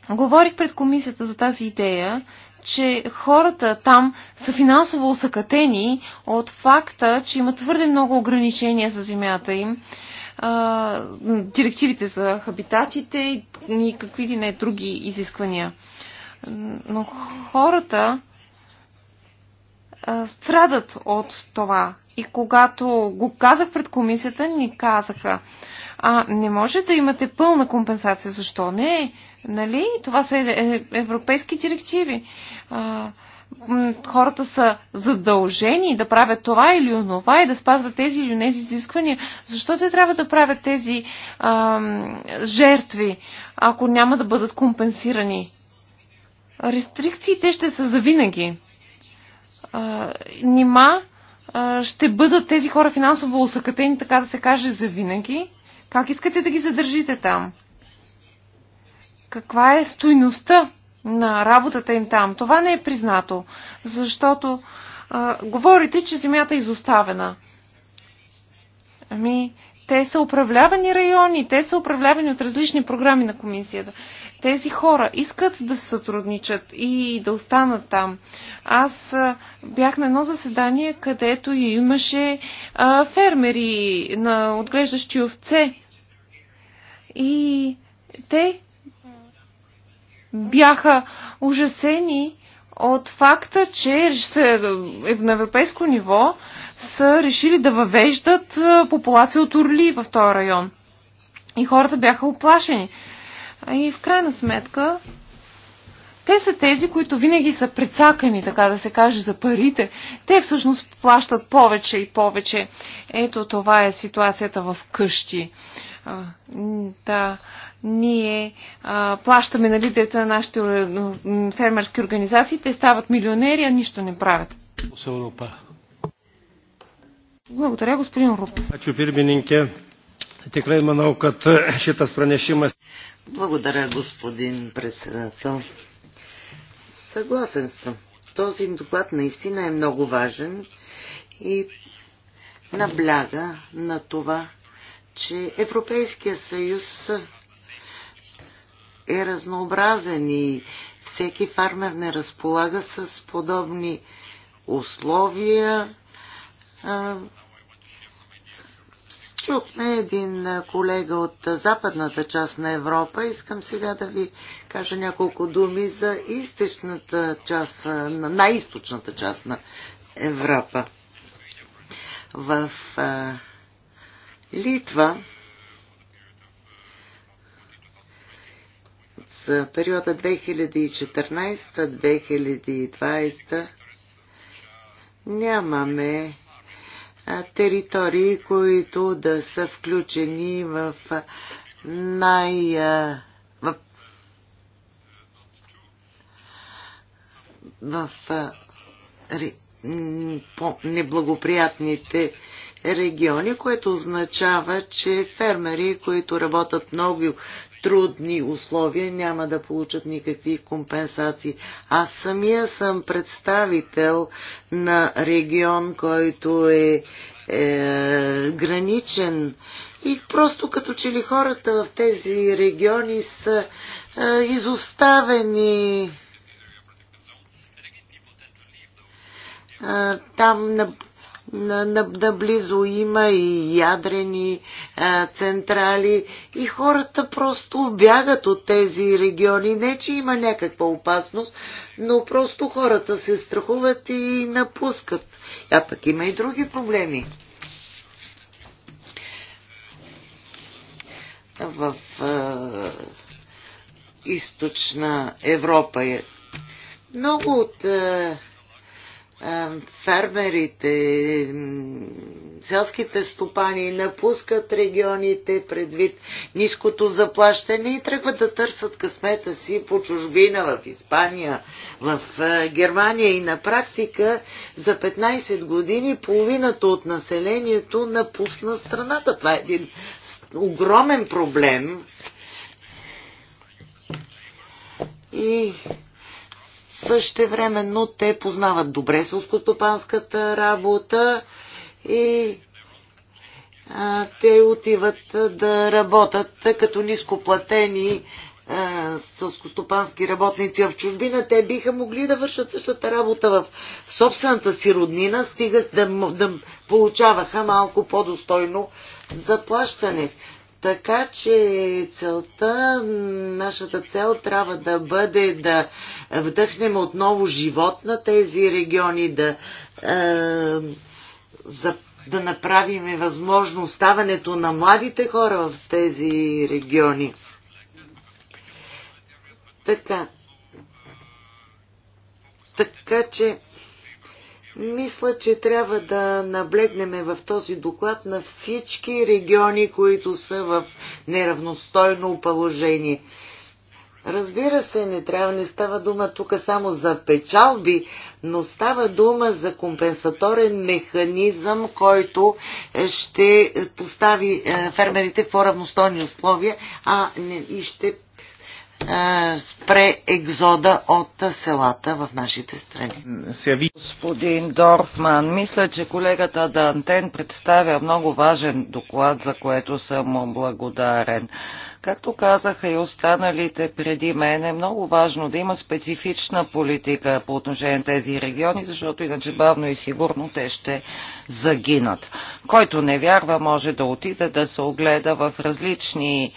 Говорих пред комисията за тази идея, че хората там са финансово усъкатени от факта, че имат твърде много ограничения за земята им директивите за хабитатите и никакви ли не други изисквания. Но хората а, страдат от това. И когато го казах пред комисията, ни казаха, а не може да имате пълна компенсация. Защо не? Нали? Това са е, е, европейски директиви. А, хората са задължени да правят това или онова и да спазват тези или тези изисквания, защо те трябва да правят тези а, жертви, ако няма да бъдат компенсирани? Рестрикциите ще са завинаги. А, нима а, ще бъдат тези хора финансово усъкътени, така да се каже, завинаги? Как искате да ги задържите там? Каква е стойността на работата им там. Това не е признато, защото а, говорите, че земята е изоставена. Ами, те са управлявани райони, те са управлявани от различни програми на комисията. Тези хора искат да се сътрудничат и да останат там. Аз бях на едно заседание, където имаше а, фермери на отглеждащи овце. И те бяха ужасени от факта, че е, на европейско ниво са решили да въвеждат е, популация от орли в този район. И хората бяха оплашени. И в крайна сметка, те са тези, които винаги са прецакани, така да се каже, за парите. Те всъщност плащат повече и повече. Ето това е ситуацията в къщи. Да ние а, плащаме на лидерите на нашите фермерски организации, те стават милионери, а нищо не правят. Благодаря, господин Руп. Е, Благодаря, господин председател. Съгласен съм. Този доклад наистина е много важен и набляга на това, че Европейския съюз е разнообразен и всеки фармер не разполага с подобни условия. Чухме един колега от западната част на Европа. Искам сега да ви кажа няколко думи за източната част, най-източната част на Европа. В Литва за периода 2014-2020 нямаме територии, които да са включени в най... в, в, по неблагоприятните региони, което означава, че фермери, които работят много трудни условия, няма да получат никакви компенсации. Аз самия съм представител на регион, който е, е граничен и просто като че ли хората в тези региони са е, изоставени. Е, там на наблизо има и ядрени а, централи и хората просто бягат от тези региони. Не, че има някаква опасност, но просто хората се страхуват и напускат. А пък има и други проблеми. В а, източна Европа е. Много от а, фермерите, селските стопани напускат регионите предвид ниското заплащане и тръгват да търсят късмета си по чужбина в Испания, в Германия и на практика за 15 години половината от населението напусна страната. Това е един огромен проблем. И но те познават добре селскостопанската работа и а, те отиват да работят като нископлатени сълскостопански работници в чужбина, те биха могли да вършат същата работа в собствената си роднина, стига да, да получаваха малко по-достойно заплащане. Така че целта, нашата цел трябва да бъде да вдъхнем отново живот на тези региони, да, е, за, да направим възможно оставането на младите хора в тези региони. Така. Така че мисля, че трябва да наблегнем в този доклад на всички региони, които са в неравностойно положение. Разбира се, не трябва, не става дума тук само за печалби, но става дума за компенсаторен механизъм, който ще постави е, фермерите в по-равностойни условия а не, и ще е, спре екзода от селата в нашите страни. Господин Дорфман, мисля, че колегата Дантен представя много важен доклад, за което съм му благодарен. Както казаха и останалите преди мен, е много важно да има специфична политика по отношение на тези региони, защото иначе бавно и сигурно те ще загинат. Който не вярва, може да отиде да се огледа в различни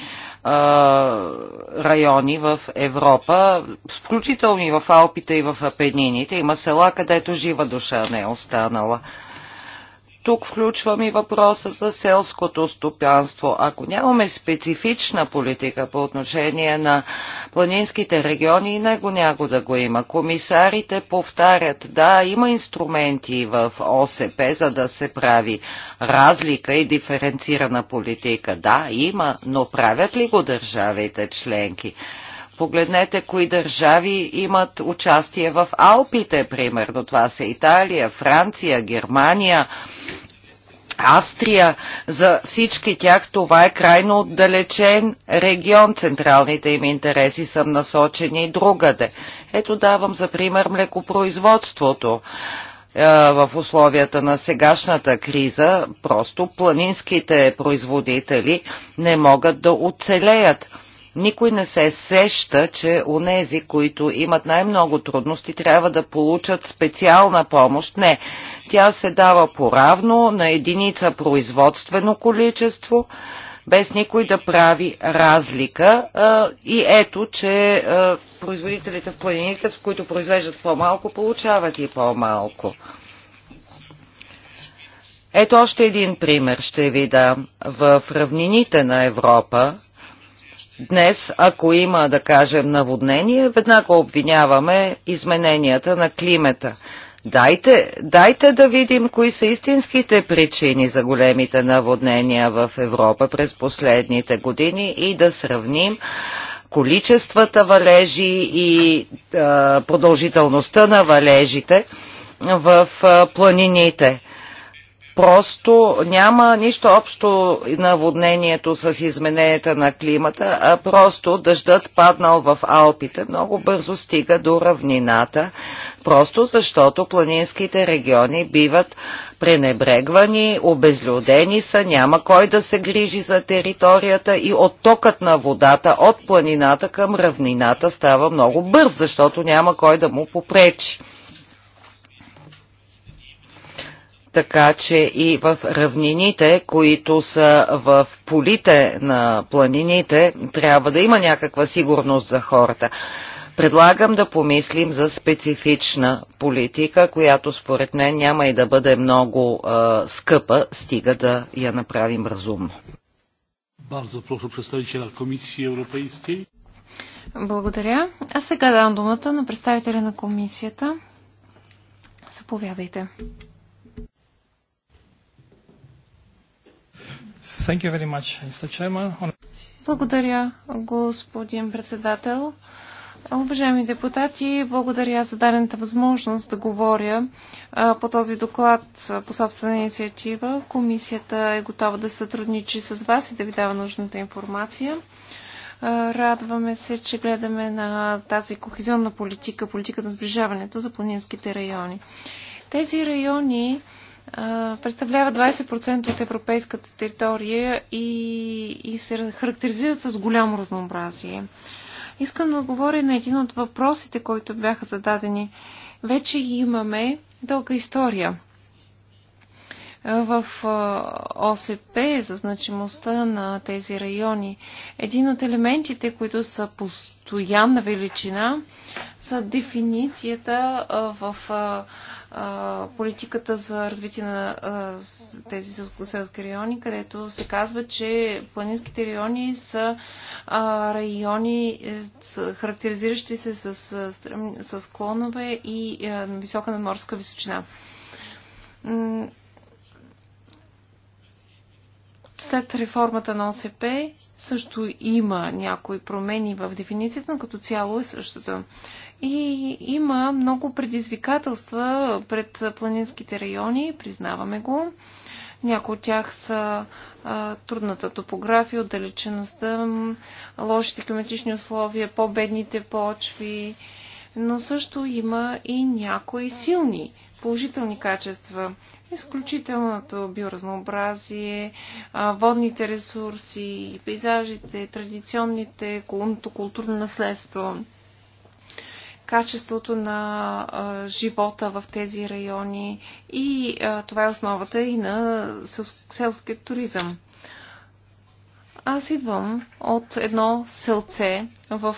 райони в Европа, включително и в Алпите и в Апенините. Има села, където жива душа не е останала тук включвам и въпроса за селското стопянство. Ако нямаме специфична политика по отношение на планинските региони, и него няко да го има. Комисарите повтарят, да, има инструменти в ОСП, за да се прави разлика и диференцирана политика. Да, има, но правят ли го държавите членки? Погледнете кои държави имат участие в Алпите, примерно. Това са Италия, Франция, Германия. Австрия, за всички тях това е крайно отдалечен регион. Централните им интереси са насочени и другаде. Ето давам за пример млекопроизводството. Е, в условията на сегашната криза просто планинските производители не могат да оцелеят. Никой не се сеща, че онези, които имат най-много трудности, трябва да получат специална помощ. Не, тя се дава поравно на единица производствено количество, без никой да прави разлика. И ето, че производителите в планините, в които произвеждат по-малко, получават и по-малко. Ето още един пример ще ви дам. В равнините на Европа Днес, ако има, да кажем, наводнение, веднага обвиняваме измененията на климата. Дайте, дайте да видим кои са истинските причини за големите наводнения в Европа през последните години и да сравним количествата валежи и а, продължителността на валежите в а, планините. Просто няма нищо общо наводнението с измененията на климата, а просто дъждът паднал в Алпите много бързо стига до равнината, просто защото планинските региони биват пренебрегвани, обезлюдени са, няма кой да се грижи за територията и оттокът на водата от планината към равнината става много бърз, защото няма кой да му попречи. така че и в равнините, които са в полите на планините, трябва да има някаква сигурност за хората. Предлагам да помислим за специфична политика, която според мен няма и да бъде много а, скъпа, стига да я направим разумно. Bardzo proszę przedstawiciela комисия европейски. Благодаря. А сега давам думата на представителя на комисията. Заповядайте. Thank you very much, Mr. Chairman. Благодаря, господин председател. Уважаеми депутати, благодаря за дадената възможност да говоря по този доклад по собствена инициатива. Комисията е готова да сътрудничи с вас и да ви дава нужната информация. Радваме се, че гледаме на тази кохезионна политика, политика на сближаването за планинските райони. Тези райони представлява 20% от европейската територия и, и се характеризират с голямо разнообразие. Искам да говоря на един от въпросите, които бяха зададени. Вече имаме дълга история в ОСП за значимостта на тези райони. Един от елементите, които са постоянни, постоянна величина са дефиницията в политиката за развитие на тези селски райони, където се казва, че планинските райони са райони, е, характеризиращи се с, клонове склонове и висока надморска височина след реформата на ОСП също има някои промени в дефиницията, но като цяло е същата. И има много предизвикателства пред планинските райони, признаваме го. Някои от тях са а, трудната топография, отдалечеността, лошите климатични условия, по-бедните почви, но също има и някои силни положителни качества. Изключителното биоразнообразие, водните ресурси, пейзажите, традиционните, културно наследство, качеството на живота в тези райони и това е основата и на селския туризъм. Аз идвам от едно селце в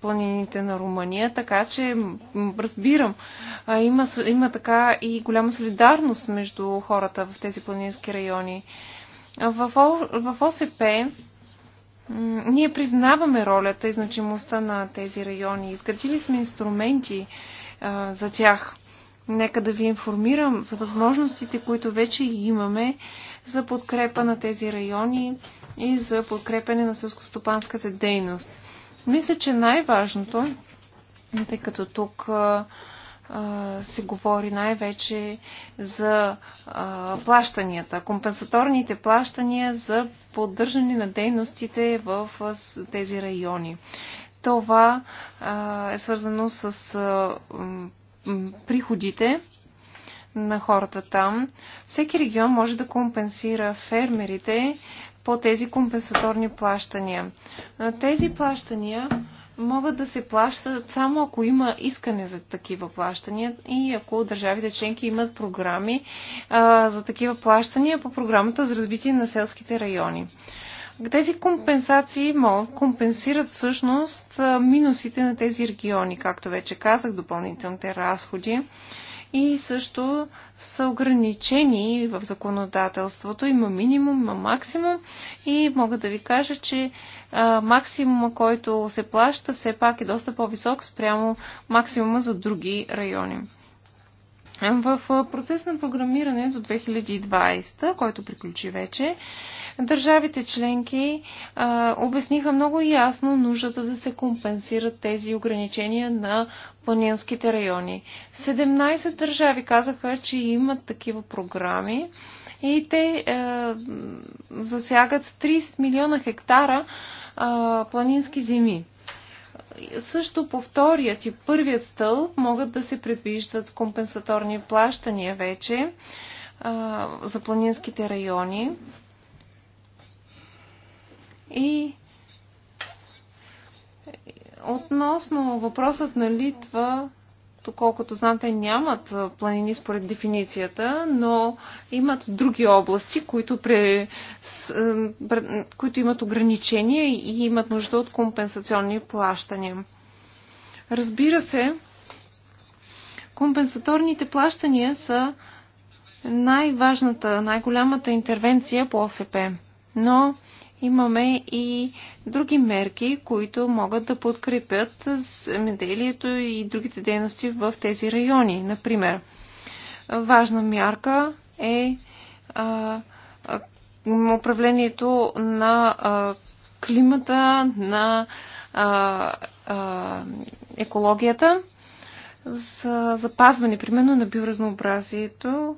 планините на Румъния, така че разбирам. Има, има така и голяма солидарност между хората в тези планински райони. В, в ОСП ние признаваме ролята и значимостта на тези райони. Изградили сме инструменти а, за тях. Нека да ви информирам за възможностите, които вече имаме за подкрепа на тези райони и за подкрепене на сълскостопанската дейност. Мисля, че най-важното, тъй като тук се говори най-вече за а, плащанията, компенсаторните плащания за поддържане на дейностите в а, тези райони. Това а, е свързано с а, приходите на хората там. Всеки регион може да компенсира фермерите по тези компенсаторни плащания. Тези плащания могат да се плащат само ако има искане за такива плащания и ако държавите членки имат програми а, за такива плащания по програмата за развитие на селските райони. Тези компенсации могат компенсират всъщност минусите на тези региони, както вече казах, допълнителните разходи и също са ограничени в законодателството. Има минимум, има максимум и мога да ви кажа, че а, максимума, който се плаща, все пак е доста по-висок спрямо максимума за други райони. В процес на програмиране до 2020, който приключи вече, държавите членки а, обясниха много ясно нуждата да се компенсират тези ограничения на планинските райони. 17 държави казаха, че имат такива програми и те а, засягат 30 милиона хектара а, планински земи. Също по вторият и първият стълб могат да се предвиждат компенсаторни плащания вече а, за планинските райони. И относно въпросът на Литва Доколкото знам, те нямат планини според дефиницията, но имат други области, които, при, които имат ограничения и имат нужда от компенсационни плащания. Разбира се, компенсаторните плащания са най-важната, най-голямата интервенция по ОСП. Но имаме и други мерки, които могат да подкрепят земеделието и другите дейности в тези райони. Например, важна мярка е а, управлението на а, климата, на а, а, екологията, за запазване, примерно, на биоразнообразието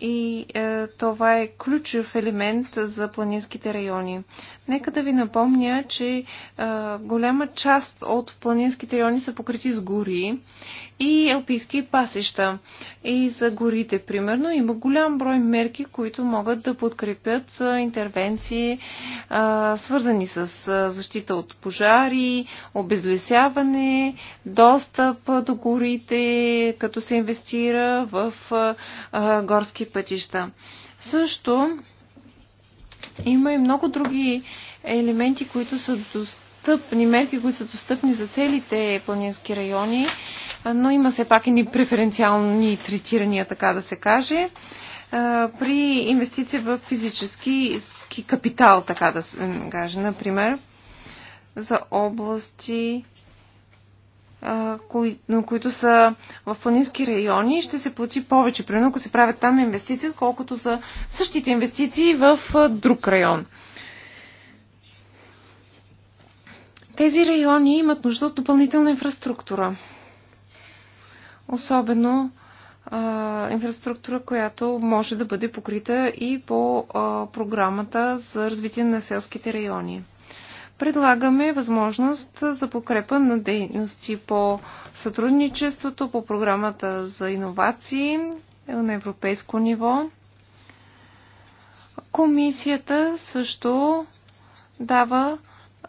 и е, това е ключов елемент за планинските райони. Нека да ви напомня, че е, голяма част от планинските райони са покрити с гори и елпийски пасища. И за горите, примерно, има голям брой мерки, които могат да подкрепят интервенции, свързани с защита от пожари, обезлесяване, достъп до горите, като се инвестира в горски пътища. Също има и много други елементи, които са достъпни достъпни мерки, които са достъпни за целите планински райони, но има все пак и преференциални третирания, така да се каже, при инвестиция в физически капитал, така да се каже, например, за области, които са в планински райони, ще се плати повече, примерно ако се правят там инвестиции, отколкото за същите инвестиции в друг район. Тези райони имат нужда от допълнителна инфраструктура. Особено а, инфраструктура, която може да бъде покрита и по а, програмата за развитие на селските райони. Предлагаме възможност за покрепа на дейности по сътрудничеството, по програмата за иновации на европейско ниво. Комисията също дава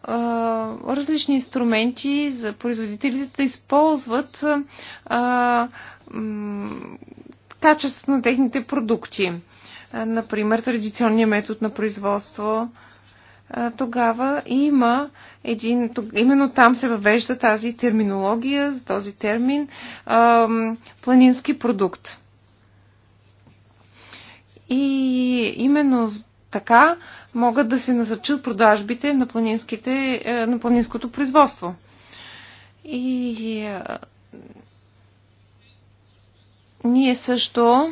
различни инструменти за производителите да използват качеството на техните продукти. Например, традиционния метод на производство. Тогава има един, именно там се въвежда тази терминология, този термин планински продукт. И именно така могат да се назначат продажбите на, е, на планинското производство. И а, е, ние също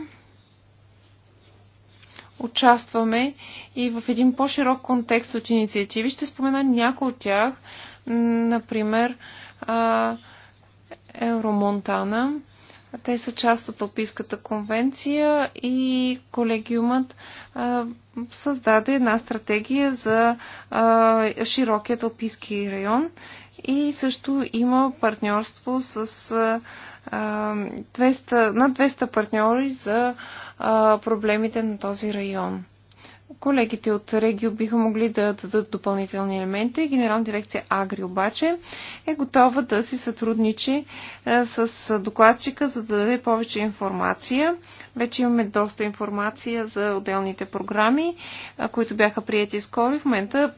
участваме и в един по-широк контекст от инициативи. Ще спомена някои от тях, например Евромонтана те са част от Алпийската конвенция и колегиумът а, създаде една стратегия за а, широкият Алпийски район и също има партньорство с а, 200, над 200 партньори за а, проблемите на този район. Колегите от Регио биха могли да дадат допълнителни елементи. Генерална дирекция Агри обаче е готова да си сътрудничи е, с докладчика, за да даде повече информация. Вече имаме доста информация за отделните програми, е, които бяха прияти скоро и в момента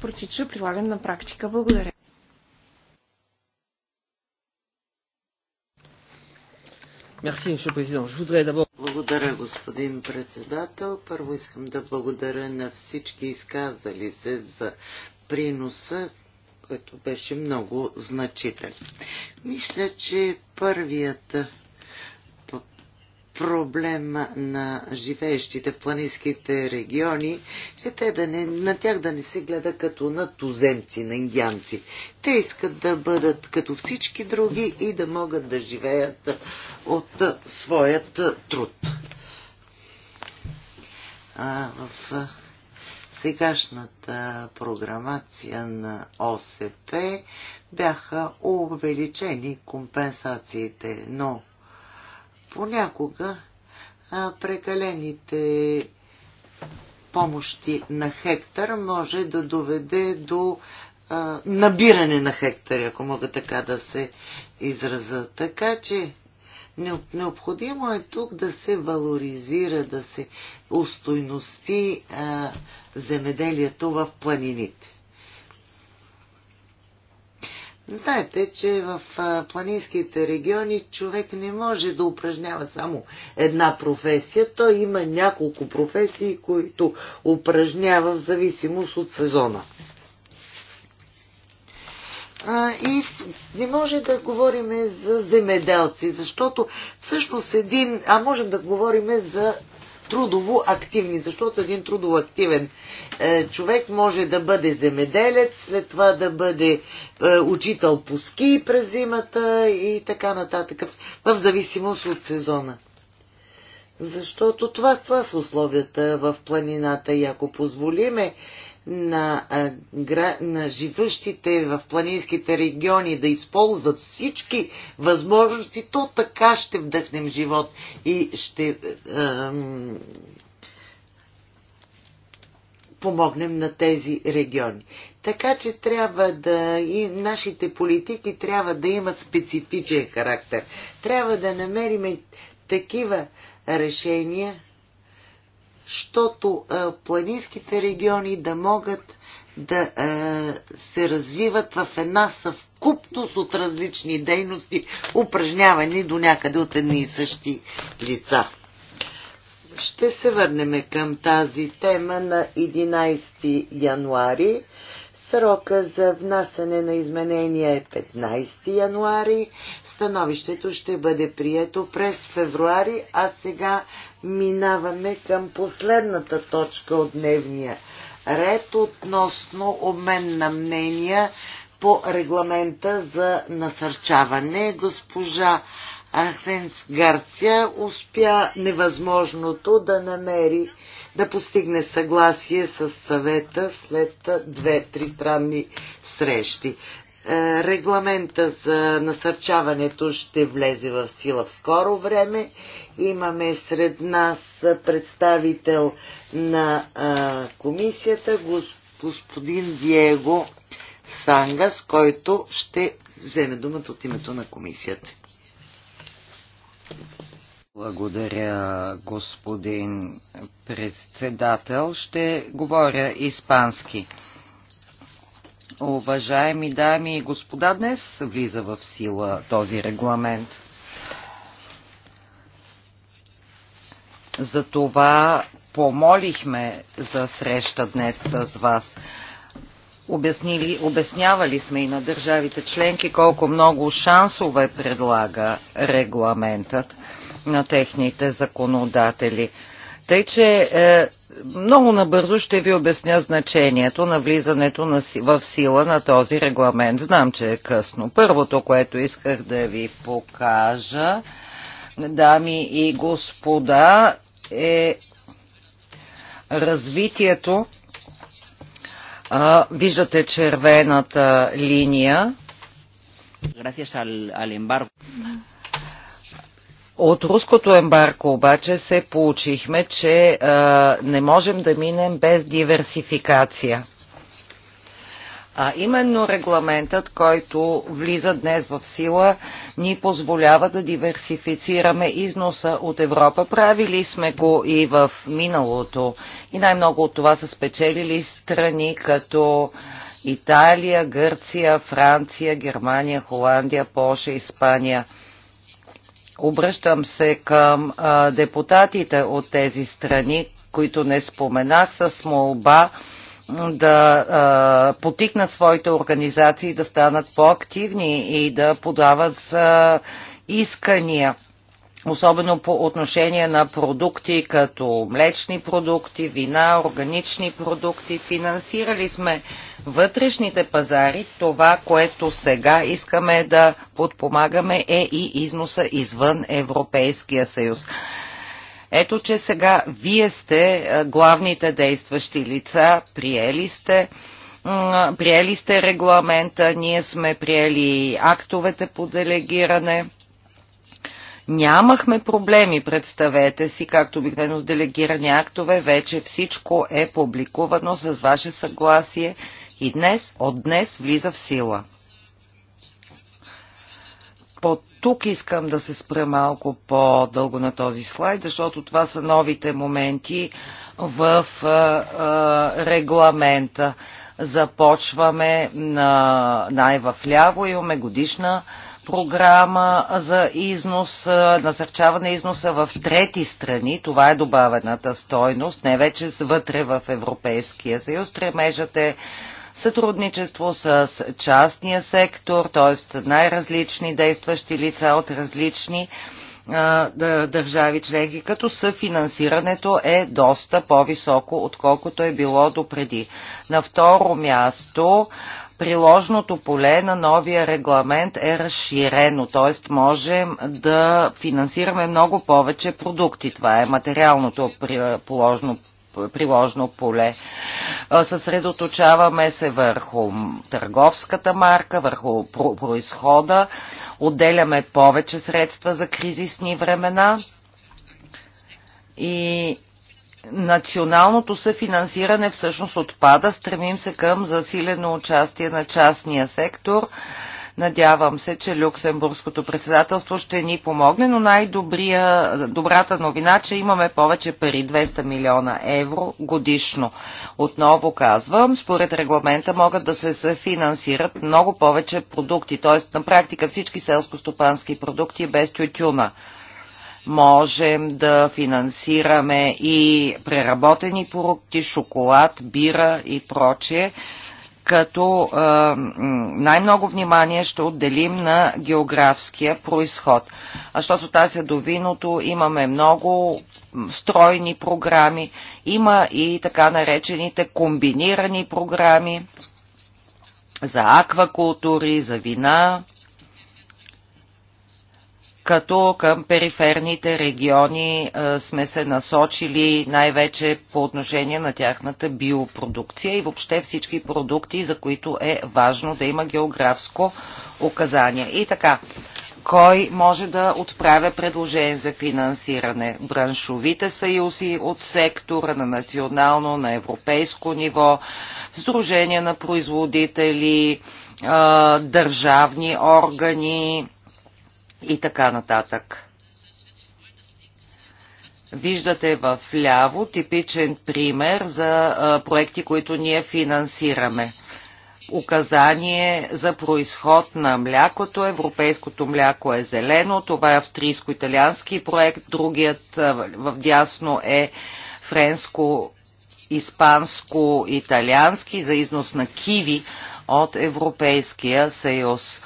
протича прилагане на практика. Благодаря. Благодаря, господин председател. Първо искам да благодаря на всички изказали се за приноса, който беше много значителен. Мисля, че първият Проблем на живеещите в планинските региони е те да не, на тях да не се гледа като на туземци, на индианци. Те искат да бъдат като всички други и да могат да живеят от своят труд. А, в сегашната програмация на ОСП бяха увеличени компенсациите, но понякога прекалените помощи на хектар може да доведе до набиране на хектар, ако мога така да се израза. Така че необходимо е тук да се валоризира, да се устойности земеделието в планините. Знаете, че в планинските региони човек не може да упражнява само една професия. Той има няколко професии, които упражнява в зависимост от сезона. А, и не може да говорим за земеделци, защото всъщност един, а можем да говорим за трудово активни, защото един трудово активен е, човек може да бъде земеделец, след това да бъде е, учител по ски през зимата и така нататък, в зависимост от сезона. Защото това, това са условията в планината и ако позволиме на, на живущите в планинските региони да използват всички възможности, то така ще вдъхнем живот и ще а, помогнем на тези региони. Така че трябва да и нашите политики трябва да имат специфичен характер. Трябва да намерим такива решения, защото планинските региони да могат да се развиват в една съвкупност от различни дейности, упражнявани до някъде от едни и същи лица. Ще се върнем към тази тема на 11 януари. Срока за внасяне на изменения е 15 януари. Становището ще бъде прието през февруари, а сега минаваме към последната точка от дневния ред относно обмен на мнения по регламента за насърчаване. Госпожа Ахенс Гарция успя невъзможното да намери да постигне съгласие с съвета след две-три странни срещи. Е, регламента за насърчаването ще влезе в сила в скоро време. Имаме сред нас представител на е, комисията, господин Диего Сангас, който ще вземе думата от името на комисията. Благодаря, господин председател. Ще говоря испански. Уважаеми дами и господа, днес влиза в сила този регламент. Затова помолихме за среща днес с вас. Обяснили, обяснявали сме и на държавите членки колко много шансове предлага регламентът на техните законодатели. Тъй, че е, много набързо ще ви обясня значението на влизането на, в сила на този регламент. Знам, че е късно. Първото, което исках да ви покажа, дами и господа, е развитието. А, виждате червената линия. Gracias al, al embargo. От руското ембарко обаче се получихме, че а, не можем да минем без диверсификация. А именно регламентът, който влиза днес в сила, ни позволява да диверсифицираме износа от Европа. Правили сме го и в миналото. И най-много от това са спечелили страни като Италия, Гърция, Франция, Германия, Холандия, Польша, Испания – Обръщам се към а, депутатите от тези страни, които не споменах, с молба да а, потикнат своите организации да станат по-активни и да подават а, искания особено по отношение на продукти като млечни продукти, вина, органични продукти. Финансирали сме вътрешните пазари, това, което сега искаме да подпомагаме е и износа извън Европейския съюз. Ето, че сега вие сте е, главните действащи лица, приели сте приели сте регламента, ние сме приели актовете по делегиране. Нямахме проблеми, представете си, както обикновено с делегирани актове, вече всичко е публикувано с ваше съгласие и днес, от днес влиза в сила. По тук искам да се спра малко по-дълго на този слайд, защото това са новите моменти в а, а, регламента. Започваме на най-вляво, имаме годишна програма за износ, насърчаване износа в трети страни. Това е добавената стойност, не вече вътре в Европейския съюз. Тремежът е сътрудничество с частния сектор, т.е. най-различни действащи лица от различни държави членки, като съфинансирането е доста по-високо, отколкото е било допреди. На второ място, приложното поле на новия регламент е разширено, т.е. можем да финансираме много повече продукти. Това е материалното приложно приложно поле. Съсредоточаваме се върху търговската марка, върху происхода, отделяме повече средства за кризисни времена и националното съфинансиране всъщност отпада. Стремим се към засилено участие на частния сектор Надявам се, че Люксембургското председателство ще ни помогне, но най-добрата новина, че имаме повече пари 200 милиона евро годишно. Отново казвам, според регламента могат да се финансират много повече продукти, т.е. на практика всички селско-стопански продукти без тютюна можем да финансираме и преработени продукти, шоколад, бира и прочие, като най-много внимание ще отделим на географския происход. А що се отнася до виното, имаме много стройни програми, има и така наречените комбинирани програми за аквакултури, за вина, като към периферните региони сме се насочили най-вече по отношение на тяхната биопродукция и въобще всички продукти, за които е важно да има географско указание. И така, кой може да отправя предложение за финансиране? Браншовите съюзи от сектора на национално, на европейско ниво, Сдружение на производители, държавни органи, и така нататък. Виждате в ляво типичен пример за проекти, които ние финансираме указание за происход на млякото. Европейското мляко е зелено, това е австрийско-италиански проект, другият в дясно е френско испанско-италиански за износ на киви от Европейския съюз.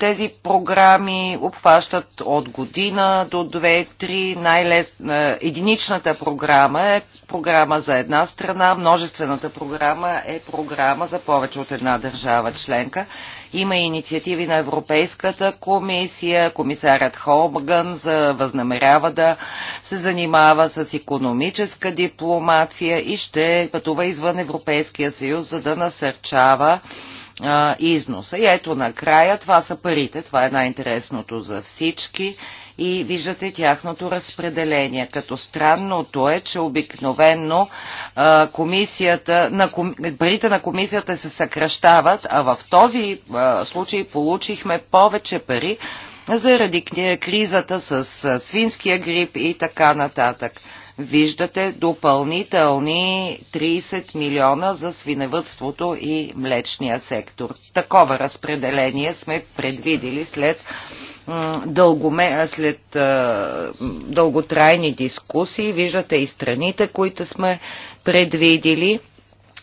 Тези програми обхващат от година до 2-3. Най-лес... Единичната програма е програма за една страна, множествената програма е програма за повече от една държава членка. Има инициативи на Европейската комисия, комисарят Холбган за възнамерява да се занимава с економическа дипломация и ще пътува извън Европейския съюз, за да насърчава а, износа. И ето накрая, това са парите, това е най-интересното за всички и виждате тяхното разпределение. Като странното е, че обикновенно а, комисията, на, ком, парите на комисията се съкръщават, а в този а, случай получихме повече пари заради кризата с а, свинския грип и така нататък виждате допълнителни 30 милиона за свиневътството и млечния сектор. Такова разпределение сме предвидили след дългоме, след а, дълготрайни дискусии. Виждате и страните, които сме предвидили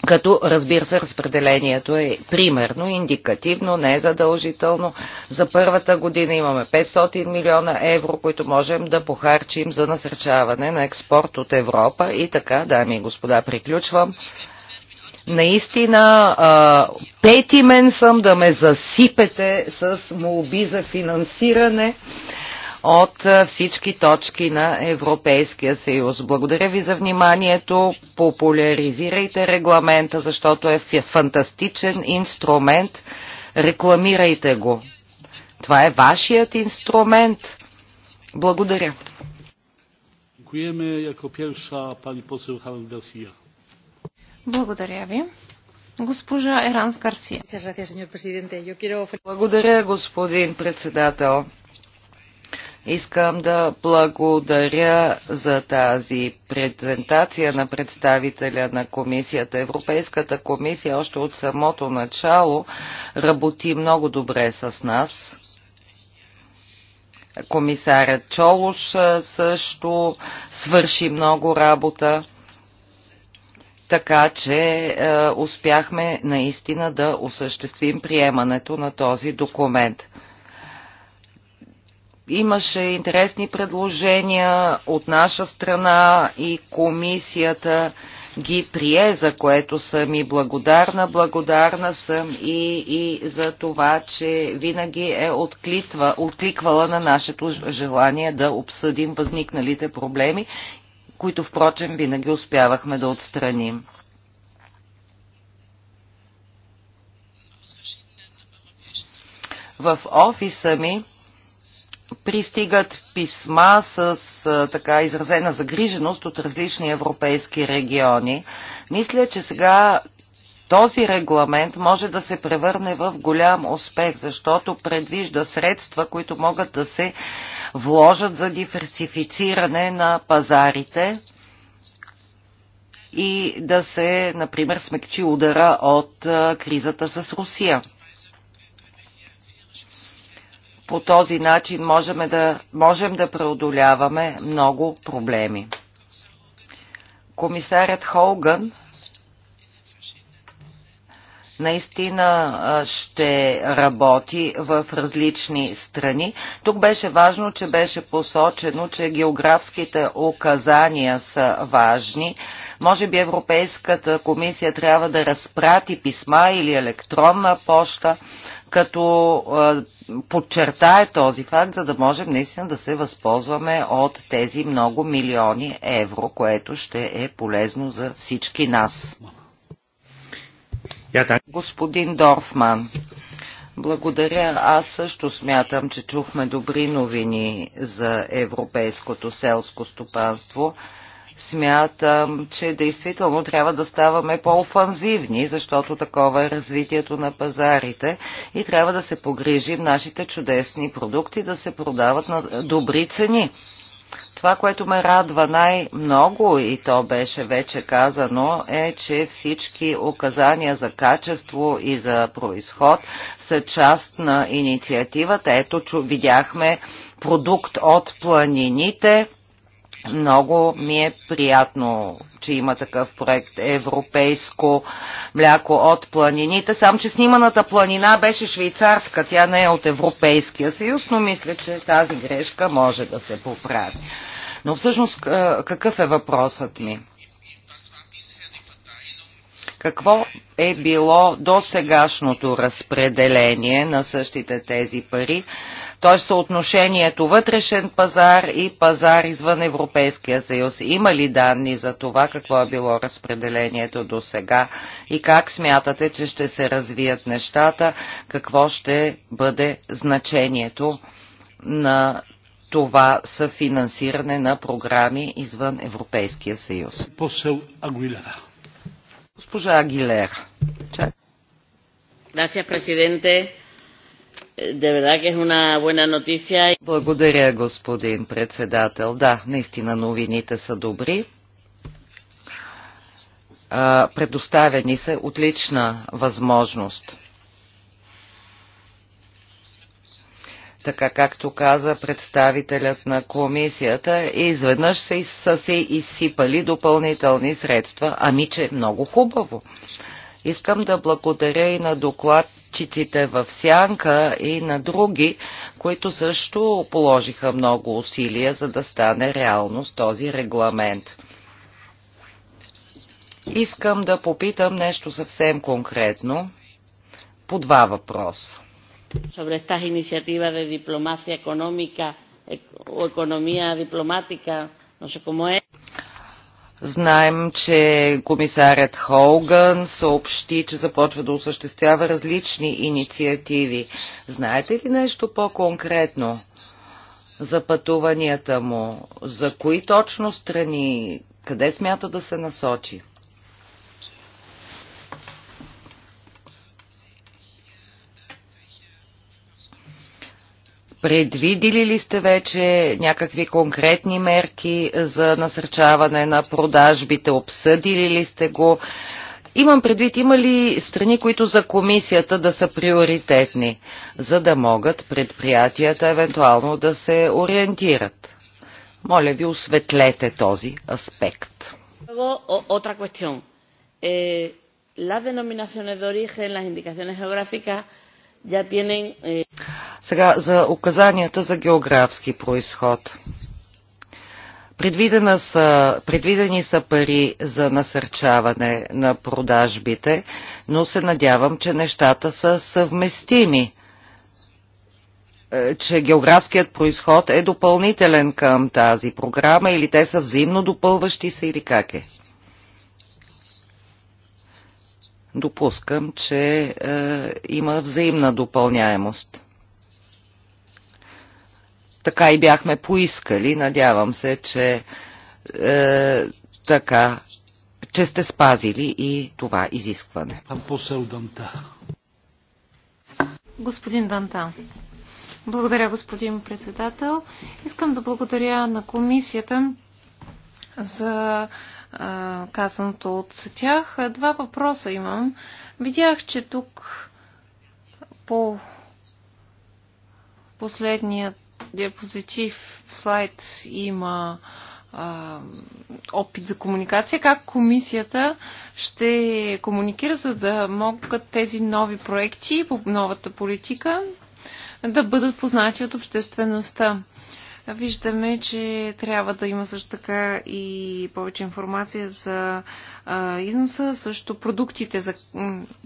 като разбира се разпределението е примерно, индикативно, не е задължително. За първата година имаме 500 милиона евро, които можем да похарчим за насърчаване на експорт от Европа и така, дами и господа, приключвам. Наистина, петимен съм да ме засипете с молби за финансиране от всички точки на Европейския съюз. Благодаря ви за вниманието. Популяризирайте регламента, защото е фантастичен инструмент. Рекламирайте го. Това е вашият инструмент. Благодаря. Благодаря ви. Госпожа Еранс Гарсия. Благодаря, господин председател. Искам да благодаря за тази презентация на представителя на комисията. Европейската комисия още от самото начало работи много добре с нас. Комисарят Чолуш също свърши много работа така че е, успяхме наистина да осъществим приемането на този документ. Имаше интересни предложения от наша страна и комисията ги прие, за което съм и благодарна. Благодарна съм и, и за това, че винаги е откликва, откликвала на нашето желание да обсъдим възникналите проблеми, които впрочем винаги успявахме да отстраним. В офиса ми пристигат писма с така изразена загриженост от различни европейски региони. Мисля, че сега този регламент може да се превърне в голям успех, защото предвижда средства, които могат да се вложат за диверсифициране на пазарите и да се, например, смекчи удара от кризата с Русия. По този начин можем да, можем да преодоляваме много проблеми. Комисарят Холган наистина ще работи в различни страни. Тук беше важно, че беше посочено, че географските указания са важни. Може би Европейската комисия трябва да разпрати писма или електронна поща като подчертая този факт, за да можем наистина да се възползваме от тези много милиони евро, което ще е полезно за всички нас. Господин Дорфман, благодаря. Аз също смятам, че чухме добри новини за европейското селско стопанство. Смятам, че действително трябва да ставаме по-офанзивни, защото такова е развитието на пазарите и трябва да се погрижим нашите чудесни продукти да се продават на добри цени. Това, което ме радва най-много, и то беше вече казано, е, че всички указания за качество и за происход са част на инициативата. Ето, видяхме продукт от планините много ми е приятно, че има такъв проект Европейско мляко от планините. Сам, че сниманата планина беше швейцарска, тя не е от Европейския съюз, но мисля, че тази грешка може да се поправи. Но всъщност е, какъв е въпросът ми? Какво е било до сегашното разпределение на същите тези пари, т.е. съотношението вътрешен пазар и пазар извън Европейския съюз? Има ли данни за това какво е било разпределението до сега и как смятате, че ще се развият нещата, какво ще бъде значението на това съфинансиране на програми извън Европейския съюз. Посел Агуилера. De verdad que es una buena noticia. Благодаря, господин председател. Да, наистина новините са добри. Предоставени са отлична възможност така както каза представителят на комисията, изведнъж са, са се изсипали допълнителни средства. Ами, че е много хубаво. Искам да благодаря и на докладчиците в Сянка и на други, които също положиха много усилия, за да стане реалност този регламент. Искам да попитам нещо съвсем конкретно по два въпроса sobre estas iniciativas de diplomacia económica o economía diplomática, no sé cómo es. Знаем, че комисарят Хоуган съобщи, че започва да осъществява различни инициативи. Знаете ли нещо по-конкретно за пътуванията му? За кои точно страни? Къде смята да се насочи? Предвидили ли сте вече някакви конкретни мерки за насърчаване на продажбите? Обсъдили ли сте го? Имам предвид, има ли страни, които за комисията да са приоритетни, за да могат предприятията евентуално да се ориентират? Моля ви, осветлете този аспект. Eh, las denominaciones de origen, las indicaciones geográficas Eh, Сега за указанията за географски происход. Предвидена са, предвидени са пари за насърчаване на продажбите, но се надявам, че нещата са съвместими е, че географският происход е допълнителен към тази програма или те са взаимно допълващи се или как е? допускам, че е, има взаимна допълняемост. Така и бяхме поискали, надявам се, че е, така, че сте спазили и това изискване. Господин Данта. Благодаря, господин председател. Искам да благодаря на комисията за казаното от тях. Два въпроса имам. Видях, че тук по последният диапозитив слайд има а, опит за комуникация. Как комисията ще комуникира, за да могат тези нови проекти по новата политика да бъдат познати от обществеността? Виждаме, че трябва да има също така и повече информация за износа, също продуктите, за,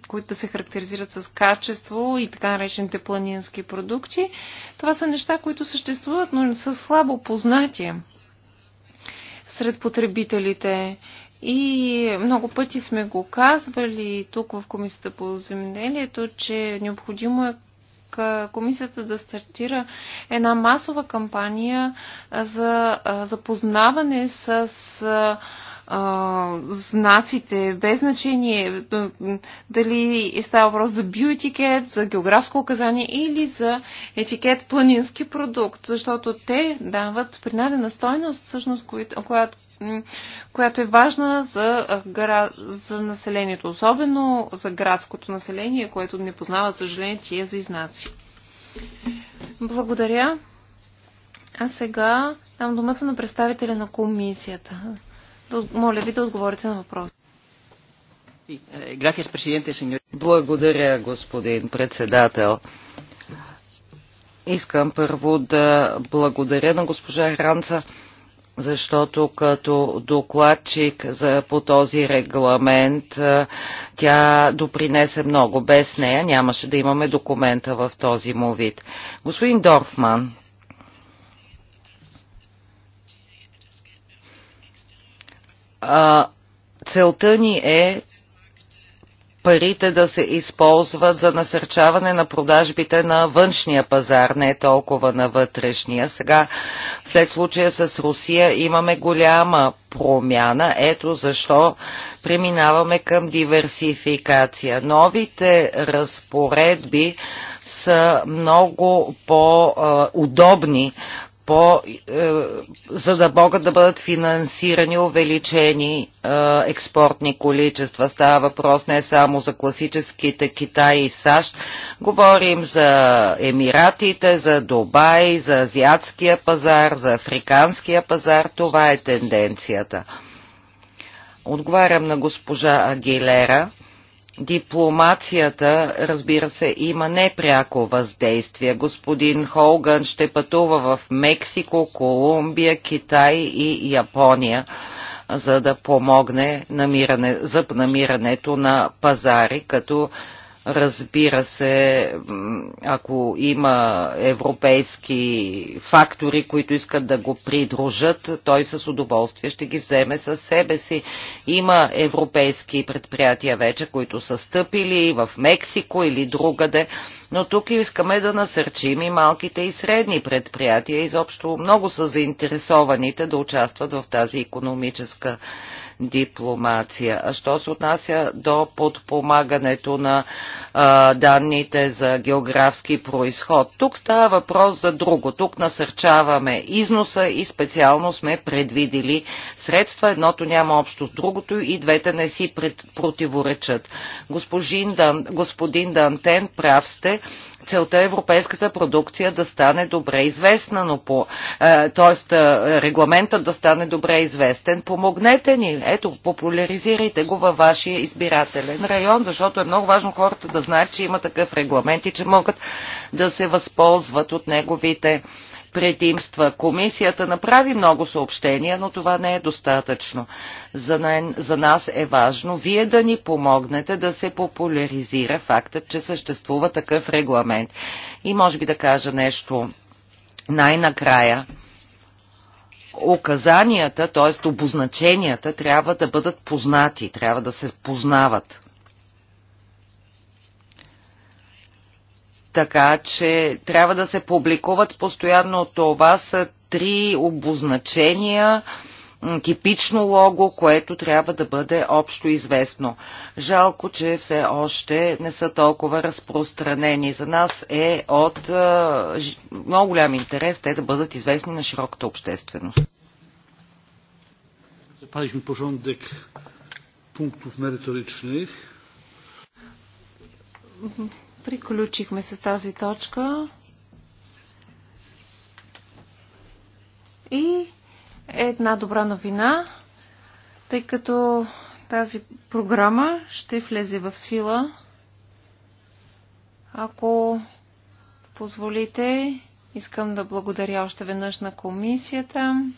които се характеризират с качество и така наречените планински продукти. Това са неща, които съществуват, но са слабо познати сред потребителите. И много пъти сме го казвали тук в Комисията по земеделието, че необходимо е комисията да стартира една масова кампания за запознаване с знаците, без значение е, дали става въпрос за биоетикет, за географско указание или за етикет планински продукт, защото те дават принадена стойност, всъщност, която, която е важна за, гра... за населението, особено за градското население, което не познава, за съжаление, тия за изнаци. Благодаря. А сега дам думата на представителя на комисията. Моля ви да отговорите на въпроса. Eh, благодаря, господин председател. Искам първо да благодаря на госпожа Ранца защото като докладчик за, по този регламент тя допринесе много. Без нея нямаше да имаме документа в този му вид. Господин Дорфман, а, целта ни е парите да се използват за насърчаване на продажбите на външния пазар, не толкова на вътрешния. Сега, след случая с Русия, имаме голяма промяна. Ето защо преминаваме към диверсификация. Новите разпоредби са много по-удобни по, е, за да могат да бъдат финансирани увеличени е, експортни количества. Става въпрос не само за класическите Китай и САЩ. Говорим за Емиратите, за Дубай, за азиатския пазар, за африканския пазар. Това е тенденцията. Отговарям на госпожа Агилера дипломацията, разбира се, има непряко въздействие. Господин Холган ще пътува в Мексико, Колумбия, Китай и Япония, за да помогне намиране, за намирането на пазари, като Разбира се, ако има европейски фактори, които искат да го придружат, той с удоволствие ще ги вземе със себе си. Има европейски предприятия вече, които са стъпили в Мексико или другаде, но тук искаме да насърчим и малките и средни предприятия. Изобщо много са заинтересованите да участват в тази економическа дипломация. А що се отнася до подпомагането на а, данните за географски происход? Тук става въпрос за друго. Тук насърчаваме износа и специално сме предвидили средства. Едното няма общо с другото и двете не си пред, противоречат. Дан, господин Дантен, прав сте целта е европейската продукция да стане добре известна, но по, т.е. Е, регламентът да стане добре известен. Помогнете ни, ето, популяризирайте го във вашия избирателен район, защото е много важно хората да знаят, че има такъв регламент и че могат да се възползват от неговите предимства. Комисията направи много съобщения, но това не е достатъчно. За, най- за нас е важно вие да ни помогнете да се популяризира фактът, че съществува такъв регламент. И може би да кажа нещо най-накрая указанията, т.е. обозначенията, трябва да бъдат познати, трябва да се познават. Така че трябва да се публикуват постоянно това са три обозначения, типично лого, което трябва да бъде общо известно. Жалко, че все още не са толкова разпространени. За нас е от много голям интерес те да бъдат известни на широката общественост. Запалихме порządek Приключихме с тази точка. И една добра новина, тъй като тази програма ще влезе в сила, ако позволите, искам да благодаря още веднъж на комисията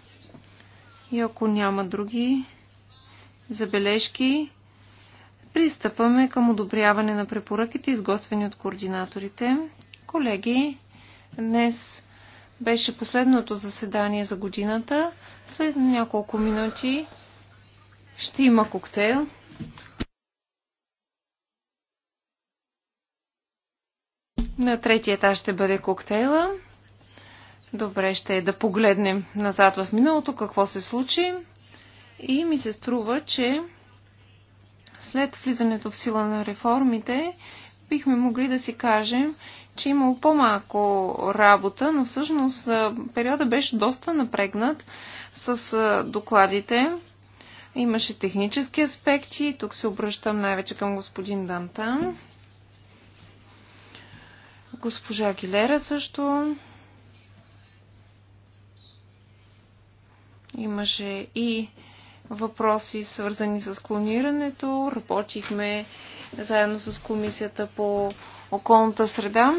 и ако няма други забележки, Пристъпваме към одобряване на препоръките, изготвени от координаторите. Колеги, днес беше последното заседание за годината. След няколко минути ще има коктейл. На третия етаж ще бъде коктейла. Добре ще е да погледнем назад в миналото какво се случи. И ми се струва, че след влизането в сила на реформите, бихме могли да си кажем, че е имало по-малко работа, но всъщност периода беше доста напрегнат с докладите. Имаше технически аспекти, тук се обръщам най-вече към господин Дантан. Госпожа Гилера също. Имаше и въпроси, свързани с клонирането. Работихме заедно с Комисията по околната среда.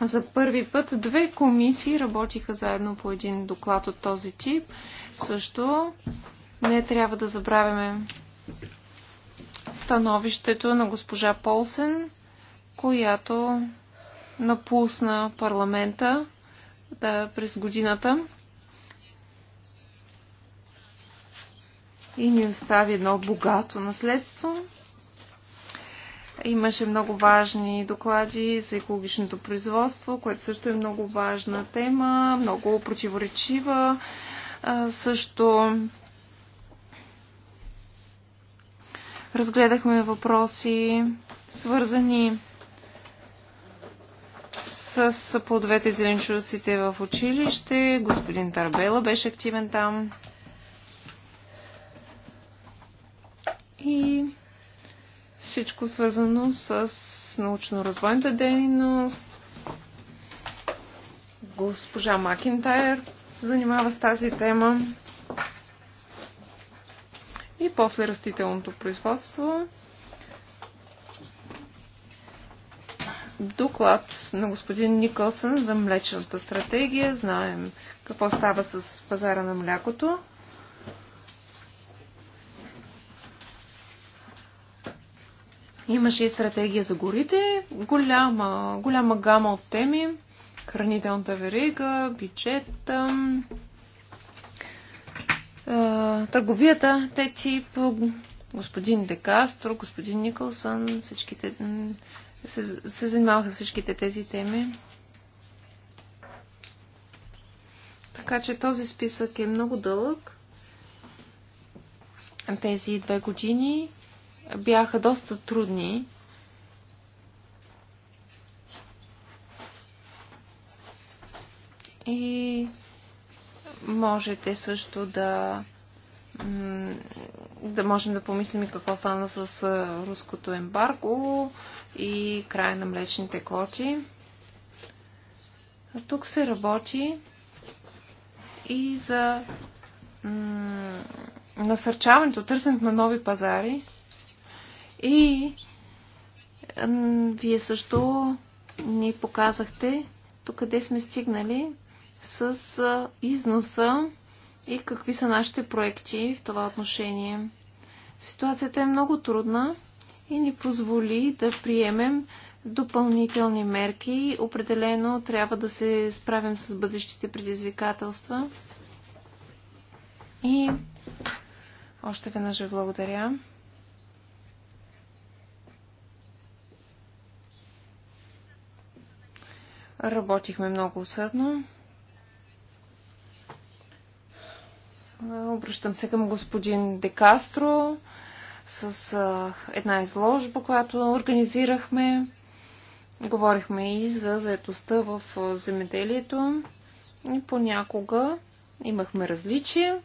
За първи път две комисии работиха заедно по един доклад от този тип. Също не трябва да забравяме становището на госпожа Полсен, която напусна парламента да, през годината. и ни остави едно богато наследство. Имаше много важни доклади за екологичното производство, което също е много важна тема, много противоречива. А, също разгледахме въпроси, свързани с плодовете и зеленчуците в училище. Господин Тарбела беше активен там. всичко свързано с научно-развойната дейност. Госпожа Макинтайр се занимава с тази тема. И после растителното производство. Доклад на господин Николсън за млечната стратегия. Знаем какво става с пазара на млякото. Имаше и стратегия за горите, голяма, голяма гама от теми, хранителната верига, бюджет, търговията, те тип, господин Декастро, господин Николсън, всичките, се, се занимаваха с всичките тези теми. Така че този списък е много дълъг. Тези две години бяха доста трудни. И можете също да да можем да помислим и какво стана с руското ембарго и края на млечните коти. Тук се работи и за насърчаването, търсенето на нови пазари. И вие също ни показахте тук къде сме стигнали с износа и какви са нашите проекти в това отношение. Ситуацията е много трудна и ни позволи да приемем допълнителни мерки. Определено трябва да се справим с бъдещите предизвикателства. И още веднъж ви благодаря. Работихме много усърдно. Обръщам се към господин Декастро с а, една изложба, която организирахме. Говорихме и за заетостта в земеделието. И понякога имахме различия,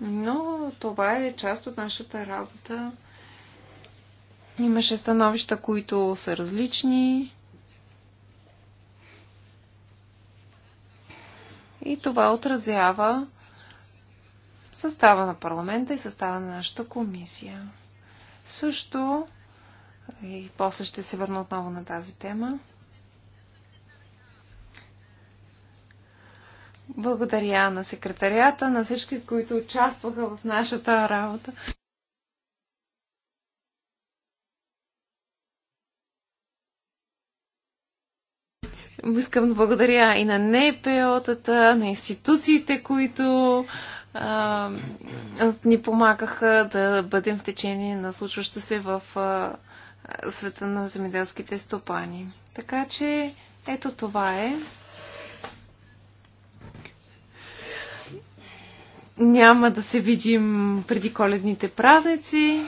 но това е част от нашата работа. Имаше становища, които са различни. И това отразява състава на парламента и състава на нашата комисия. Също, и после ще се върна отново на тази тема, благодаря на секретарията, на всички, които участваха в нашата работа. Искам да благодаря и на НПО-тата, на институциите, които а, ни помагаха да бъдем в течение на случващо се в а, света на земеделските стопани. Така че, ето това е. Няма да се видим преди коледните празници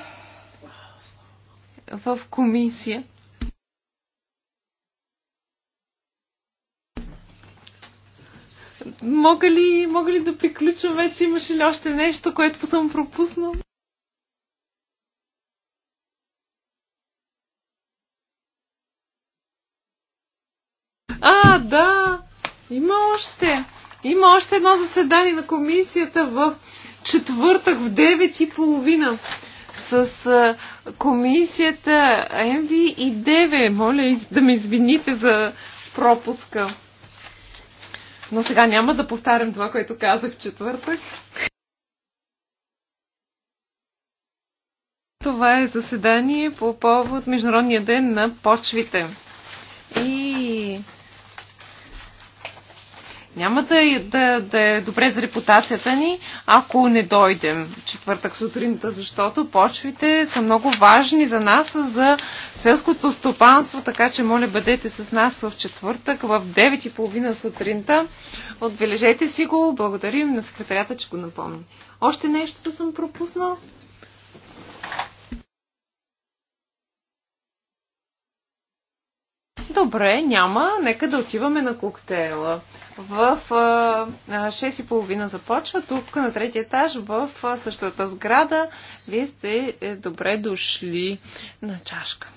в комисия. Мога ли, мога ли да приключа вече? Имаше ли още нещо, което съм пропуснал? А, да! Има още! Има още едно заседание на комисията в четвъртък в 9.30 с комисията МВ и 9. Моля да ме извините за пропуска. Но сега няма да повтарям това, което казах четвъртък. Това е заседание по повод Международния ден на почвите. И Няма да, е- да, да е добре за репутацията ни, ако не дойдем четвъртък сутринта, защото почвите са много важни за нас, за селското стопанство, така че моля бъдете с нас в четвъртък в 9.30 сутринта. Отбележете си го, благодарим на секретарята, че го напомни. Още нещо да съм пропуснал? Добре, няма. Нека да отиваме на коктейла в 6.30 започва, тук на третия етаж в същата сграда. Вие сте е, добре дошли на чашка.